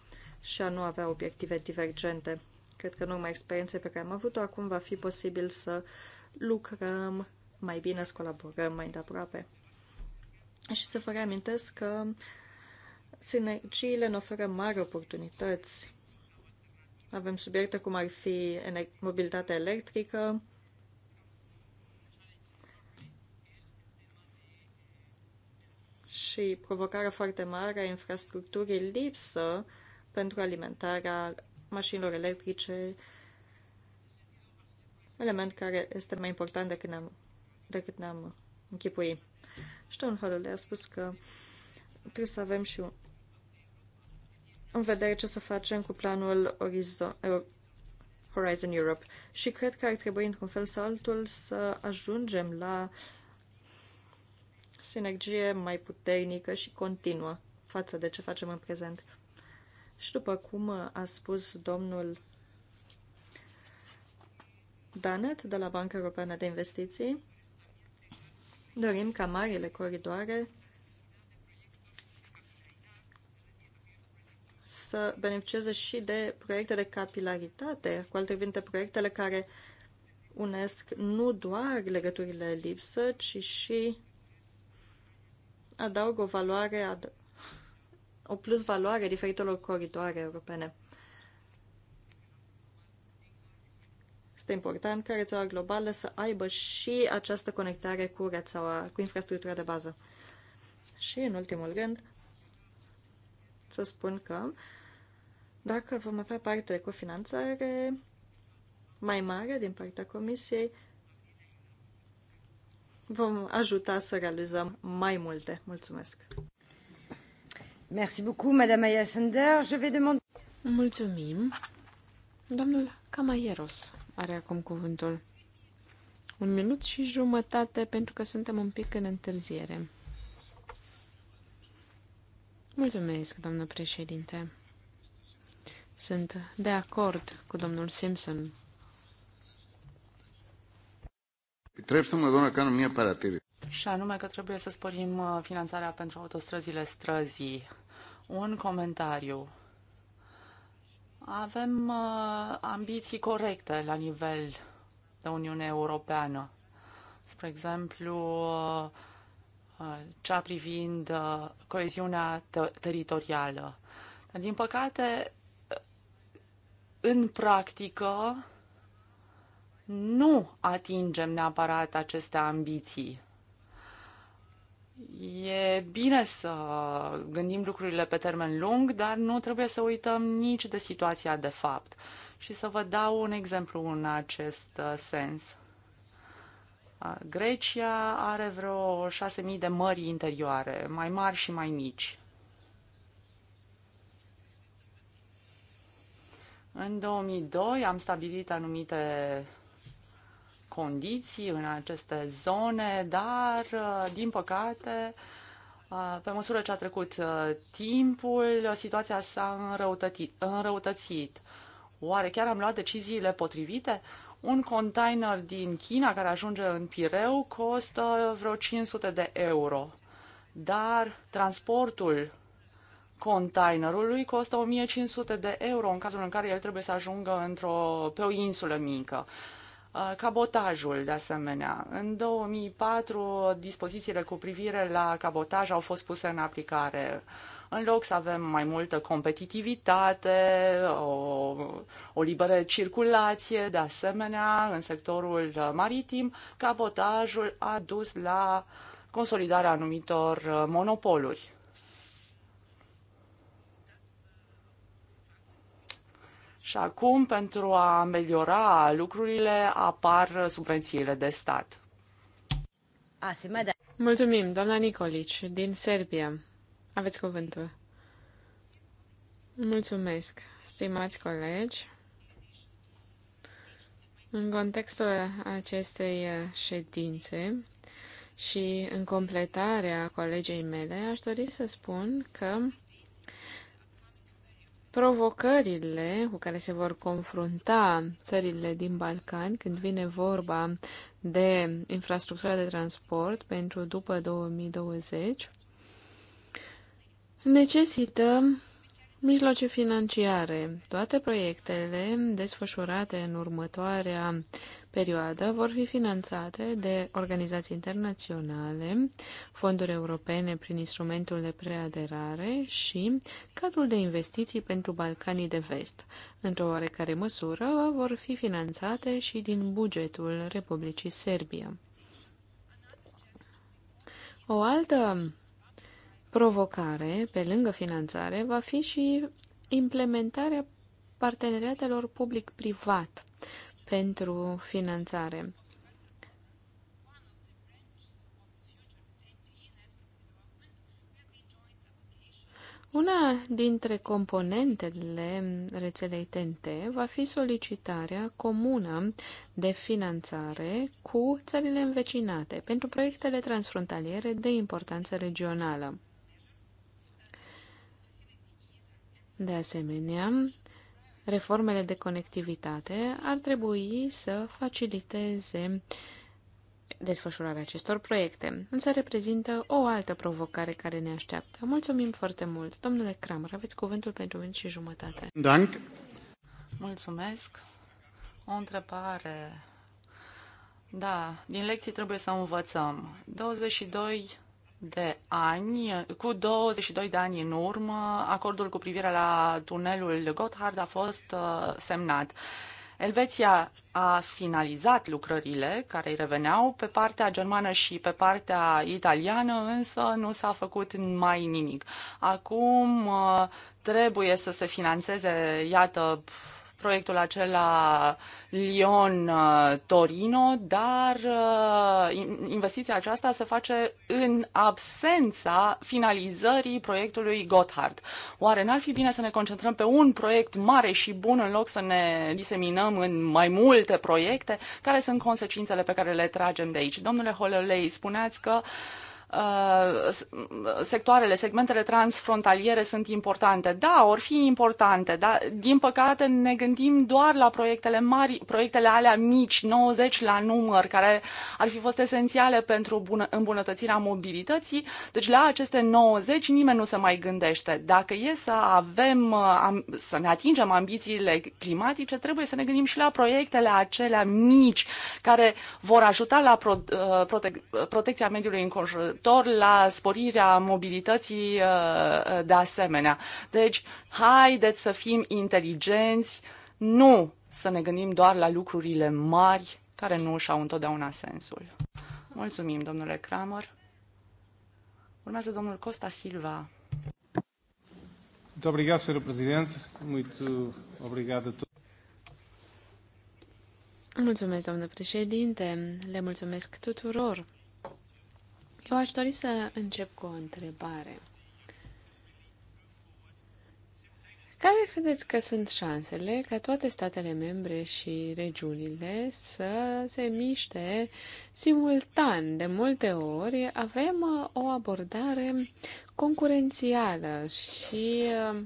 și a nu avea obiective divergente. Cred că urma experiențe pe care am avut-o acum va fi posibil să lucrăm mai bine, să colaborăm mai de aproape. Și să vă reamintesc că sinergiile ne oferă mari oportunități. Avem subiecte cum ar fi mobilitatea electrică, și provocarea foarte mare a infrastructurii lipsă pentru alimentarea mașinilor electrice, element care este mai important decât ne-am, decât ne-am închipui. Stoneholder a spus că trebuie să avem și în vedere ce să facem cu planul Horizon, Horizon Europe și cred că ar trebui într-un fel sau altul să ajungem la sinergie mai puternică și continuă față de ce facem în prezent. Și după cum a spus domnul Danet de la Banca Europeană de Investiții, dorim ca marile coridoare să beneficieze și de proiecte de capilaritate, cu alte cuvinte, proiectele care unesc nu doar legăturile lipsă, ci și adaugă o valoare ad- o plus valoare diferitelor coridoare europene. Este important ca rețeaua globală să aibă și această conectare cu rețeaua, cu infrastructura de bază. Și, în ultimul rând, să spun că dacă vom avea parte de cofinanțare mai mare din partea Comisiei, vom ajuta să realizăm mai multe. Mulțumesc! Merci beaucoup, Madame Aya Je vais demander... Mulțumim. Domnul Camayeros, are acum cuvântul. Un minut și jumătate, pentru că suntem un pic în întârziere. Mulțumesc, doamnă președinte. Sunt de acord cu domnul Simpson. Επιτρέψτε μου εδώ να κάνω μια παρατήρηση și anume că trebuie să sporim uh, finanțarea pentru autostrăzile străzii. Un comentariu. Avem uh, ambiții corecte la nivel de Uniune Europeană. Spre exemplu, uh, cea privind coeziunea teritorială. Dar, din păcate, în practică, nu atingem neapărat aceste ambiții. E bine să gândim lucrurile pe termen lung, dar nu trebuie să uităm nici de situația de fapt. Și să vă dau un exemplu în acest uh, sens. Grecia are vreo 6.000 de mări interioare, mai mari și mai mici. În 2002 am stabilit anumite condiții în aceste zone, dar, uh, din păcate, uh, pe măsură ce a trecut uh, timpul, situația s-a înrăutățit. Oare chiar am luat deciziile potrivite? Un container din China care ajunge în Pireu costă vreo 500 de euro, dar transportul containerului costă 1500 de euro în cazul în care el trebuie să ajungă într-o, pe o insulă mică. Uh, Uh, cabotajul, de asemenea. În 2004, dispozițiile cu privire la cabotaj au fost puse în aplicare. În loc să avem mai multă competitivitate, o, o liberă circulație, de asemenea, în sectorul uh, maritim, cabotajul a dus la consolidarea anumitor uh, monopoluri. Și acum, pentru a ameliora lucrurile, apar subvențiile de stat. Ah, Mulțumim, doamna Nicolici, din Serbia. Aveți cuvântul. Mulțumesc, stimați colegi. În contextul acestei ședințe și în completarea colegei mele, aș dori să spun că provocările cu care se vor confrunta țările din Balcani când vine vorba de infrastructura de transport pentru după 2020 necesită mijloace financiare. Toate proiectele desfășurate în următoarea perioadă vor fi finanțate de organizații internaționale, fonduri europene prin instrumentul de preaderare și cadrul de investiții pentru Balcanii de Vest. Într-o oarecare măsură vor fi finanțate și din bugetul Republicii Serbia. O altă provocare, pe lângă finanțare, va fi și implementarea parteneriatelor public-privat pentru finanțare. Una dintre componentele rețelei TNT va fi solicitarea comună de finanțare cu țările învecinate pentru proiectele transfrontaliere de importanță regională. De asemenea, reformele de conectivitate ar trebui să faciliteze desfășurarea acestor proiecte, însă reprezintă o altă provocare care ne așteaptă. Mulțumim foarte mult. Domnule Kramer, aveți cuvântul pentru minut și jumătate. Dank. Mulțumesc. O întrebare. Da, din lecții trebuie să învățăm. 22 de ani, cu 22 de ani în urmă, acordul cu privire la tunelul Gotthard a fost uh, semnat. Elveția a finalizat lucrările care îi reveneau pe partea germană și pe partea italiană, însă nu s-a făcut mai nimic. Acum uh, trebuie să se financeze, iată, proiectul acela Lyon-Torino, dar uh, investiția aceasta se face în absența finalizării proiectului Gotthard. Oare n-ar fi bine să ne concentrăm pe un proiect mare și bun în loc să ne diseminăm în mai multe proiecte? Care sunt consecințele pe care le tragem de aici? Domnule Hololei, spuneați că uh, Uh, sectoarele, segmentele transfrontaliere sunt importante. Da, or fi importante, dar din păcate ne gândim doar la proiectele mari, proiectele alea mici, 90 la număr, care ar fi fost esențiale pentru îmbunătățirea mobilității. Deci la aceste 90 nimeni nu se mai gândește. Dacă e să avem, uh, să ne atingem ambițiile climatice, trebuie să ne gândim și la proiectele acelea mici care vor ajuta la uh, prote protecția mediului înconjurător referitor la sporirea mobilității uh, de asemenea. Deci, haideți să fim inteligenți, nu să ne gândim doar la lucrurile mari care nu își au întotdeauna sensul. Mulțumim, domnule Kramer. Urmează domnul Costa Silva. Muito obrigado, Sr. Presidente. Muito obrigado a todos. Mulțumesc, doamnă președinte. Le mulțumesc tuturor eu aș dori să încep cu o întrebare. Care credeți că sunt șansele ca toate statele membre și regiunile să se miște simultan? De multe ori avem uh, o abordare concurențială și uh,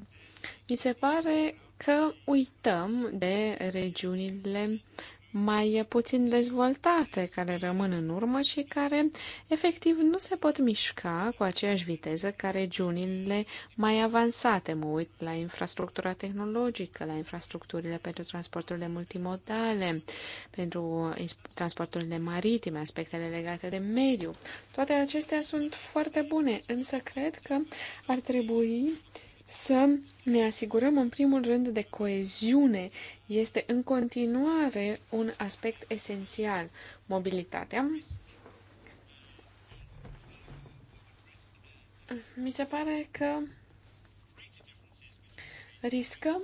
mi se pare că uităm de regiunile mai puțin dezvoltate, care rămân în urmă și care efectiv nu se pot mișca cu aceeași viteză ca regiunile mai avansate. Mă uit la infrastructura tehnologică, la infrastructurile pentru transporturile multimodale, pentru transporturile maritime, aspectele legate de mediu. Toate acestea sunt foarte bune, însă cred că ar trebui să ne asigurăm în primul rând de coeziune. Este în continuare un aspect esențial. Mobilitatea. Mi se pare că riscăm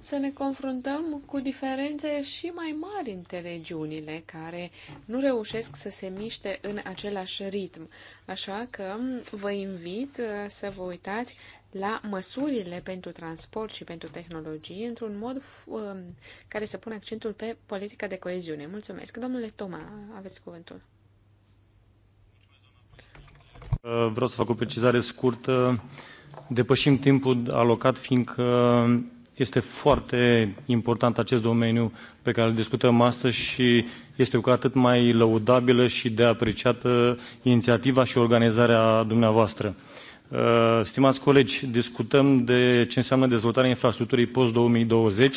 să ne confruntăm cu diferențe și mai mari între regiunile care nu reușesc să se miște în același ritm. Așa că vă invit uh, să vă uitați la măsurile pentru transport și pentru tehnologie într-un mod um, care să pună accentul pe politica de coeziune. Mulțumesc. Domnule Toma, aveți cuvântul. Uh, vreau să fac o precizare scurtă. Depășim timpul alocat, fiindcă este foarte important acest domeniu pe care îl discutăm astăzi și este cu atât mai lăudabilă și de apreciată inițiativa și organizarea dumneavoastră. Uh, stimați colegi, discutăm de ce înseamnă dezvoltarea infrastructurii post-2020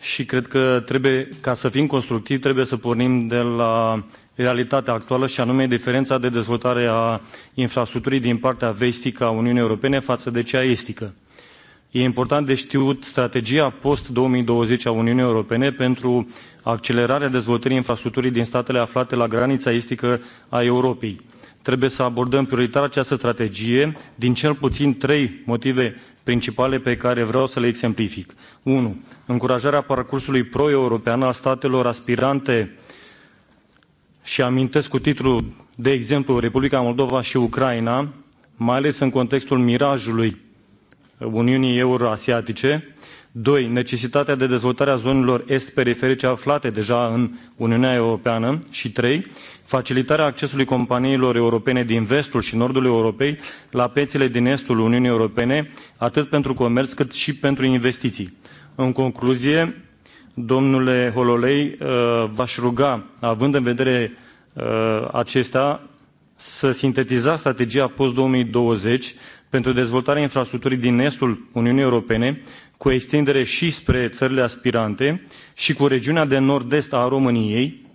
și cred că trebuie, ca să fim constructivi, trebuie să pornim de la realitatea actuală și anume diferența de dezvoltare a infrastructurii din partea vestică a Uniunii Europene față de cea estică. E important de știut strategia post-2020 a Uniunii Europene pentru accelerarea dezvoltării infrastructurii din statele aflate la granița estică a Europei trebuie să abordăm prioritar această strategie din cel puțin trei motive principale pe care vreau să le exemplific. 1. Încurajarea parcursului pro-european al statelor aspirante și amintesc cu titlul de exemplu Republica Moldova și Ucraina, mai ales în contextul mirajului Uniunii Euroasiatice. 2. Necesitatea de dezvoltare a zonelor est-periferice aflate deja în Uniunea Europeană. Și 3 facilitarea accesului companiilor europene din vestul și nordul europei la piețele din estul uniunii europene atât pentru comerț cât și pentru investiții. în concluzie domnule hololei uh, v aș ruga având în vedere uh, acestea să sintetizați strategia post două mii douăzeci pentru dezvoltarea infrastructurii din estul uniunii europene cu extindere și spre țările aspirante și cu regiunea de nord est a româniei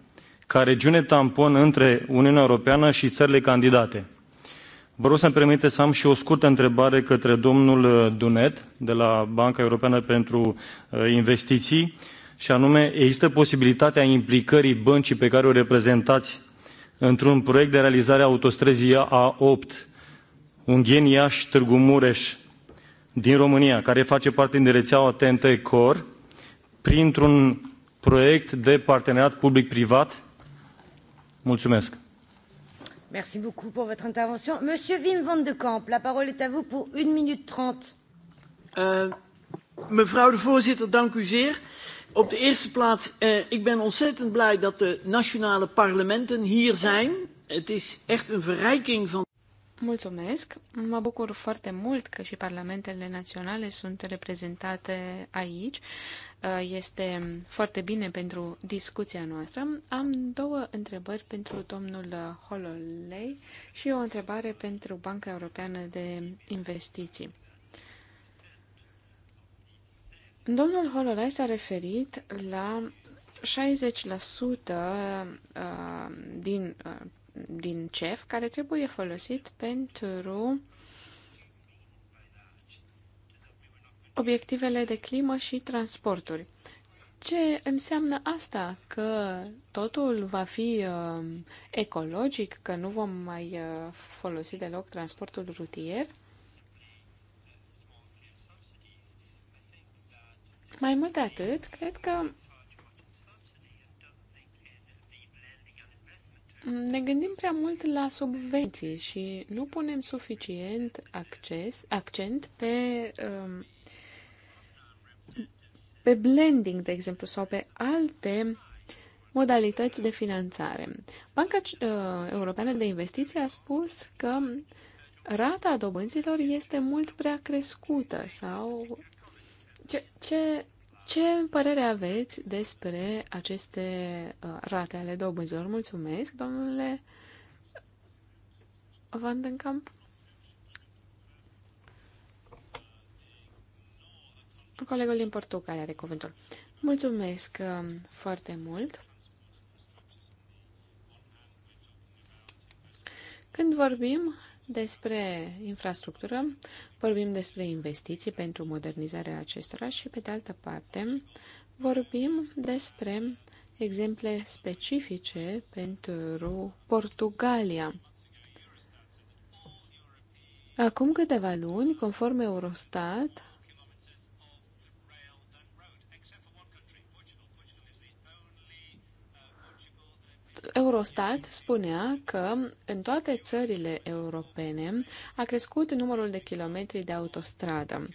ca regiune tampon între Uniunea Europeană și țările candidate. Vă rog să-mi permite să am și o scurtă întrebare către domnul uh, Dunet de la Banca Europeană pentru uh, Investiții și anume, există posibilitatea implicării băncii pe care o reprezentați într-un proiect de realizare a autostrăzii A8 Ungheni-Iași-Târgu Mureș din România, care face parte din rețeaua TNT Core, printr-un proiect de parteneriat public-privat Mulțumesc! Merci beaucoup pour votre intervention. Monsieur Wim van de Kamp, la parole est à vous pour 1 minute 30. Uh, eh, mevrouw de voorzitter, dank u zeer. Op de eerste plaats, uh, ik ben ontzettend blij dat de nationale parlementen hier zijn. Het is echt een verrijking van... Mulțumesc! Mă bucur foarte mult că și parlamentele naționale sunt reprezentate aici. Uh, este foarte bine pentru discuția noastră. Am două întrebări pentru domnul Hololei și o întrebare pentru Banca Europeană de Investiții. Domnul Hololei s-a referit la 60% uh, din uh, din CEF care trebuie folosit pentru obiectivele de climă și transporturi. Ce înseamnă asta? Că totul va fi uh, ecologic, că nu vom mai uh, folosi deloc transportul rutier? Mai mult de atât, cred că Ne gândim prea mult la subvenții și nu punem suficient acces, accent pe, um, pe blending, de exemplu, sau pe alte modalități de finanțare. Banca uh, Europeană de Investiții a spus că rata dobânzilor este mult prea crescută sau ce, ce ce părere aveți despre aceste uh, rate ale dobânzilor? Mulțumesc, domnule Van den Kamp. Colegul din Portugalia are cuvântul. Mulțumesc uh, foarte mult. Când vorbim despre infrastructură, vorbim despre investiții pentru modernizarea acestora și, pe de altă parte, vorbim despre exemple specifice pentru Portugalia. Acum câteva luni, conform Eurostat, Eurostat spunea că în toate țările europene a crescut numărul de kilometri de autostradă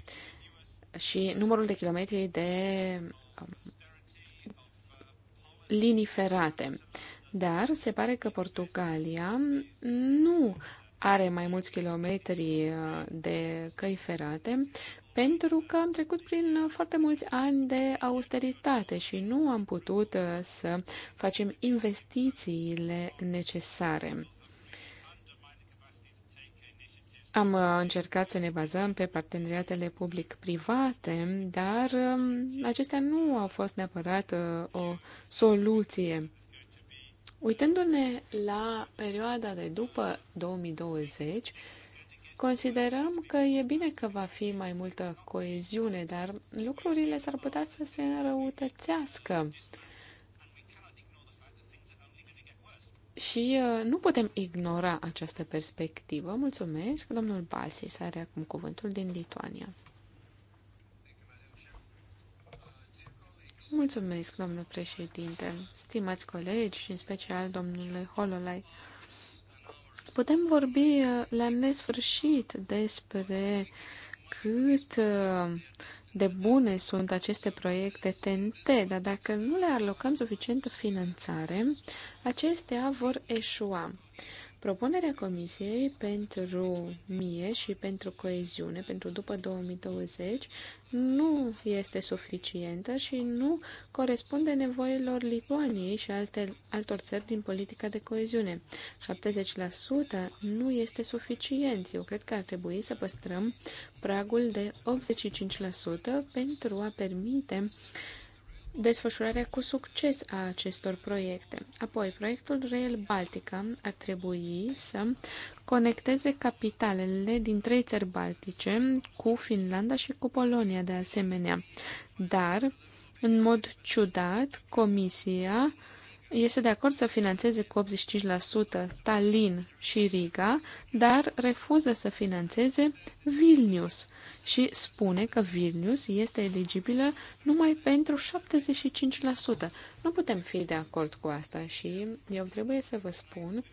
și numărul de kilometri de um, linii ferate. Dar se pare că Portugalia nu are mai mulți kilometri uh, de căi ferate pentru că am trecut prin foarte mulți ani de austeritate și nu am putut uh, să facem investițiile necesare. Am uh, încercat să ne bazăm pe parteneriatele public-private, dar um, acestea nu au fost neapărat uh, o soluție. Uitându-ne la perioada de după 2020, Considerăm că e bine că va fi mai multă coeziune, dar lucrurile s-ar putea să se înrăutățească. Și uh, nu putem ignora această perspectivă. Mulțumesc. Domnul Balsis are acum cuvântul din Lituania. Mulțumesc, domnule președinte, stimați colegi și în special domnule Hololai. Putem vorbi uh, la nesfârșit despre cât uh, de bune sunt aceste proiecte TNT, dar dacă nu le alocăm suficientă finanțare, acestea vor eșua. Propunerea Comisiei pentru mie și pentru coeziune, pentru după 2020, nu este suficientă și nu corespunde nevoilor Lituaniei și alte, altor țări din politica de coeziune. 70% nu este suficient. Eu cred că ar trebui să păstrăm pragul de 85% pentru a permite uh, desfășurarea cu succes a acestor proiecte. Apoi, proiectul Rail Baltica ar trebui să conecteze capitalele din trei țări baltice cu Finlanda și cu Polonia de asemenea. Dar, în mod ciudat, Comisia este de acord să financeze cu 85% Tallinn și Riga, dar refuză să financeze Vilnius și spune că Vilnius este eligibilă numai pentru 75%. Nu putem fi de acord cu asta și eu trebuie să vă spun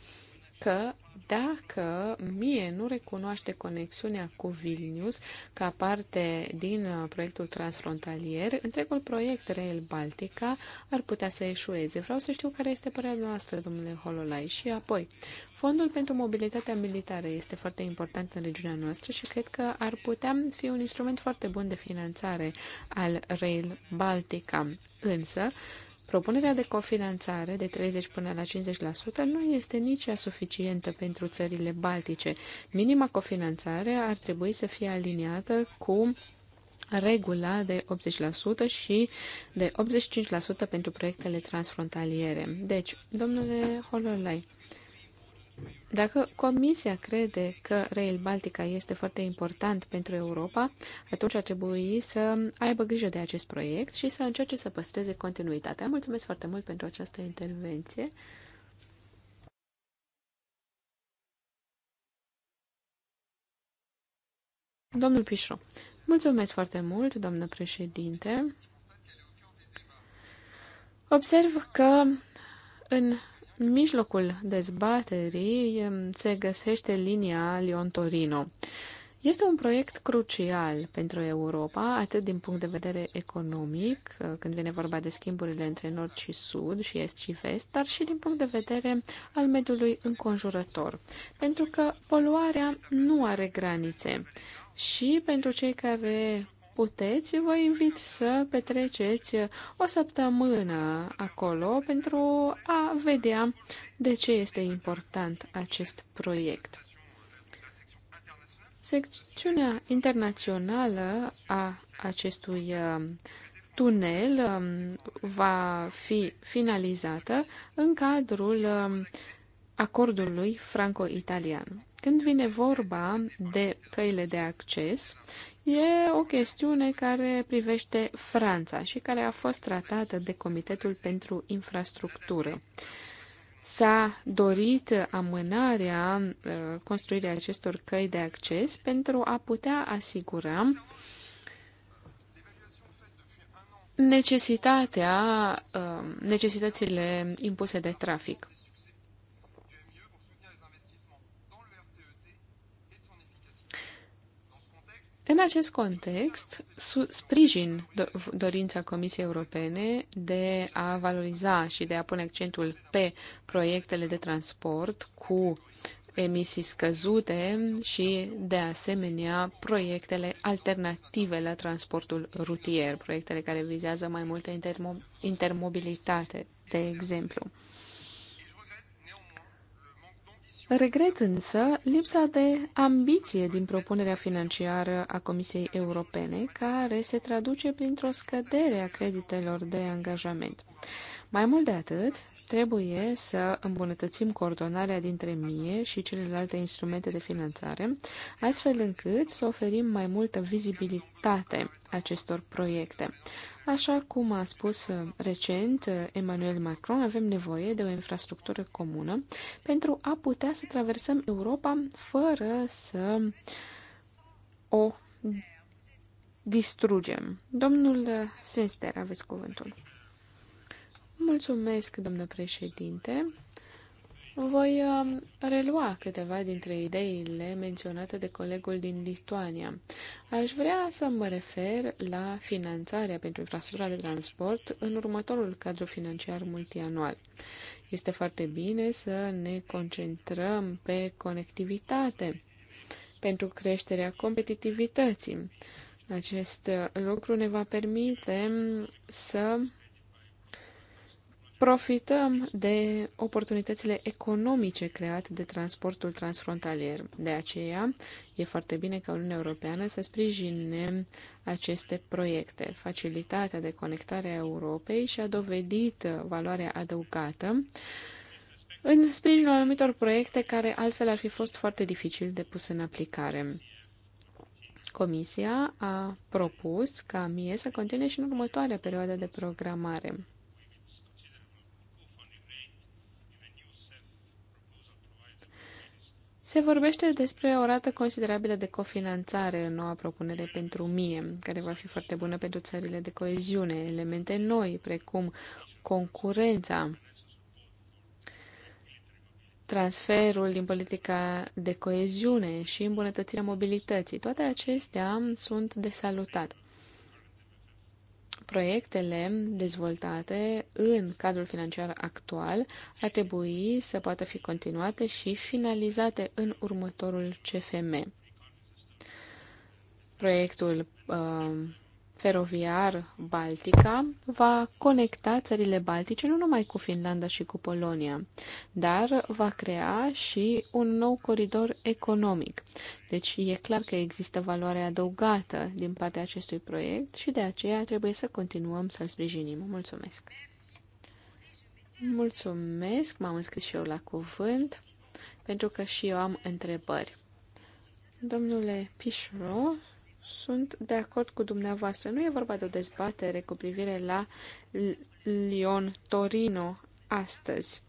că dacă mie nu recunoaște conexiunea cu Vilnius ca parte din uh, proiectul transfrontalier, întregul proiect Rail Baltica ar putea să eșueze. Vreau să știu care este părerea noastră, domnule Hololai. Și apoi, Fondul pentru mobilitatea militară este foarte important în regiunea noastră și cred că ar putea fi un instrument foarte bun de finanțare al Rail Baltica. Însă, Propunerea de cofinanțare de 30 până la 50% nu este nici ea suficientă pentru țările baltice. Minima cofinanțare ar trebui să fie aliniată cu regula de 80% și de 85% pentru proiectele transfrontaliere. Deci, domnule Hololai, dacă Comisia crede că Rail Baltica este foarte important pentru Europa, atunci ar trebui să aibă grijă de acest proiect și să încerce să păstreze continuitatea. Mulțumesc foarte mult pentru această intervenție. Domnul Pișro, mulțumesc foarte mult, doamnă președinte. Observ că în în mijlocul dezbaterii se găsește linia Lyon-Torino. Este un proiect crucial pentru Europa, atât din punct de vedere economic, uh, când vine vorba de schimburile între nord și sud și est și vest, dar și din punct de vedere al mediului înconjurător, pentru că poluarea nu are granițe. Și pentru cei care puteți, vă invit să petreceți o săptămână acolo pentru a vedea de ce este important acest proiect. Secțiunea internațională a acestui um, tunel um, va fi finalizată în cadrul um, acordului franco-italian. Când vine vorba de căile de acces, e o chestiune care privește Franța și care a fost tratată de Comitetul pentru Infrastructură. S-a dorit amânarea uh, construirea acestor căi de acces pentru a putea asigura necesitatea, uh, necesitățile impuse de trafic. În acest context, sprijin dorința Comisiei Europene de a valoriza și de a pune accentul pe proiectele de transport cu emisii scăzute și, de asemenea, proiectele alternative la transportul rutier, proiectele care vizează mai multă intermobilitate, de exemplu. Regret însă lipsa de ambiție din propunerea financiară a Comisiei Europene, care se traduce printr-o scădere a creditelor de angajament. Mai mult de atât, trebuie să îmbunătățim coordonarea dintre MIE și celelalte instrumente de finanțare, astfel încât să oferim mai multă vizibilitate acestor proiecte. Așa cum a spus recent Emmanuel Macron, avem nevoie de o infrastructură comună pentru a putea să traversăm Europa fără să o distrugem. Domnul Sinster, aveți cuvântul. Mulțumesc, domnule președinte. Voi um, relua câteva dintre ideile menționate de colegul din Lituania. Aș vrea să mă refer la finanțarea pentru infrastructura de transport în următorul cadru financiar multianual. Este foarte bine să ne concentrăm pe conectivitate pentru creșterea competitivității. Acest lucru ne va permite să profităm de oportunitățile economice create de transportul transfrontalier. De aceea, e foarte bine ca Uniunea Europeană să sprijine aceste proiecte. Facilitatea de conectare a Europei și-a dovedit valoarea adăugată în sprijinul anumitor proiecte care altfel ar fi fost foarte dificil de pus în aplicare. Comisia a propus ca MIE să continue și în următoarea perioadă de programare. Se vorbește despre o rată considerabilă de cofinanțare în noua propunere pentru mie, care va fi foarte bună pentru țările de coeziune, elemente noi, precum concurența, transferul din politica de coeziune și îmbunătățirea mobilității. Toate acestea sunt de salutat proiectele dezvoltate în cadrul financiar actual ar trebui să poată fi continuate și finalizate în următorul CFM. Proiectul uh, feroviar Baltica va conecta țările baltice nu numai cu Finlanda și cu Polonia, dar va crea și un nou coridor economic. Deci e clar că există valoare adăugată din partea acestui proiect și de aceea trebuie să continuăm să-l sprijinim. Mulțumesc! Mulțumesc, m-am înscris și eu la cuvânt, pentru că și eu am întrebări. Domnule Pișro, sunt de acord cu dumneavoastră. Nu e vorba de o dezbatere cu privire la Lyon-Torino astăzi.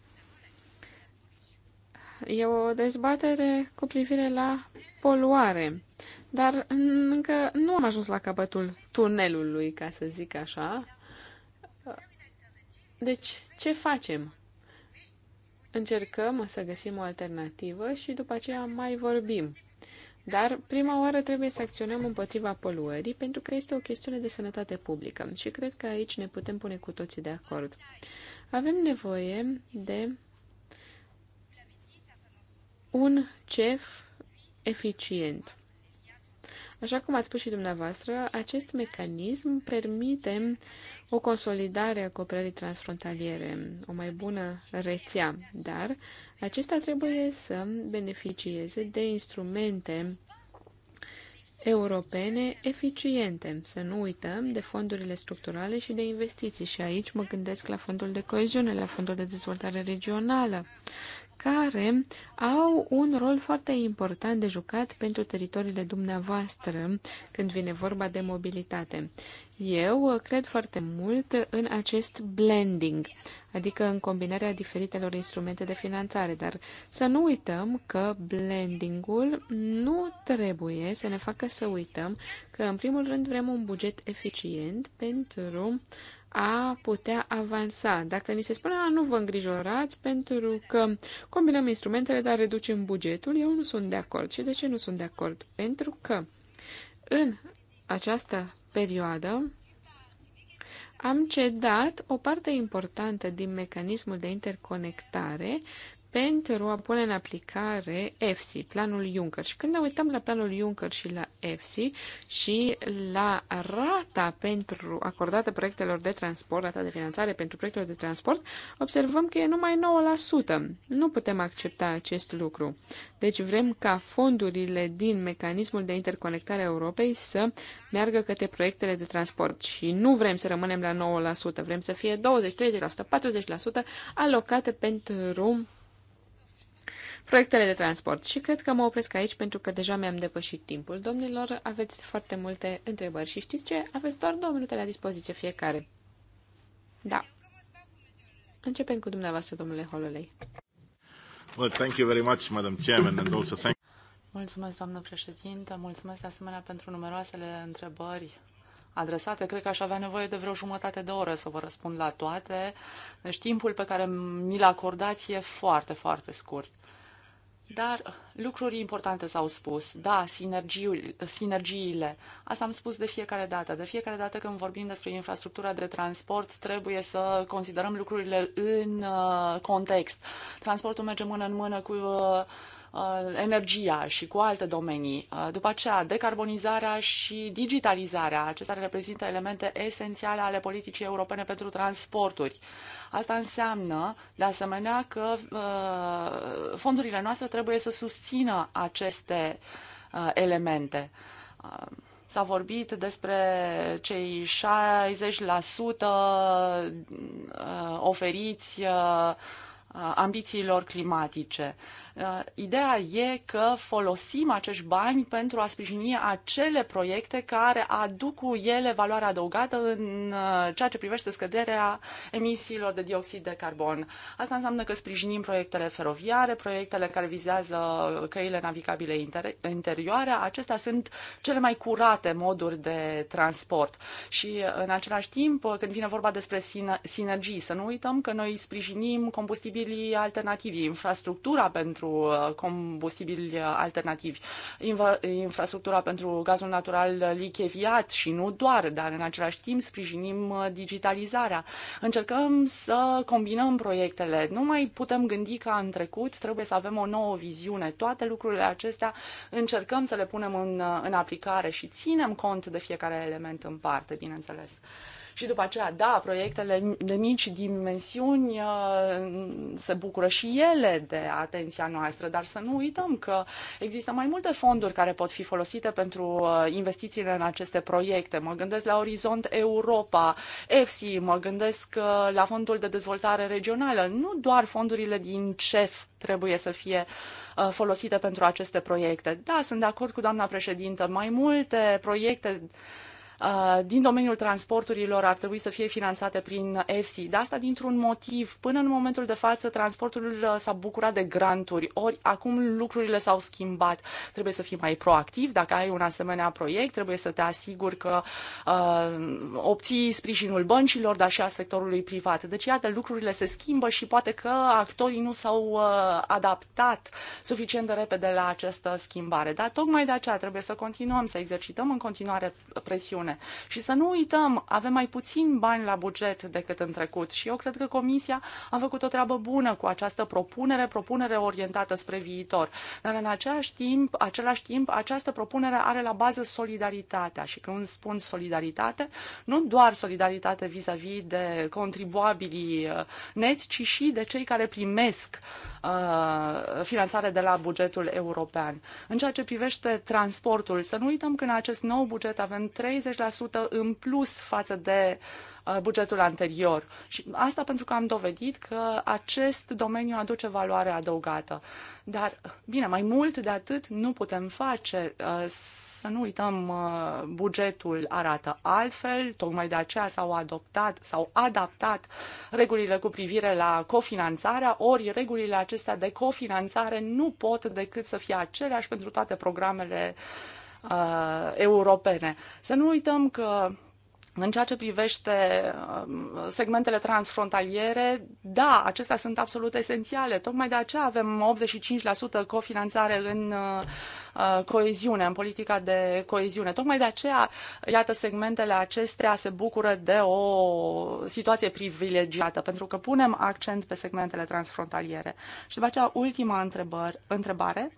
E o dezbatere cu privire la poluare. Dar încă nu am ajuns la capătul tunelului, ca să zic așa. Deci, ce facem? Încercăm să găsim o alternativă și după aceea mai vorbim. Dar prima oară trebuie să acționăm împotriva poluării pentru că este o chestiune de sănătate publică și cred că aici ne putem pune cu toții de acord. Avem nevoie de un CEF eficient. Așa cum ați spus și dumneavoastră, acest mecanism permite o consolidare a cooperării transfrontaliere, o mai bună rețea, dar acesta trebuie să beneficieze de instrumente europene eficiente. Să nu uităm de fondurile structurale și de investiții. Și aici mă gândesc la fondul de coeziune, la fondul de dezvoltare regională, care au un rol foarte important de jucat pentru teritoriile dumneavoastră când vine vorba de mobilitate. Eu cred foarte mult în acest blending, adică în combinarea diferitelor instrumente de finanțare, dar să nu uităm că blendingul nu trebuie să ne facă să uităm că, în primul rând, vrem un buget eficient pentru a putea avansa. Dacă ni se spune, a, nu vă îngrijorați pentru că combinăm instrumentele, dar reducem bugetul, eu nu sunt de acord. Și de ce nu sunt de acord? Pentru că în această perioadă am cedat o parte importantă din mecanismul de interconectare pentru a pune în aplicare EFSI, planul Juncker. Și când ne uităm la planul Juncker și la EFSI și la rata pentru acordată proiectelor de transport, rata de finanțare pentru proiectele de transport, observăm că e numai 9%. Nu putem accepta acest lucru. Deci vrem ca fondurile din mecanismul de interconectare a Europei să meargă către proiectele de transport și nu vrem să rămânem la 9%, vrem să fie 20, 30%, 40% alocate pentru proiectele de transport. Și cred că mă opresc aici pentru că deja mi-am depășit timpul. Domnilor, aveți foarte multe întrebări și știți ce? Aveți doar două minute la dispoziție fiecare. Da. Începem cu dumneavoastră, domnule Hololei. Well, thank you very much, Madam Chairman, and also thank Mulțumesc, doamnă președinte. Mulțumesc de asemenea pentru numeroasele întrebări adresate. Cred că aș avea nevoie de vreo jumătate de oră să vă răspund la toate. Deci timpul pe care mi-l acordați e foarte, foarte scurt. Dar uh, lucruri importante s-au spus. Da, sinergiile. Asta am spus de fiecare dată. De fiecare dată când vorbim despre infrastructura de transport, trebuie să considerăm lucrurile în uh, context. Transportul merge mână în mână cu uh, energia și cu alte domenii. După aceea, decarbonizarea și digitalizarea, acestea reprezintă elemente esențiale ale politicii europene pentru transporturi. Asta înseamnă, de asemenea, că uh, fondurile noastre trebuie să susțină aceste uh, elemente. Uh, S-a vorbit despre cei 60% uh, oferiți uh, ambițiilor climatice. Uh, ideea e că folosim acești bani pentru a sprijini acele proiecte care aduc cu ele valoare adăugată în uh, ceea ce privește scăderea emisiilor de dioxid de carbon. Asta înseamnă că sprijinim proiectele feroviare, proiectele care vizează căile navigabile inter- interioare. Acestea sunt cele mai curate moduri de transport. Și uh, în același timp, când vine vorba despre sinergii, să nu uităm că noi sprijinim combustibilii alternativi, infrastructura pentru pentru uh, combustibili alternativi, infrastructura pentru gazul natural licheviat și nu doar, dar în același timp sprijinim uh, digitalizarea. Încercăm să combinăm proiectele. Nu mai putem gândi ca în trecut, trebuie să avem o nouă viziune. Toate lucrurile acestea încercăm să le punem în, uh, în aplicare și ținem cont de fiecare element în parte, bineînțeles. Uh, și după aceea, da, proiectele de mici dimensiuni uh, se bucură și ele de atenția noastră, dar să nu uităm că există mai multe fonduri care pot fi folosite pentru uh, investițiile în aceste proiecte. Mă gândesc la Orizont Europa, EFSI, mă gândesc uh, la Fondul de Dezvoltare Regională. Nu doar fondurile din CEF trebuie să fie folosite pentru aceste proiecte. Da, sunt de acord cu doamna președintă. Mai multe proiecte Uh, din domeniul transporturilor ar trebui să fie finanțate prin EFSI. De asta dintr-un motiv. Până în momentul de față, transportul uh, s-a bucurat de granturi, ori acum lucrurile s-au schimbat. Trebuie să fii mai proactiv dacă ai un asemenea proiect, trebuie să te asiguri că uh, obții sprijinul băncilor, dar și a sectorului privat. Deci, iată, lucrurile se schimbă și poate că actorii nu s-au uh, adaptat suficient de repede la această schimbare. Dar tocmai de aceea trebuie să continuăm să exercităm în continuare presiunea Uniune. Și să nu uităm, avem mai puțin bani la buget decât în trecut și eu cred că Comisia a făcut o treabă bună cu această propunere, propunere orientată spre viitor. Dar în același timp, același timp, această propunere are la bază solidaritatea și când spun solidaritate, nu doar solidaritate vis a -vis de contribuabilii uh, neți, ci și de cei care primesc uh, Uh, finanțare de la bugetul european. În ceea ce privește transportul, să nu uităm că în acest nou buget avem 30% în plus față de uh, bugetul anterior. Și asta pentru că am dovedit că acest domeniu aduce valoare adăugată. Dar, bine, mai mult de atât nu putem face. Uh, să nu uităm, uh, bugetul arată altfel, tocmai de aceea s-au adoptat, s-au adaptat regulile cu privire la cofinanțarea, ori regulile acestea de cofinanțare nu pot decât să fie aceleași pentru toate programele uh, europene. Să nu uităm că în ceea ce privește um, segmentele transfrontaliere, da, acestea sunt absolut esențiale. Tocmai de aceea avem 85% cofinanțare în uh, uh, coeziune, în politica de coeziune. Tocmai de aceea, iată, segmentele acestea se bucură de o situație privilegiată, pentru că punem accent pe segmentele transfrontaliere. Și după aceea, ultima întrebări, întrebare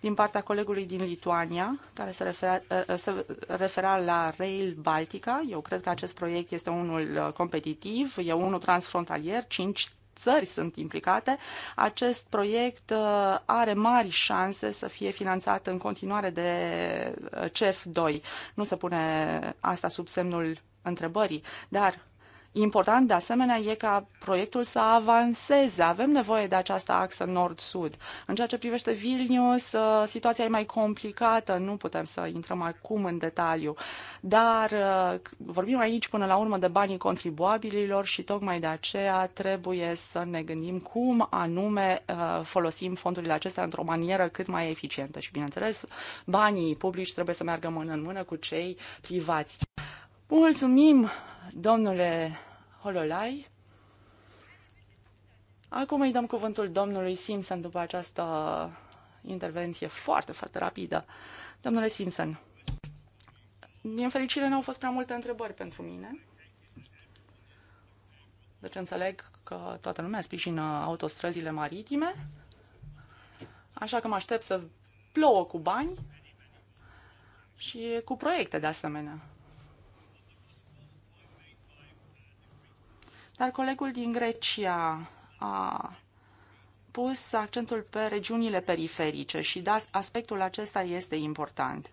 din partea colegului din Lituania, care se, referea, eh, se referea la Rail Baltica. Eu cred că acest proiect este unul eh, competitiv, e unul transfrontalier, Cinci țări sunt implicate. Acest proiect eh, are mari șanse să fie finanțat în continuare de CEF2. Nu se pune asta sub semnul întrebării, dar Important, de asemenea, e ca proiectul să avanseze. Avem nevoie de această axă nord-sud. În ceea ce privește Vilnius, uh, situația e mai complicată, nu putem să intrăm acum în detaliu, dar uh, vorbim aici până la urmă de banii contribuabililor și tocmai de aceea trebuie să ne gândim cum anume uh, folosim fondurile acestea într-o manieră cât mai eficientă și, bineînțeles, banii publici trebuie să meargă mână în mână cu cei privați. Mulțumim, domnule Hololai. Acum îi dăm cuvântul domnului Simpson după această intervenție foarte, foarte rapidă. Domnule Simpson, din fericire nu au fost prea multe întrebări pentru mine. Deci înțeleg că toată lumea sprijină autostrăzile maritime, așa că mă aștept să plouă cu bani și cu proiecte de asemenea. Dar colegul din Grecia a pus accentul pe regiunile periferice și da, aspectul acesta este important.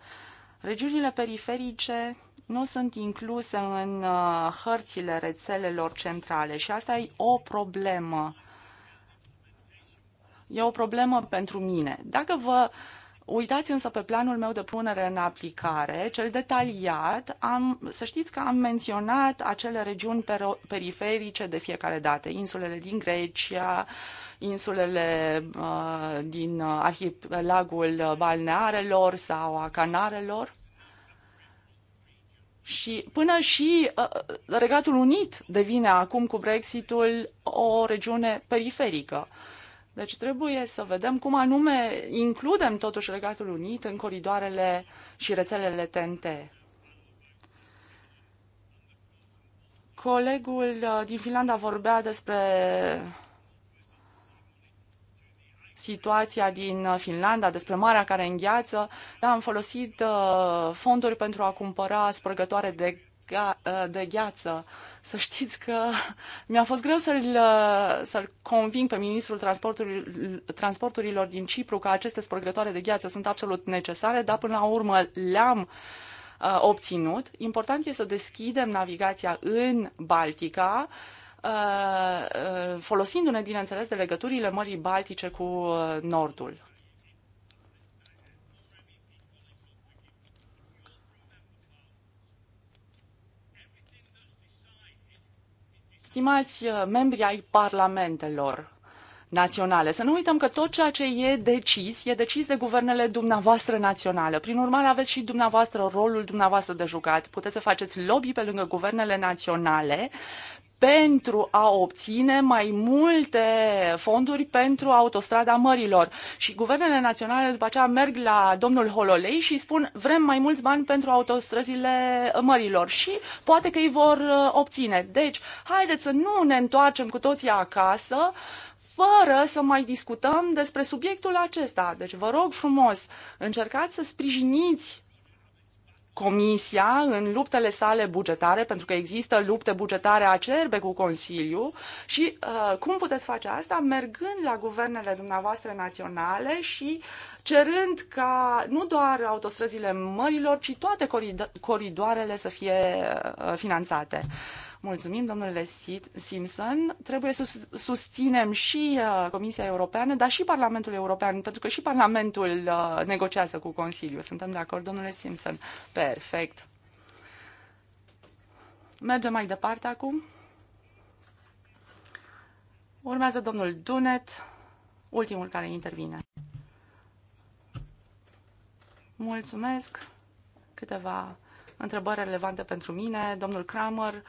Regiunile periferice nu sunt incluse în uh, hărțile rețelelor centrale și asta e o problemă. E o problemă pentru mine. Dacă vă uh, Uitați însă pe planul meu de punere în aplicare, cel detaliat, am, să știți că am menționat acele regiuni periferice de fiecare dată, insulele din Grecia, insulele uh, din uh, arhipelagul balnearelor sau a Canarelor. Și până și uh, Regatul Unit devine acum cu Brexitul o regiune periferică. Uh, deci trebuie să vedem cum anume includem totuși Regatul Unit în coridoarele și rețelele TNT. Colegul uh, din Finlanda vorbea despre situația din uh, Finlanda, despre marea care îngheață. Da, am folosit uh, fonduri pentru a cumpăra spărgătoare de, de gheață să știți că mi-a fost greu să-l, să-l conving pe ministrul transporturilor din Cipru că aceste spărgătoare de gheață sunt absolut necesare, dar până la urmă le-am uh, obținut. Important este să deschidem navigația în Baltica, uh, uh, folosindu-ne, bineînțeles, de legăturile Mării Baltice cu uh, Nordul. Stimați uh, membri ai parlamentelor naționale, să nu uităm că tot ceea ce e decis, e decis de guvernele dumneavoastră naționale. Prin urmare, aveți și dumneavoastră rolul dumneavoastră de jucat. Puteți să faceți lobby pe lângă guvernele naționale pentru a obține mai multe fonduri pentru autostrada mărilor. Și guvernele naționale după aceea merg la domnul Hololei și spun vrem mai mulți bani pentru autostrăzile mărilor și poate că îi vor uh, obține. Deci, haideți să nu ne întoarcem cu toții acasă fără să mai discutăm despre subiectul acesta. Deci vă rog frumos, încercați să sprijiniți Comisia, în luptele sale bugetare, pentru că există lupte bugetare acerbe cu Consiliu, și uh, cum puteți face asta? Mergând la guvernele dumneavoastră naționale și cerând ca nu doar autostrăzile mărilor, ci toate corido- coridoarele să fie uh, finanțate. Uh, Mulțumim, domnule Simpson. Trebuie să susținem și uh, Comisia Europeană, dar și Parlamentul European, pentru că și Parlamentul uh, negociază cu Consiliul. Suntem de acord, domnule Simpson. Perfect. Mergem mai departe acum. Urmează domnul Dunet, ultimul care intervine. Mulțumesc. Câteva întrebări relevante pentru mine. Domnul Kramer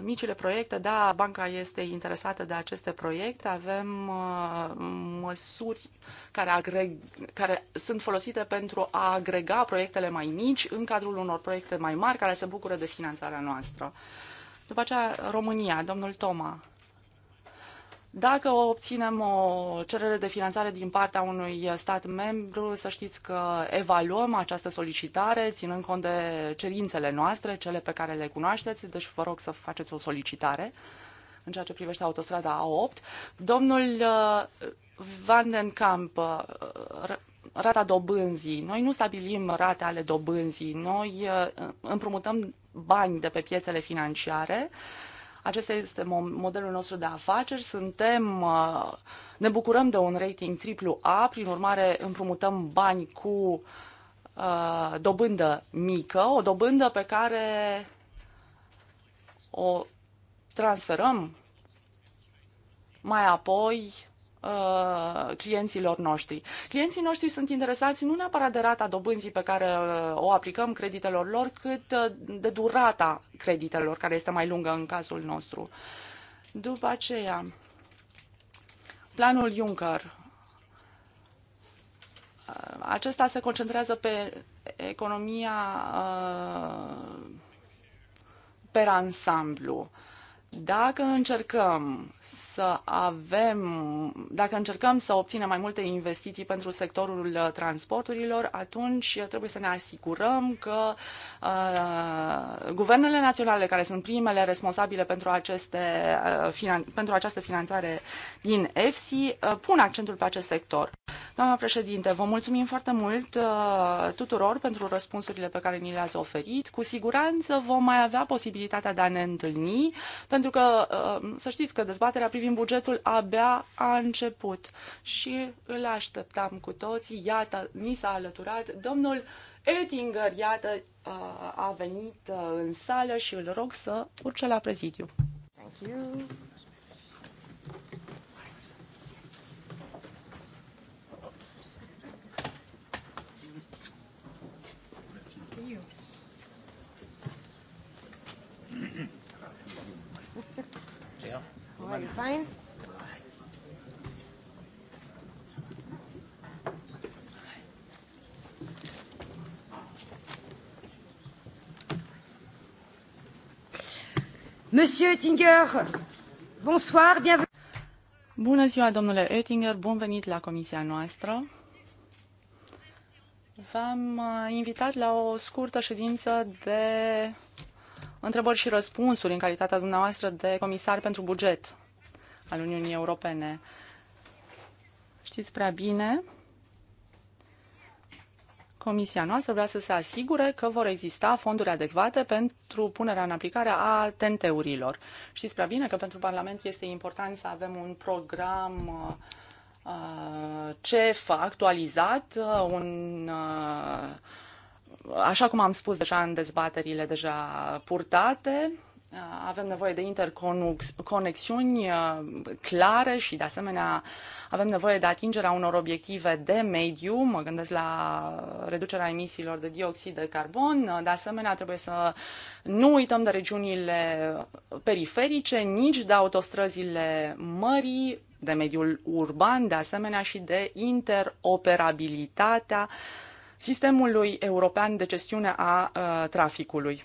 micile proiecte, da, banca este interesată de aceste proiecte, avem măsuri care, agreg, care sunt folosite pentru a agrega proiectele mai mici în cadrul unor proiecte mai mari care se bucură de finanțarea noastră. După aceea, România, domnul Toma. Dacă obținem o cerere de finanțare din partea unui stat membru, să știți că evaluăm această solicitare, ținând cont de cerințele noastre, cele pe care le cunoașteți, deci vă rog să faceți o solicitare în ceea ce privește autostrada A8. Domnul uh, Van den Kamp, uh, rata dobânzii. Noi nu stabilim rate ale dobânzii, noi uh, împrumutăm bani de pe piețele financiare acesta este modelul nostru de afaceri. Suntem, uh, ne bucurăm de un rating AAA, prin urmare împrumutăm bani cu uh, dobândă mică, o dobândă pe care o transferăm mai apoi uh, clienților noștri. Clienții noștri sunt interesați nu neapărat de rata dobânzii pe care uh, o aplicăm creditelor lor, cât uh, de durata creditelor, care este mai lungă în cazul nostru. După aceea, planul Juncker. Uh, acesta se concentrează pe economia uh, per ansamblu. Dacă încercăm să avem, dacă încercăm să obținem mai multe investiții pentru sectorul uh, transporturilor, atunci trebuie să ne asigurăm că uh, guvernele naționale, care sunt primele responsabile pentru, aceste, uh, finan- pentru această finanțare din EFSI, uh, pun accentul pe acest sector. Doamna președinte, vă mulțumim foarte mult uh, tuturor pentru răspunsurile pe care ni le-ați oferit. Cu siguranță vom mai avea posibilitatea de a ne întâlni, pentru că uh, să știți că dezbaterea privind privind bugetul abia a început și îl așteptam cu toții. Iată, mi s-a alăturat domnul Ettinger, iată, a venit uh, în sală și îl rog să urce la prezidiu. Thank you. Everybody fine? Monsieur Oettinger, bonsoir, bienvenue. Bună ziua, domnule Oettinger, bun venit la comisia noastră. V-am uh, invitat la o scurtă ședință de întrebări și răspunsuri în calitatea dumneavoastră de comisar pentru buget al Uniunii Europene. Știți prea bine, Comisia noastră vrea să se asigure că vor exista fonduri adecvate pentru punerea în aplicare a tenteurilor. Știți prea bine că pentru Parlament este important să avem un program uh, CEF actualizat, uh, un uh, așa cum am spus deja în dezbaterile deja purtate, Uh, avem nevoie de interconexiuni uh, clare și, de asemenea, avem nevoie de atingerea unor obiective de mediu, mă gândesc la reducerea emisiilor de dioxid de carbon, uh, de asemenea, trebuie să nu uităm de regiunile periferice, nici de autostrăzile mării, de mediul urban, de asemenea, și de interoperabilitatea sistemului european de gestiune a uh, traficului.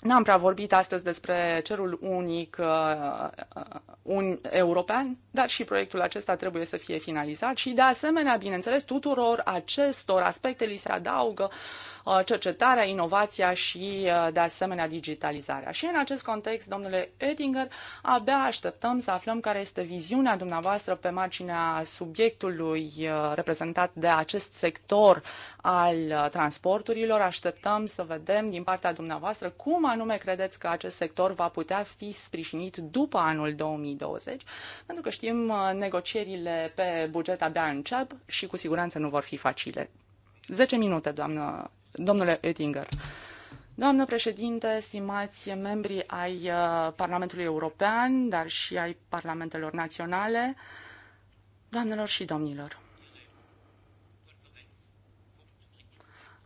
N-am prea vorbit astăzi despre cerul unic uh, uh, un, european, dar și proiectul acesta trebuie să fie finalizat și, de asemenea, bineînțeles, tuturor acestor aspecte li se adaugă Uh, cercetarea, inovația și, uh, de asemenea, digitalizarea. Și în acest context, domnule Oettinger, abia așteptăm să aflăm care este viziunea dumneavoastră pe marginea subiectului uh, reprezentat de acest sector al transporturilor. Așteptăm să vedem din partea dumneavoastră cum anume credeți că acest sector va putea fi sprijinit după anul 2020, pentru că știm negocierile pe buget abia încep și cu siguranță nu vor fi facile. 10 minute, doamnă domnule Oettinger. Doamnă președinte, stimați membri ai uh, Parlamentului European, dar și ai Parlamentelor Naționale, doamnelor și domnilor.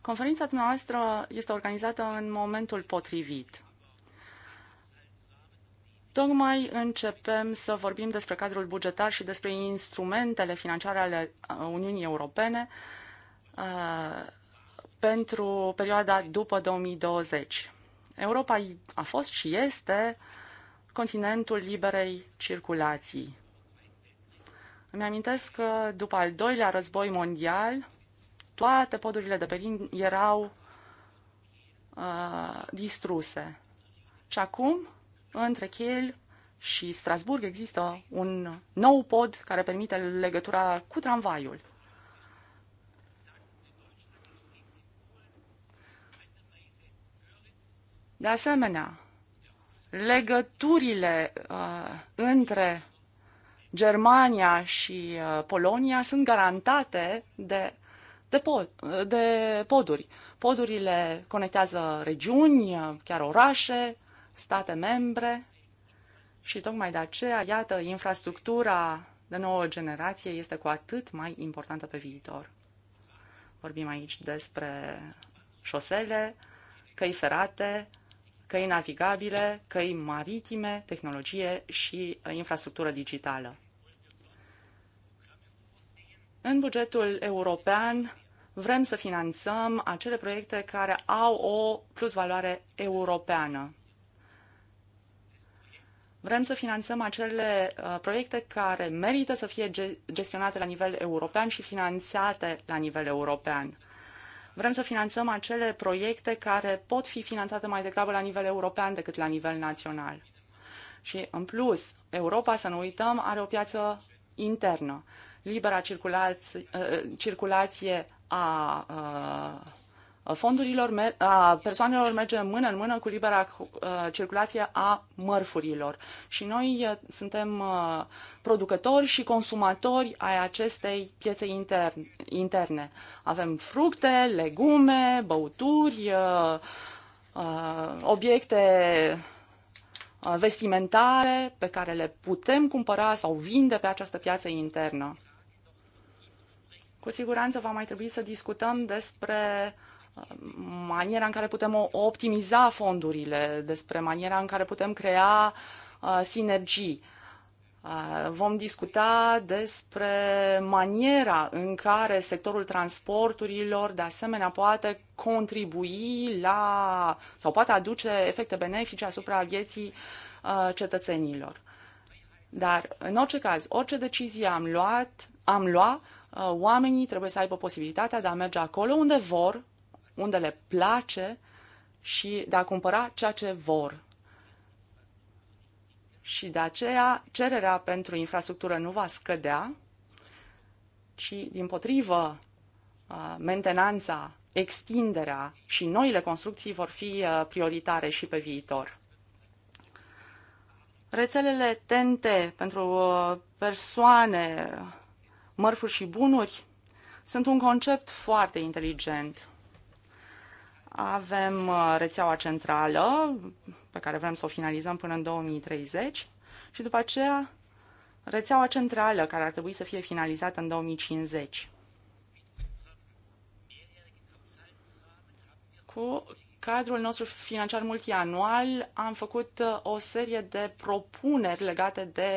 Conferința dumneavoastră este organizată în momentul potrivit. Tocmai începem să vorbim despre cadrul bugetar și despre instrumentele financiare ale uh, Uniunii Europene uh, pentru perioada după 2020. Europa a fost și este continentul liberei circulații. Îmi amintesc că după al doilea război mondial, toate podurile de pe erau uh, distruse. Și acum, între Kiel și Strasburg, există un nou pod care permite legătura cu tramvaiul. De asemenea, legăturile uh, între Germania și uh, Polonia sunt garantate de, de, pod, uh, de poduri. Podurile conectează regiuni, uh, chiar orașe, state membre și tocmai de aceea, iată, infrastructura de nouă generație este cu atât mai importantă pe viitor. Vorbim aici despre șosele, căi ferate, căi navigabile, căi maritime, tehnologie și uh, infrastructură digitală. În bugetul european vrem să finanțăm acele proiecte care au o plusvaloare europeană. Vrem să finanțăm acele uh, proiecte care merită să fie gestionate la nivel european și finanțate la nivel european. Vrem să finanțăm acele proiecte care pot fi finanțate mai degrabă la nivel european decât la nivel național. Și, în plus, Europa, să nu uităm, are o piață internă. Libera circulație, eh, circulație a eh, fondurilor, a persoanelor merge mână în mână cu libera uh, circulație a mărfurilor. Și noi uh, suntem uh, producători și consumatori ai acestei piețe interne. Avem fructe, legume, băuturi, obiecte vestimentare pe care le putem cumpăra sau vinde pe această piață internă. Cu siguranță va mai trebui să discutăm despre uh, maniera în care putem optimiza fondurile, despre maniera în care putem crea uh, sinergii. Uh, vom discuta despre maniera în care sectorul transporturilor, de asemenea, poate contribui la sau poate aduce efecte benefice asupra vieții uh, cetățenilor. Dar, în orice caz, orice decizie am luat, am luat, oamenii trebuie să aibă posibilitatea de a merge acolo unde vor, unde le place și de a cumpăra ceea ce vor. Și de aceea cererea pentru infrastructură nu va scădea, ci din potrivă uh, mentenanța, extinderea și noile construcții vor fi uh, prioritare și pe viitor. Rețelele TNT pentru uh, persoane, mărfuri și bunuri sunt un concept foarte inteligent. Avem uh, rețeaua centrală, pe care vrem să o finalizăm până în 2030, și după aceea rețeaua centrală, care ar trebui să fie finalizată în 2050. Cu cadrul nostru financiar multianual am făcut uh, o serie de propuneri legate de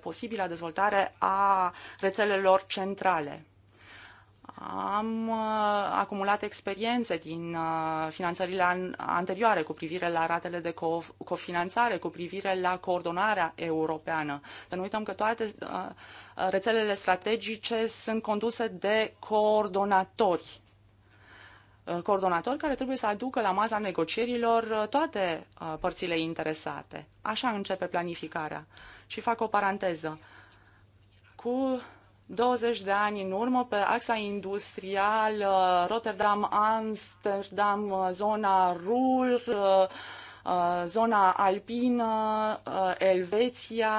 posibila dezvoltare a rețelelor centrale. Am uh, acumulat experiențe din uh, finanțările anterioare cu privire la ratele de cofinanțare, cu privire la coordonarea europeană. Să nu uităm că toate uh, rețelele strategice sunt conduse de coordonatori coordonator care trebuie să aducă la maza negocierilor toate părțile interesate. Așa începe planificarea. Și fac o paranteză. Cu 20 de ani în urmă, pe axa industrială, uh, Rotterdam, Amsterdam, uh, zona Ruhr, uh, zona alpină, Elveția,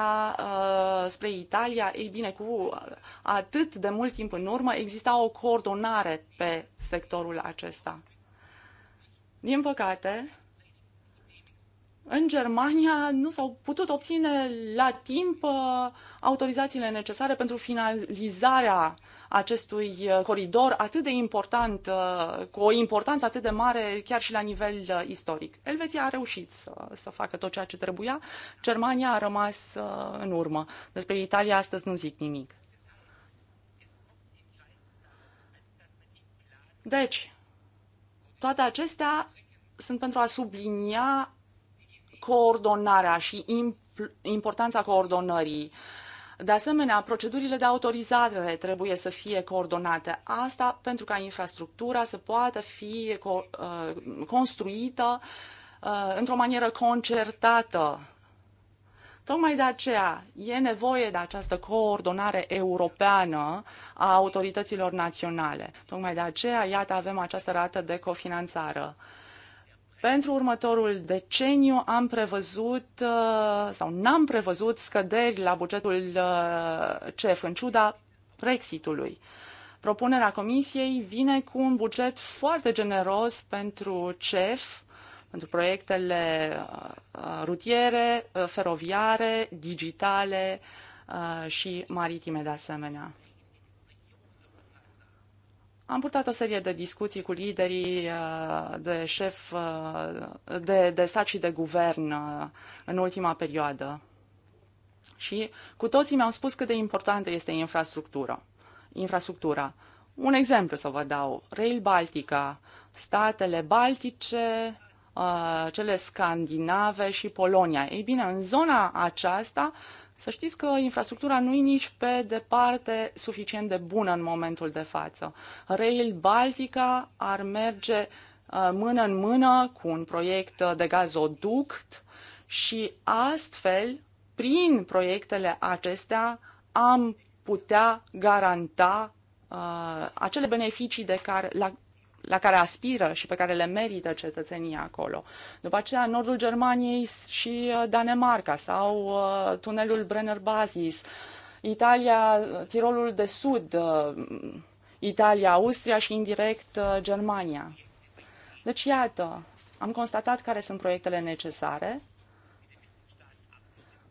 spre Italia, ei bine, cu atât de mult timp în urmă exista o coordonare pe sectorul acesta. Din păcate, în Germania nu s-au putut obține la timp uh, autorizațiile necesare pentru finalizarea acestui uh, coridor atât de important, uh, cu o importanță atât de mare chiar și la nivel istoric. Elveția a reușit să, să facă tot ceea ce trebuia, Germania a rămas în urmă. Despre Italia astăzi nu zic nimic. Deci, toate acestea sunt pentru a sublinia coordonarea și importanța coordonării. De asemenea, procedurile de autorizare trebuie să fie coordonate. Asta pentru ca infrastructura să poată fi uh, construită uh, într-o manieră concertată. Tocmai de aceea e nevoie de această coordonare europeană a autorităților naționale. Tocmai de aceea, iată, avem această rată de cofinanțare. Pentru următorul deceniu am prevăzut uh, sau n-am prevăzut scăderi la bugetul uh, CEF, în ciuda Brexitului. Propunerea Comisiei vine cu un buget foarte generos pentru CEF, pentru proiectele uh, rutiere, feroviare, digitale și maritime de asemenea. Am purtat o serie de discuții cu liderii uh, de șef, uh, de, de stat și de guvern uh, în ultima perioadă. Și cu toții mi-au spus cât de importantă este infrastructura. infrastructura. Un exemplu să vă dau. Rail Baltica, statele baltice, cele scandinave și Polonia. Ei bine, în zona aceasta să știți că infrastructura nu e nici pe departe suficient de bună în momentul de față. Rail Baltica ar merge uh, mână în mână cu un proiect uh, de gazoduct și astfel, prin proiectele acestea, am putea garanta uh, acele beneficii de care, la, la care aspiră și pe care le merită cetățenii acolo. După aceea, nordul Germaniei și uh, Danemarca sau uh, tunelul Brenner-Basis, Italia, Tirolul de Sud, uh, Italia, Austria și indirect Germania. Deci, iată, am constatat care sunt proiectele necesare.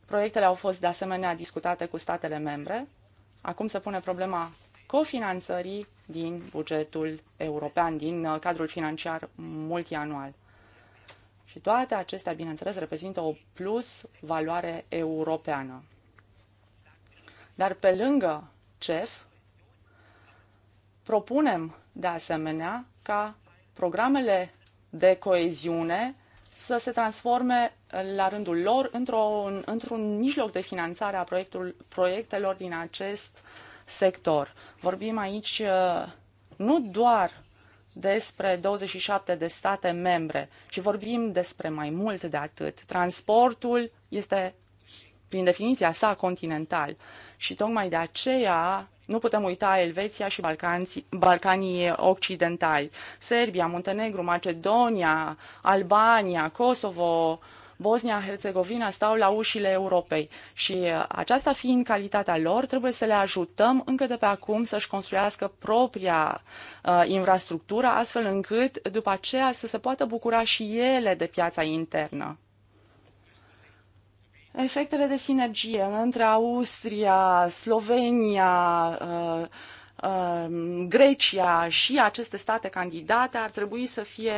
Proiectele au fost de asemenea discutate cu statele membre. Acum se pune problema cofinanțării din bugetul european, din uh, cadrul financiar multianual. Și toate acestea, bineînțeles, reprezintă o plus valoare europeană. Dar pe lângă CEF, propunem de asemenea ca programele de coeziune să se transforme la rândul lor într-un, într-un mijloc de finanțare a proiectelor din acest sector. Vorbim aici uh, nu doar despre 27 de state membre, ci vorbim despre mai mult de atât. Transportul este, prin definiția sa, continental și tocmai de aceea nu putem uita Elveția și Balcanții, Balcanii Occidentali, Serbia, Muntenegru, Macedonia, Albania, Kosovo, uh, Bosnia-Herzegovina stau la ușile Europei și uh, aceasta fiind calitatea lor, trebuie să le ajutăm încă de pe acum să-și construiască propria uh, infrastructură, astfel încât după aceea să se poată bucura și ele de piața internă. Efectele de sinergie între Austria, Slovenia, uh, Um, Grecia și aceste state candidate ar trebui să fie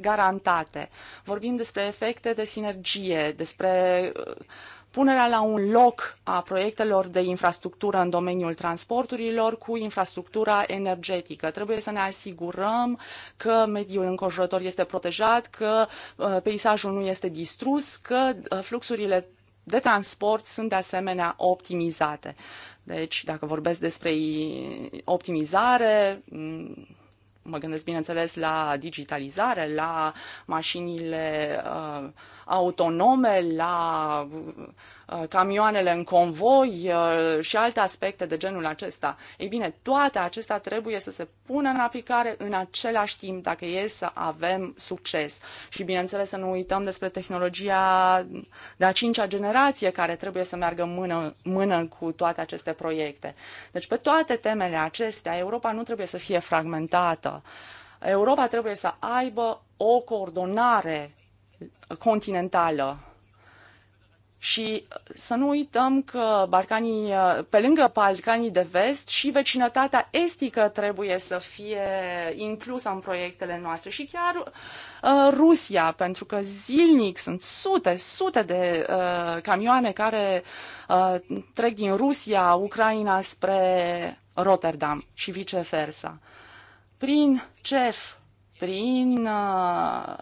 garantate. Vorbim despre efecte de sinergie, despre uh, punerea la un loc a proiectelor de infrastructură în domeniul transporturilor cu infrastructura energetică. Trebuie să ne asigurăm că mediul înconjurător este protejat, că uh, peisajul nu este distrus, că uh, fluxurile de transport sunt de asemenea optimizate. Deci, dacă vorbesc despre optimizare, mă gândesc, bineînțeles, la digitalizare, la mașinile uh, autonome, la uh, camioanele în convoi uh, și alte aspecte de genul acesta. Ei bine, toate acestea trebuie să se pună în aplicare în același timp dacă e să avem succes. Și bineînțeles să nu uităm despre tehnologia de a cincea generație care trebuie să meargă mână, mână cu toate aceste proiecte. Deci pe toate temele acestea Europa nu trebuie să fie fragmentată. Europa trebuie să aibă o coordonare continentală. Și să nu uităm că Balcanii, pe lângă Balcanii de vest și vecinătatea estică trebuie să fie inclusă în proiectele noastre și chiar uh, Rusia, pentru că zilnic sunt sute, sute de uh, camioane care uh, trec din Rusia, Ucraina spre Rotterdam și viceversa. Prin CEF, prin uh,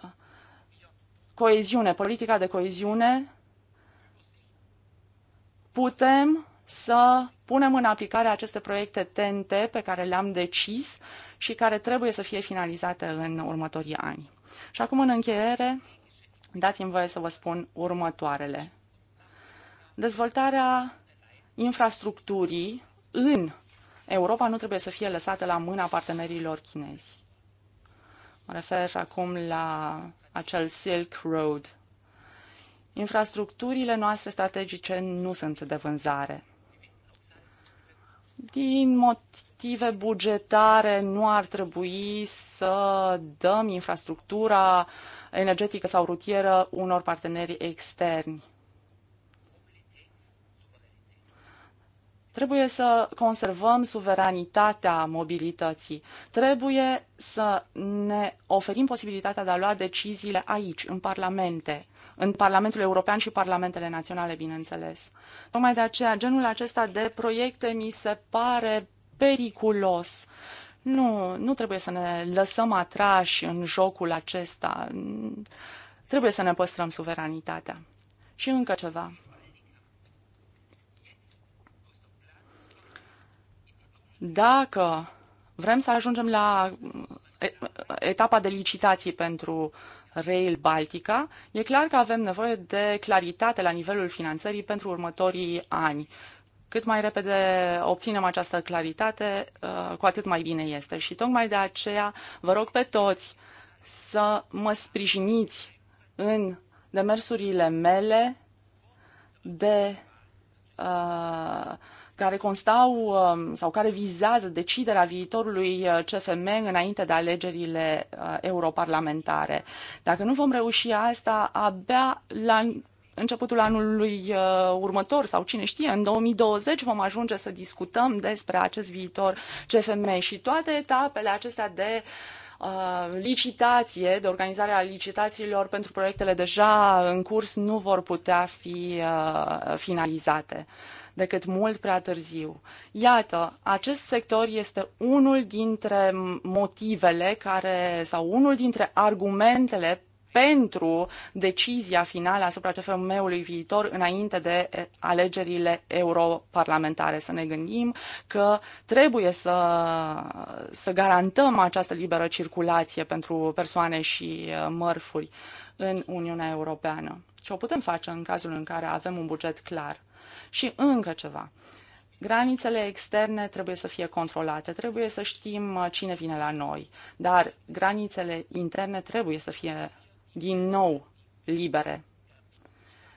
coeziune, politica de coeziune, putem să punem în aplicare aceste proiecte TNT pe care le-am decis și care trebuie să fie finalizate în următorii ani. Și acum, în încheiere, dați-mi voie să vă spun următoarele. Dezvoltarea infrastructurii în Europa nu trebuie să fie lăsată la mâna partenerilor chinezi. Mă refer acum la acel Silk Road. Infrastructurile noastre strategice nu sunt de vânzare. Din motive bugetare nu ar trebui să dăm infrastructura energetică sau rutieră unor parteneri externi. Trebuie să conservăm suveranitatea mobilității. Trebuie să ne oferim posibilitatea de a lua deciziile aici, în parlamente, în Parlamentul European și parlamentele naționale, bineînțeles. Tocmai de aceea, genul acesta de proiecte mi se pare periculos. Nu, nu trebuie să ne lăsăm atrași în jocul acesta. Trebuie să ne păstrăm suveranitatea. Și încă ceva. Dacă vrem să ajungem la etapa de licitații pentru Rail Baltica, e clar că avem nevoie de claritate la nivelul finanțării pentru următorii ani. Cât mai repede obținem această claritate, uh, cu atât mai bine este. Și tocmai de aceea vă rog pe toți să mă sprijiniți în demersurile mele de uh, care constau um, sau care vizează deciderea viitorului uh, CFM înainte de alegerile uh, europarlamentare. Dacă nu vom reuși asta, abia la începutul anului uh, următor sau cine știe, în 2020 vom ajunge să discutăm despre acest viitor CFM și toate etapele acestea de licitație, de organizarea licitațiilor pentru proiectele deja în curs nu vor putea fi finalizate decât mult prea târziu. Iată, acest sector este unul dintre motivele care, sau unul dintre argumentele pentru decizia finală asupra CFM-ului viitor înainte de alegerile europarlamentare. Să ne gândim că trebuie să, să garantăm această liberă circulație pentru persoane și uh, mărfuri în Uniunea Europeană. Și o putem face în cazul în care avem un buget clar. Și încă ceva. Granițele externe trebuie să fie controlate, trebuie să știm uh, cine vine la noi, dar granițele interne trebuie să fie din nou libere.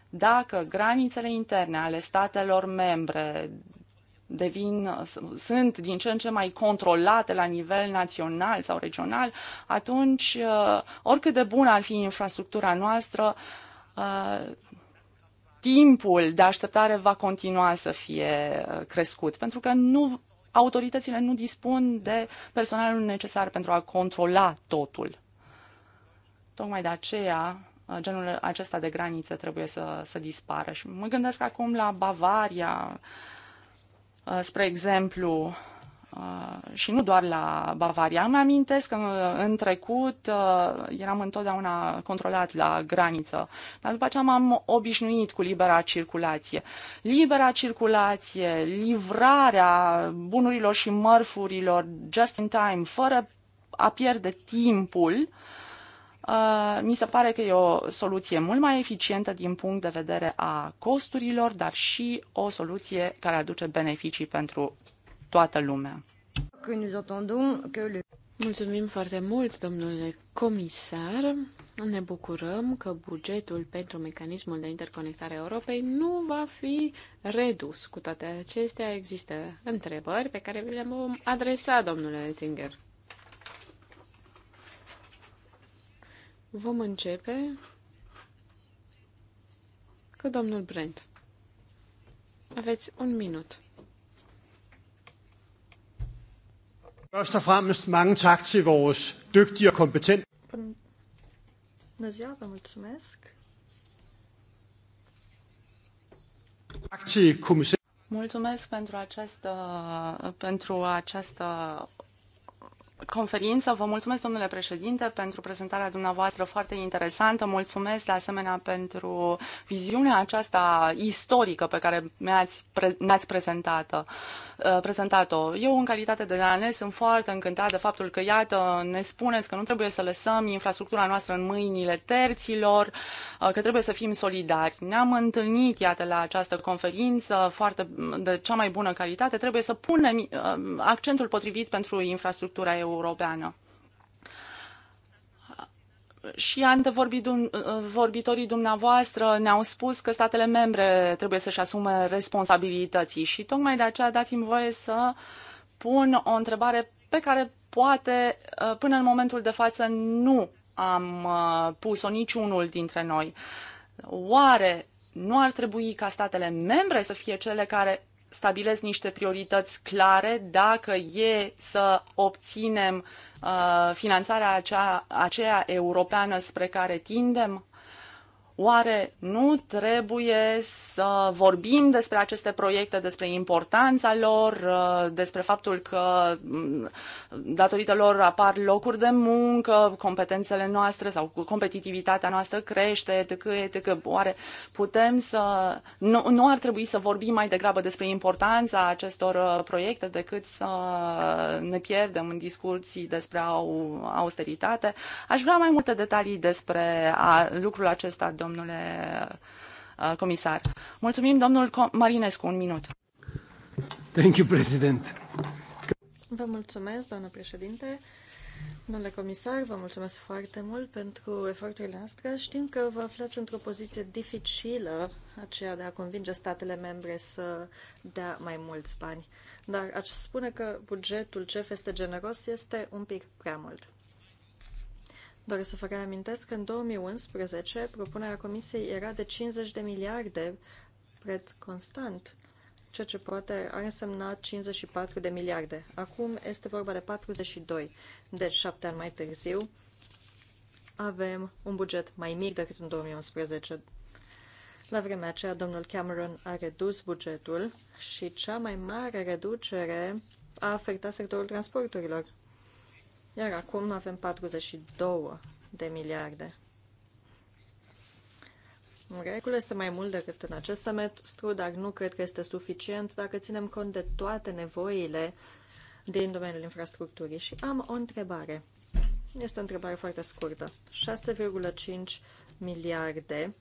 Dacă granițele interne ale statelor membre devin, sunt din ce în ce mai controlate la nivel național sau regional, atunci, uh, oricât de bună ar fi infrastructura noastră, uh, timpul de așteptare va continua să fie uh, crescut, pentru că nu, autoritățile nu dispun de personalul necesar pentru a controla totul. Tocmai de aceea, uh, genul acesta de granițe trebuie să, să dispară. Și mă gândesc acum la Bavaria, uh, spre exemplu, Uh, și nu doar la Bavaria. Îmi amintesc că uh, în trecut uh, eram întotdeauna controlat la graniță, dar după aceea m-am obișnuit cu libera circulație. Libera circulație, livrarea bunurilor și mărfurilor just in time, fără a pierde timpul, mi se pare că e o soluție mult mai eficientă din punct de vedere a costurilor, dar și o soluție care aduce beneficii pentru toată lumea. Mulțumim foarte mult, domnule comisar. Ne bucurăm că bugetul pentru mecanismul de interconectare a Europei nu va fi redus. Cu toate acestea, există întrebări pe care vi le vom adresa, domnule Oettinger. Vom începe cu domnul Brent. Aveți un minut. Først og fremmest mange tak til vores dygtige og kompetente. Tak til comisar. Mulțumesc pentru această, pentru această conferință. Vă mulțumesc, domnule președinte, pentru prezentarea dumneavoastră foarte interesantă. Mulțumesc, de asemenea, pentru viziunea aceasta istorică pe care mi-ați, pre- ați prezentat-o. Uh, prezentat-o. Eu, în calitate de danez, sunt foarte încântat de faptul că, iată, ne spuneți că nu trebuie să lăsăm infrastructura noastră în mâinile terților, uh, că trebuie să fim solidari. Ne-am întâlnit, iată, la această conferință foarte de cea mai bună calitate. Trebuie să punem uh, accentul potrivit pentru infrastructura europeană Europeană. Și antevorbitorii dumneavoastră ne-au spus că statele membre trebuie să-și asume responsabilității și tocmai de aceea dați-mi voie să pun o întrebare pe care poate până în momentul de față nu am uh, pus-o niciunul dintre noi. Oare nu ar trebui ca statele membre să fie cele care stabilesc niște priorități clare dacă e să obținem uh, finanțarea acea, aceea europeană spre care tindem? Oare nu trebuie să vorbim despre aceste proiecte, despre importanța lor, uh, despre faptul că mm, datorită lor apar locuri de muncă, competențele noastre sau competitivitatea noastră crește, etc., etc. Oare putem să... Nu, nu ar trebui să vorbim mai degrabă despre importanța acestor uh, proiecte decât să ne pierdem în discuții despre austeritate? Aș vrea mai multe detalii despre lucrul acesta, domnule domnule uh, comisar. Mulțumim, domnul Marinescu, un minut. Thank you, President. Vă mulțumesc, doamnă președinte. Domnule comisar, vă mulțumesc foarte mult pentru eforturile noastre. Știm că vă aflați într-o poziție dificilă, aceea de a convinge statele membre să dea mai mulți bani. Dar aș spune că bugetul CEF este generos, este un pic prea mult. Doresc să vă reamintesc că în 2011 propunerea Comisiei era de 50 de miliarde pret constant, ceea ce poate ar însemna 54 de miliarde. Acum este vorba de 42, deci șapte ani mai târziu avem un buget mai mic decât în 2011. La vremea aceea, domnul Cameron a redus bugetul și cea mai mare reducere a afectat sectorul transporturilor. Iar acum avem 42 de miliarde. În regulă este mai mult decât în acest semestru, dar nu cred că este suficient dacă ținem cont de toate nevoile din domeniul infrastructurii. Și am o întrebare. Este o întrebare foarte scurtă. 6,5 miliarde.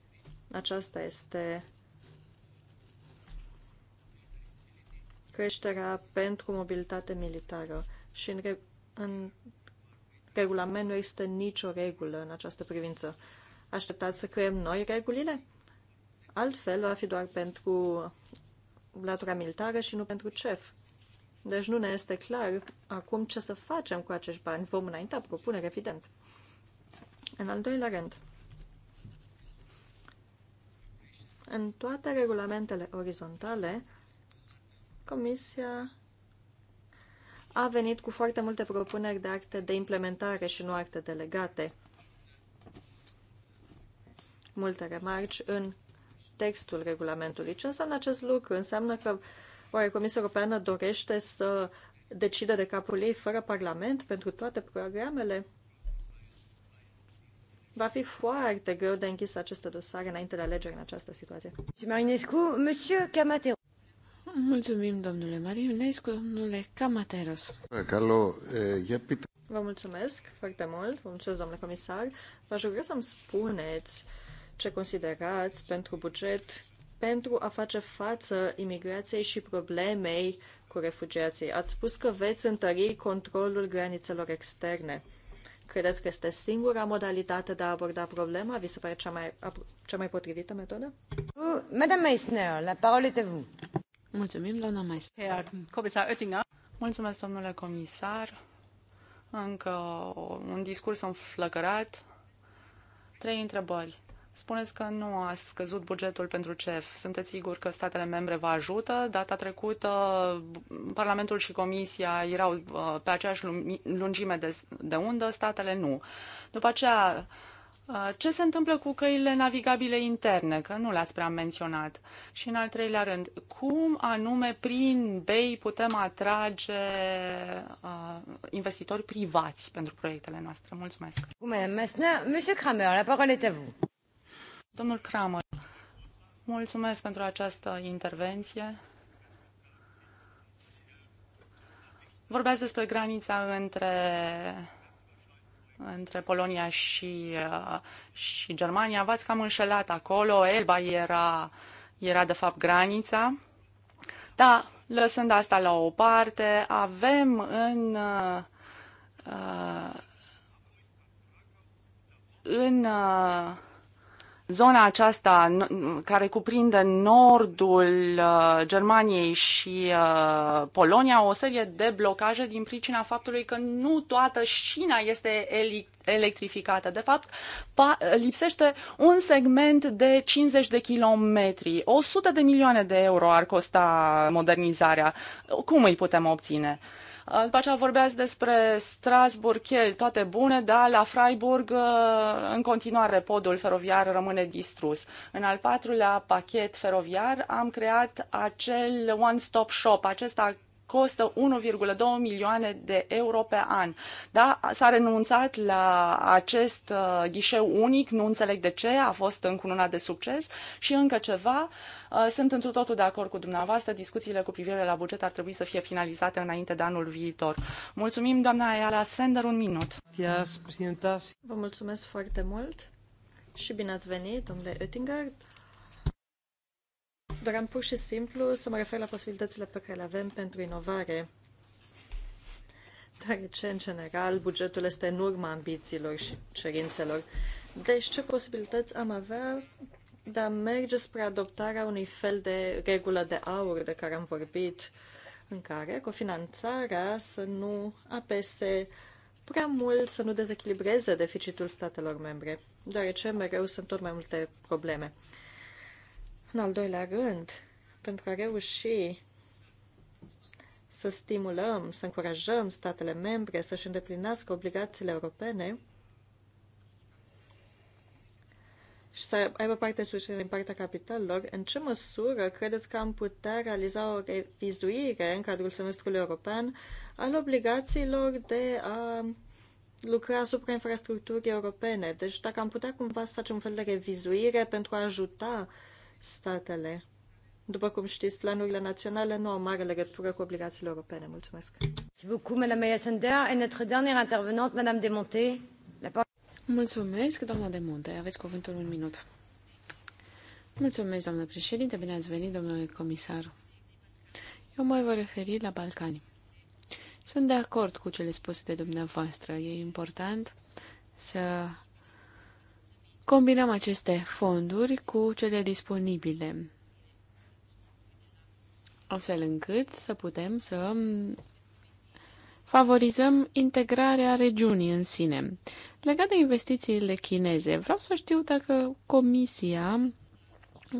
Aceasta este creșterea pentru mobilitate militară. Și în, în regulament nu există nicio regulă în această privință. Așteptați să creăm noi regulile? Altfel va fi doar pentru latura militară și nu pentru CEF. Deci nu ne este clar acum ce să facem cu acești bani. Vom înainta propunere, evident. În al doilea rând, în toate regulamentele orizontale, Comisia a venit cu foarte multe propuneri de acte de implementare și nu acte delegate. Multe remarci în textul regulamentului. Ce înseamnă acest lucru? Înseamnă că oare Comisia Europeană dorește să decide de capul ei fără Parlament pentru toate programele? Va fi foarte greu de închis aceste dosare înainte de alegeri în această situație. Marinescu, Monsieur Camatero. Mulțumim, domnule Marinescu, domnule Camateros. Vă mulțumesc foarte mult, vă mulțumesc, domnule comisar. V-aș ruga să-mi spuneți ce considerați pentru buget pentru a face față imigrației și problemei cu refugiații. Ați spus că veți întări controlul granițelor externe. Credeți că este singura modalitate de a aborda problema? Vi se pare cea mai, cea mai potrivită metodă? Madame Meissner, la parole est vous. Mulțumim, doamna Maestre. Mulțumesc, domnule comisar. Încă un discurs înflăcărat. Trei întrebări. Spuneți că nu a scăzut bugetul pentru CEF. Sunteți sigur că statele membre vă ajută? Data trecută, Parlamentul și Comisia erau uh, pe aceeași lungime de, de undă, statele nu. După aceea, Uh, ce se întâmplă cu căile navigabile interne, că nu l-ați prea menționat? Și în al treilea rând, cum anume prin BEI putem atrage uh, investitori privați pentru proiectele noastre? Mulțumesc! Monsieur Kramer, la parole est Domnul Kramer, mulțumesc pentru această intervenție. Vorbeați despre granița între între Polonia și, uh, și Germania. V-ați cam înșelat acolo. Elba era, era de fapt granița. Da, lăsând asta la o parte, avem în uh, în uh, zona aceasta care cuprinde nordul uh, Germaniei și uh, Polonia, o serie de blocaje din pricina faptului că nu toată șina este electrificată. De fapt, lipsește un segment de 50 de kilometri. 100 de milioane de euro ar costa modernizarea. Cum îi putem obține? După aceea vorbeați despre Strasburg, Kiel, toate bune, dar la Freiburg uh, în continuare podul feroviar rămâne distrus. În al patrulea pachet feroviar am creat acel one-stop shop, acesta costă 1,2 milioane de euro pe an. Da, s-a renunțat la acest uh, ghișeu unic, nu înțeleg de ce, a fost încununat de succes și încă ceva, uh, sunt întru totul de acord cu dumneavoastră, discuțiile cu privire la buget ar trebui să fie finalizate înainte de anul viitor. Mulțumim, doamna Ayala Sender, un minut. Vă mulțumesc foarte mult și bine ați venit, domnule Oettinger. Doream pur și simplu să mă refer la posibilitățile pe care le avem pentru inovare, deoarece, în general, bugetul este în urma ambițiilor și cerințelor. Deci, ce posibilități am avea de a merge spre adoptarea unui fel de regulă de aur de care am vorbit, în care cofinanțarea să nu apese prea mult, să nu dezechilibreze deficitul statelor membre, deoarece mereu sunt tot mai multe probleme. În al doilea rând, pentru a reuși să stimulăm, să încurajăm statele membre să-și îndeplinească obligațiile europene și să aibă parte susținere din partea capitalelor, în ce măsură credeți că am putea realiza o revizuire în cadrul semestrului european al obligațiilor de a lucra asupra infrastructurii europene? Deci dacă am putea cumva să facem un fel de revizuire pentru a ajuta uh, statele. După cum știți, planurile naționale nu au mare legătură cu obligațiile europene. Mulțumesc. Mulțumesc, doamna de Monte. Aveți cuvântul un minut. Mulțumesc, doamnă președinte. Bine ați venit, domnule comisar. Eu mai vă referi la Balcani. Sunt de acord cu cele spuse de dumneavoastră. E important să Combinăm aceste fonduri cu cele disponibile, astfel încât să putem să favorizăm integrarea regiunii în sine. Legat de investițiile chineze, vreau să știu dacă Comisia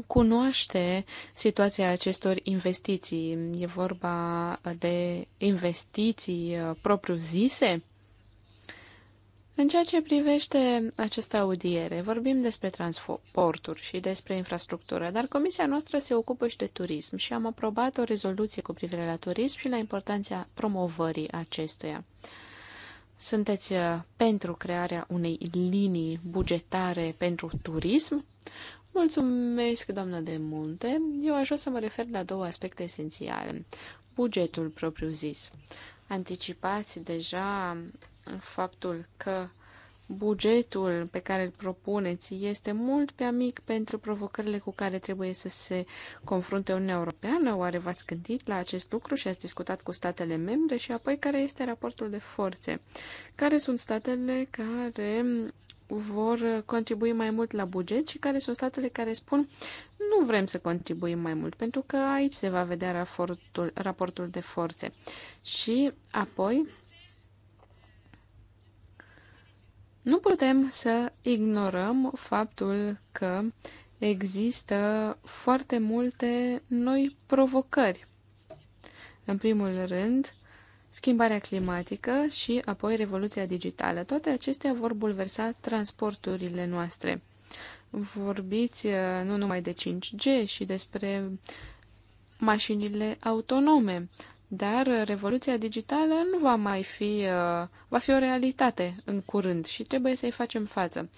cunoaște situația acestor investiții. E vorba de investiții uh, propriu-zise? În ceea ce privește această audiere, vorbim despre transporturi și despre infrastructură, dar comisia noastră se ocupă și de turism și am aprobat o rezoluție cu privire la turism și la importanța promovării acestuia. Sunteți uh, pentru crearea unei linii bugetare pentru turism? Mulțumesc, doamnă de munte. Eu aș vrea să mă refer la două aspecte esențiale. Bugetul propriu-zis. Anticipați deja faptul că bugetul pe care îl propuneți este mult prea mic pentru provocările cu care trebuie să se confrunte Uniunea Europeană? Oare v-ați gândit la acest lucru și ați discutat cu statele membre? Și apoi, care este raportul de forțe? Care sunt statele care vor contribui mai mult la buget și care sunt statele care spun nu vrem să contribuim mai mult, pentru că aici se va vedea raportul, raportul de forțe. Și apoi, Nu putem să ignorăm faptul că există foarte multe noi provocări. În primul rând, schimbarea climatică și apoi revoluția digitală. Toate acestea vor bulversa transporturile noastre. Vorbiți uh, nu numai de 5G și despre mașinile autonome. Dar uh, revoluția digitală nu va mai fi, uh, va fi o realitate în curând și trebuie să-i facem față.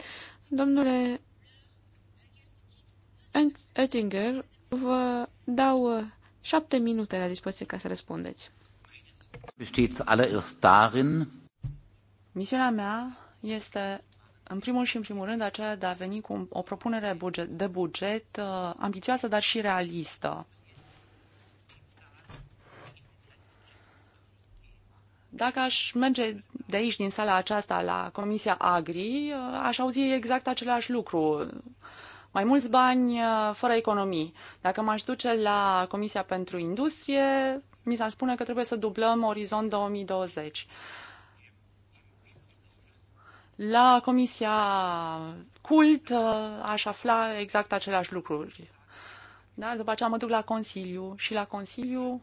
Domnule Oettinger, vă dau uh, șapte minute la dispoziție ca să răspundeți. Misiunea mea este, în primul și în primul rând, aceea de a veni cu o propunere de buget ambițioasă, dar și realistă. Dacă aș merge de aici, din sala aceasta, la Comisia Agri, uh, aș auzi exact același lucru. Mai mulți bani uh, fără economii. Dacă m-aș duce la Comisia pentru Industrie, mi s-ar spune că trebuie să dublăm orizont 2020. La Comisia Cult uh, aș afla exact același lucruri. Da? După aceea mă duc la Consiliu și la Consiliu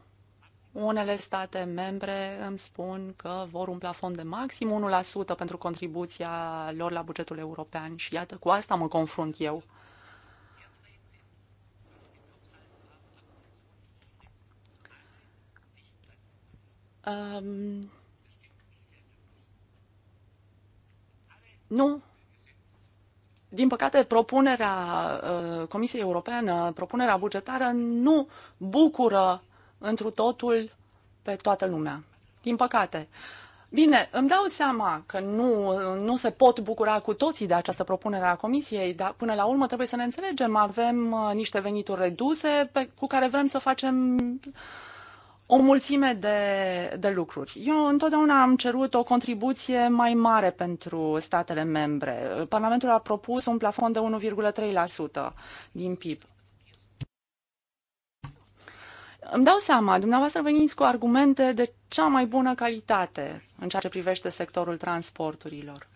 unele state membre îmi spun că vor un plafon de maxim 1% pentru contribuția lor la bugetul european și iată, cu asta mă confrunt eu. Um, nu. Din păcate, propunerea uh, Comisiei Europene, propunerea bugetară, nu bucură întru totul pe toată lumea. Din păcate. Bine, îmi dau seama că nu, nu se pot bucura cu toții de această propunere a Comisiei, dar până la urmă trebuie să ne înțelegem. Avem uh, niște venituri reduse pe, cu care vrem să facem o mulțime de, de lucruri. Eu întotdeauna am cerut o contribuție mai mare pentru statele membre. Parlamentul a propus un plafon de 1,3% din PIB. Îmi dau seama, dumneavoastră veniți cu argumente de cea mai bună calitate în ceea ce privește sectorul transporturilor.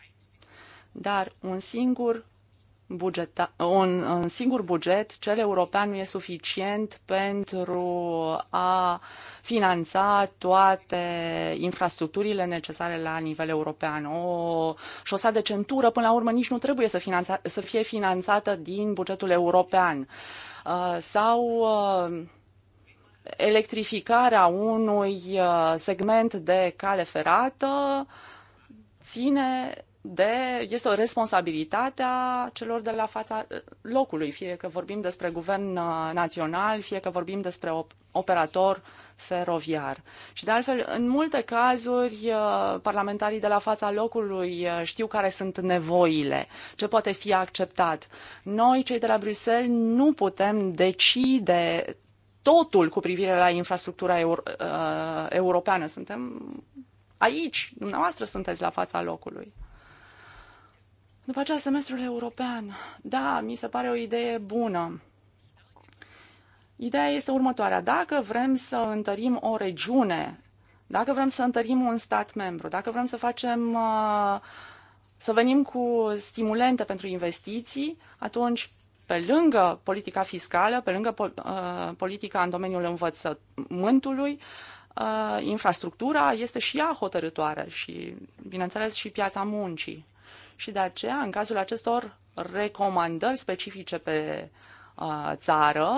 Dar un singur buget, un, un singur buget, cel european, nu e suficient pentru a finanța toate infrastructurile necesare la nivel european. O șosea de centură, până la urmă, nici nu trebuie să, finanța, să fie finanțată din bugetul european. Uh, sau uh, electrificarea unui uh, segment de cale ferată ține de, este o responsabilitate a celor de la fața locului, fie că vorbim despre guvern uh, național, fie că vorbim despre operator feroviar. Și de altfel, în multe cazuri, uh, parlamentarii de la fața locului știu care sunt nevoile, ce poate fi acceptat. Noi, cei de la Bruxelles, nu putem decide totul cu privire la infrastructura euro, uh, europeană. Suntem aici, dumneavoastră sunteți la fața locului. După aceea, semestrul european. Da, mi se pare o idee bună. Ideea este următoarea. Dacă vrem să întărim o regiune, dacă vrem să întărim un stat membru, dacă vrem să facem, uh, să venim cu stimulente pentru investiții, atunci pe lângă politica fiscală, pe lângă uh, politica în domeniul învățământului, uh, infrastructura este și ea hotărătoare și, bineînțeles, și piața muncii. Și de aceea, în cazul acestor recomandări specifice pe uh, țară,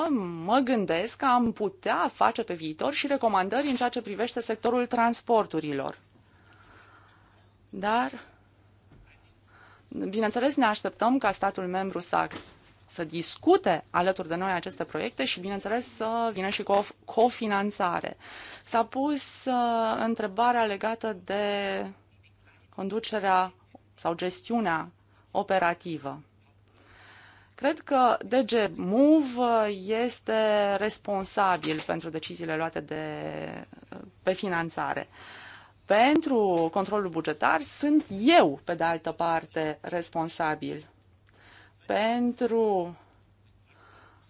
mă gândesc că am putea face pe viitor și recomandări în ceea ce privește sectorul transporturilor. Dar, bineînțeles, ne așteptăm ca statul membru să să discute alături de noi aceste proiecte și, bineînțeles, să vină și cu o cofinanțare. S-a pus uh, întrebarea legată de conducerea sau gestiunea operativă. Cred că DG Move uh, este responsabil pentru deciziile luate de, uh, pe finanțare. Pentru controlul bugetar sunt eu, pe de altă parte, responsabil pentru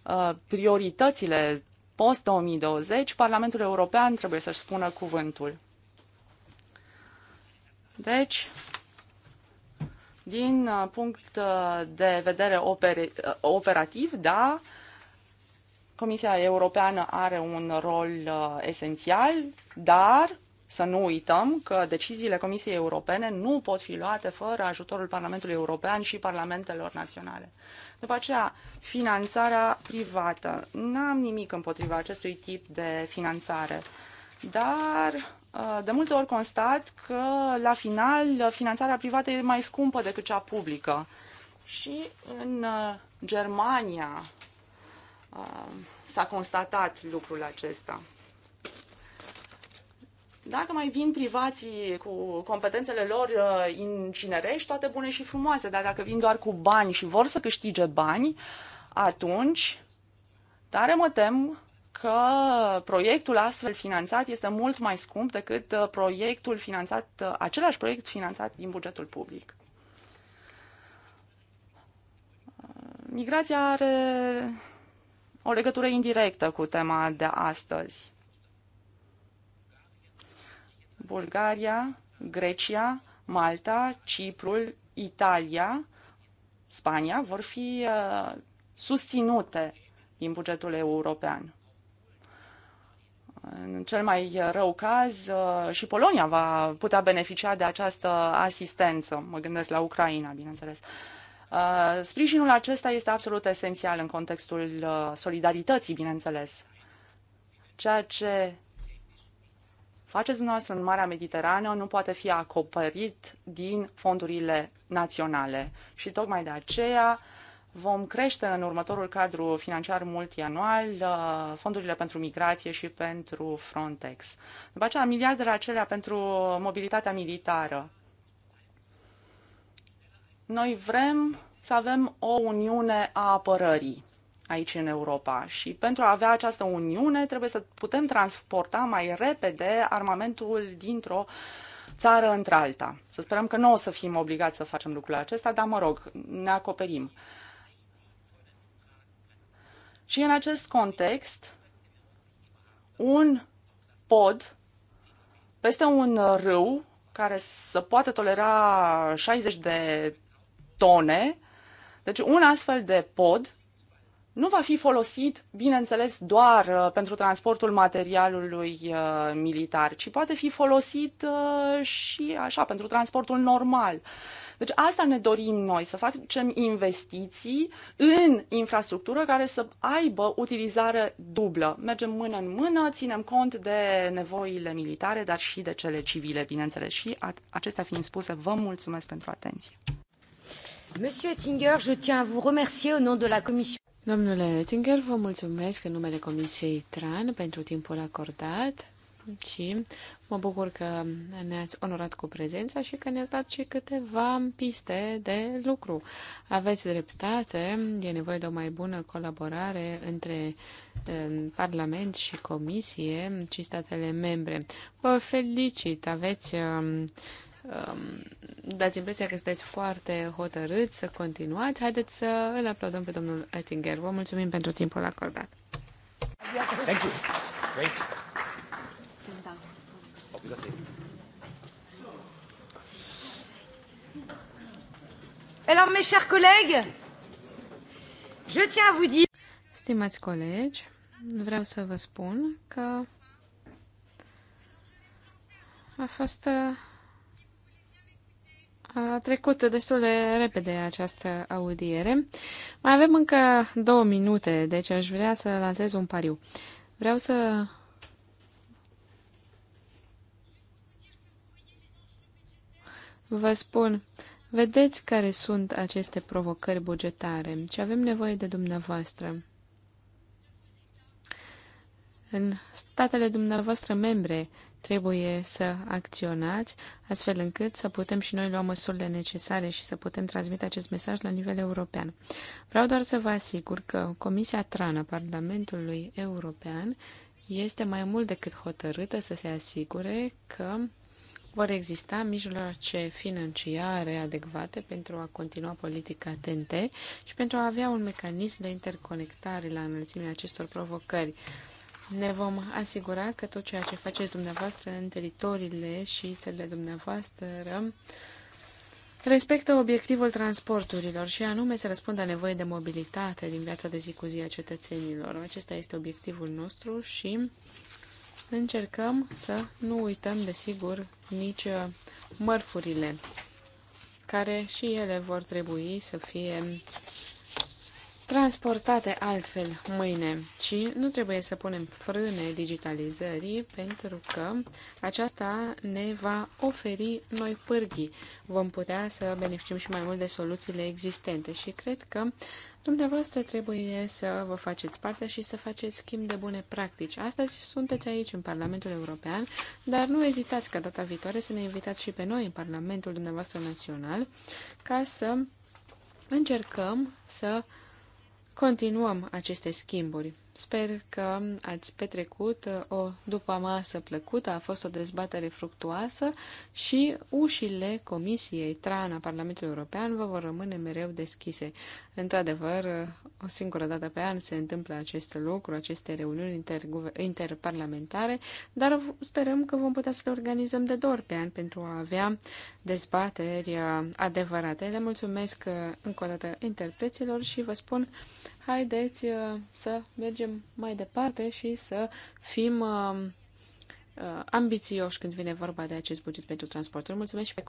uh, prioritățile post-2020, Parlamentul European trebuie să-și spună cuvântul. Deci, din uh, punct uh, de vedere operativ, da, Comisia Europeană are un rol esențial, dar să nu uităm că deciziile Comisiei Europene nu pot fi luate fără ajutorul Parlamentului European și Parlamentelor Naționale. După aceea, finanțarea privată. N-am nimic împotriva acestui tip de finanțare, dar uh, de multe ori constat că la final finanțarea privată e mai scumpă decât cea publică. Și în uh, Germania uh, s-a constatat lucrul acesta. Dacă mai vin privații cu competențele lor uh, incinerești, toate bune și frumoase, dar dacă vin doar cu bani și vor să câștige bani, atunci tare mă tem că proiectul astfel finanțat este mult mai scump decât uh, proiectul finanțat, uh, același proiect finanțat din bugetul public. Migrația are o legătură indirectă cu tema de astăzi. Bulgaria, Grecia, Malta, Ciprul, Italia, Spania vor fi uh, susținute din bugetul european. În cel mai rău caz, uh, și Polonia va putea beneficia de această asistență. Mă gândesc la Ucraina, bineînțeles. Uh, sprijinul acesta este absolut esențial în contextul solidarității, bineînțeles. Ceea ce faceți dumneavoastră în Marea Mediterană nu poate fi acoperit din fondurile naționale. Și tocmai de aceea vom crește în următorul cadru financiar multianual uh, fondurile pentru migrație și pentru Frontex. După aceea, miliardele acelea pentru mobilitatea militară. Noi vrem să avem o uniune a apărării aici în Europa și pentru a avea această uniune trebuie să putem transporta mai repede armamentul dintr-o țară într-alta. Să sperăm că nu o să fim obligați să facem lucrul acesta, dar mă rog, ne acoperim. Și în acest context, un pod peste un râu care să poată tolera 60 de tone, deci un astfel de pod nu va fi folosit, bineînțeles, doar uh, pentru transportul materialului uh, militar, ci poate fi folosit uh, și așa, pentru transportul normal. Deci asta ne dorim noi, să facem investiții în infrastructură care să aibă utilizare dublă. Mergem mână în mână, ținem cont de nevoile militare, dar și de cele civile, bineînțeles. Și acestea fiind spuse, vă mulțumesc pentru atenție. Monsieur Tinger, je tiens à vous remercier au nom de la Commission. Domnule Oettinger, vă mulțumesc în numele Comisiei TRAN pentru timpul acordat și mă bucur că ne-ați onorat cu prezența și că ne-ați dat și câteva piste de lucru. Aveți dreptate, e nevoie de o mai bună colaborare între eh, Parlament și Comisie și statele membre. Vă felicit, aveți eh, Um, dați impresia că sunteți foarte hotărâți să continuați. Haideți să îl aplaudăm pe domnul Oettinger. Vă mulțumim pentru timpul acordat. Thank you. Great. Alors, mes chers collègues, je tiens à vous dire... Stimați colegi, vreau să vă spun că a fost a trecut destul de repede această audiere. Mai avem încă două minute, deci aș vrea să lansez un pariu. Vreau să vă spun, vedeți care sunt aceste provocări bugetare și avem nevoie de dumneavoastră. În statele dumneavoastră membre Trebuie să acționați astfel încât să putem și noi lua măsurile necesare și să putem transmite acest mesaj la nivel european. Vreau doar să vă asigur că Comisia Trană Parlamentului European este mai mult decât hotărâtă să se asigure că vor exista mijloace financiare adecvate pentru a continua politica TNT și pentru a avea un mecanism de interconectare la înălțimea acestor provocări ne vom asigura că tot ceea ce faceți dumneavoastră în teritoriile și țările dumneavoastră respectă obiectivul transporturilor și anume să răspundă nevoie de mobilitate din viața de zi cu zi a cetățenilor. Acesta este obiectivul nostru și încercăm să nu uităm, desigur, nici uh, mărfurile, care și ele vor trebui să fie transportate altfel mâine și nu trebuie să punem frâne digitalizării pentru că aceasta ne va oferi noi pârghii. Vom putea să beneficiem și mai mult de soluțiile existente și cred că dumneavoastră trebuie să vă faceți parte și să faceți schimb de bune practici. Astăzi sunteți aici în Parlamentul European, dar nu ezitați ca data viitoare să ne invitați și pe noi în Parlamentul dumneavoastră național ca să încercăm să Continuăm aceste schimburi. Sper că ați petrecut uh, o după-masă plăcută, a fost o dezbatere fructuoasă și ușile Comisiei TRAN a Parlamentului European vă vor rămâne mereu deschise. Într-adevăr, uh, o singură dată pe an se întâmplă acest lucru, aceste reuniuni interparlamentare, dar sperăm că vom putea să le organizăm de două ori pe an pentru a avea dezbateri uh, adevărate. Le mulțumesc încă o dată interpreților și vă spun haideți uh, să mergem mai departe și să fim uh, uh, ambițioși când vine vorba de acest buget pentru transporturi. Mulțumesc și pe...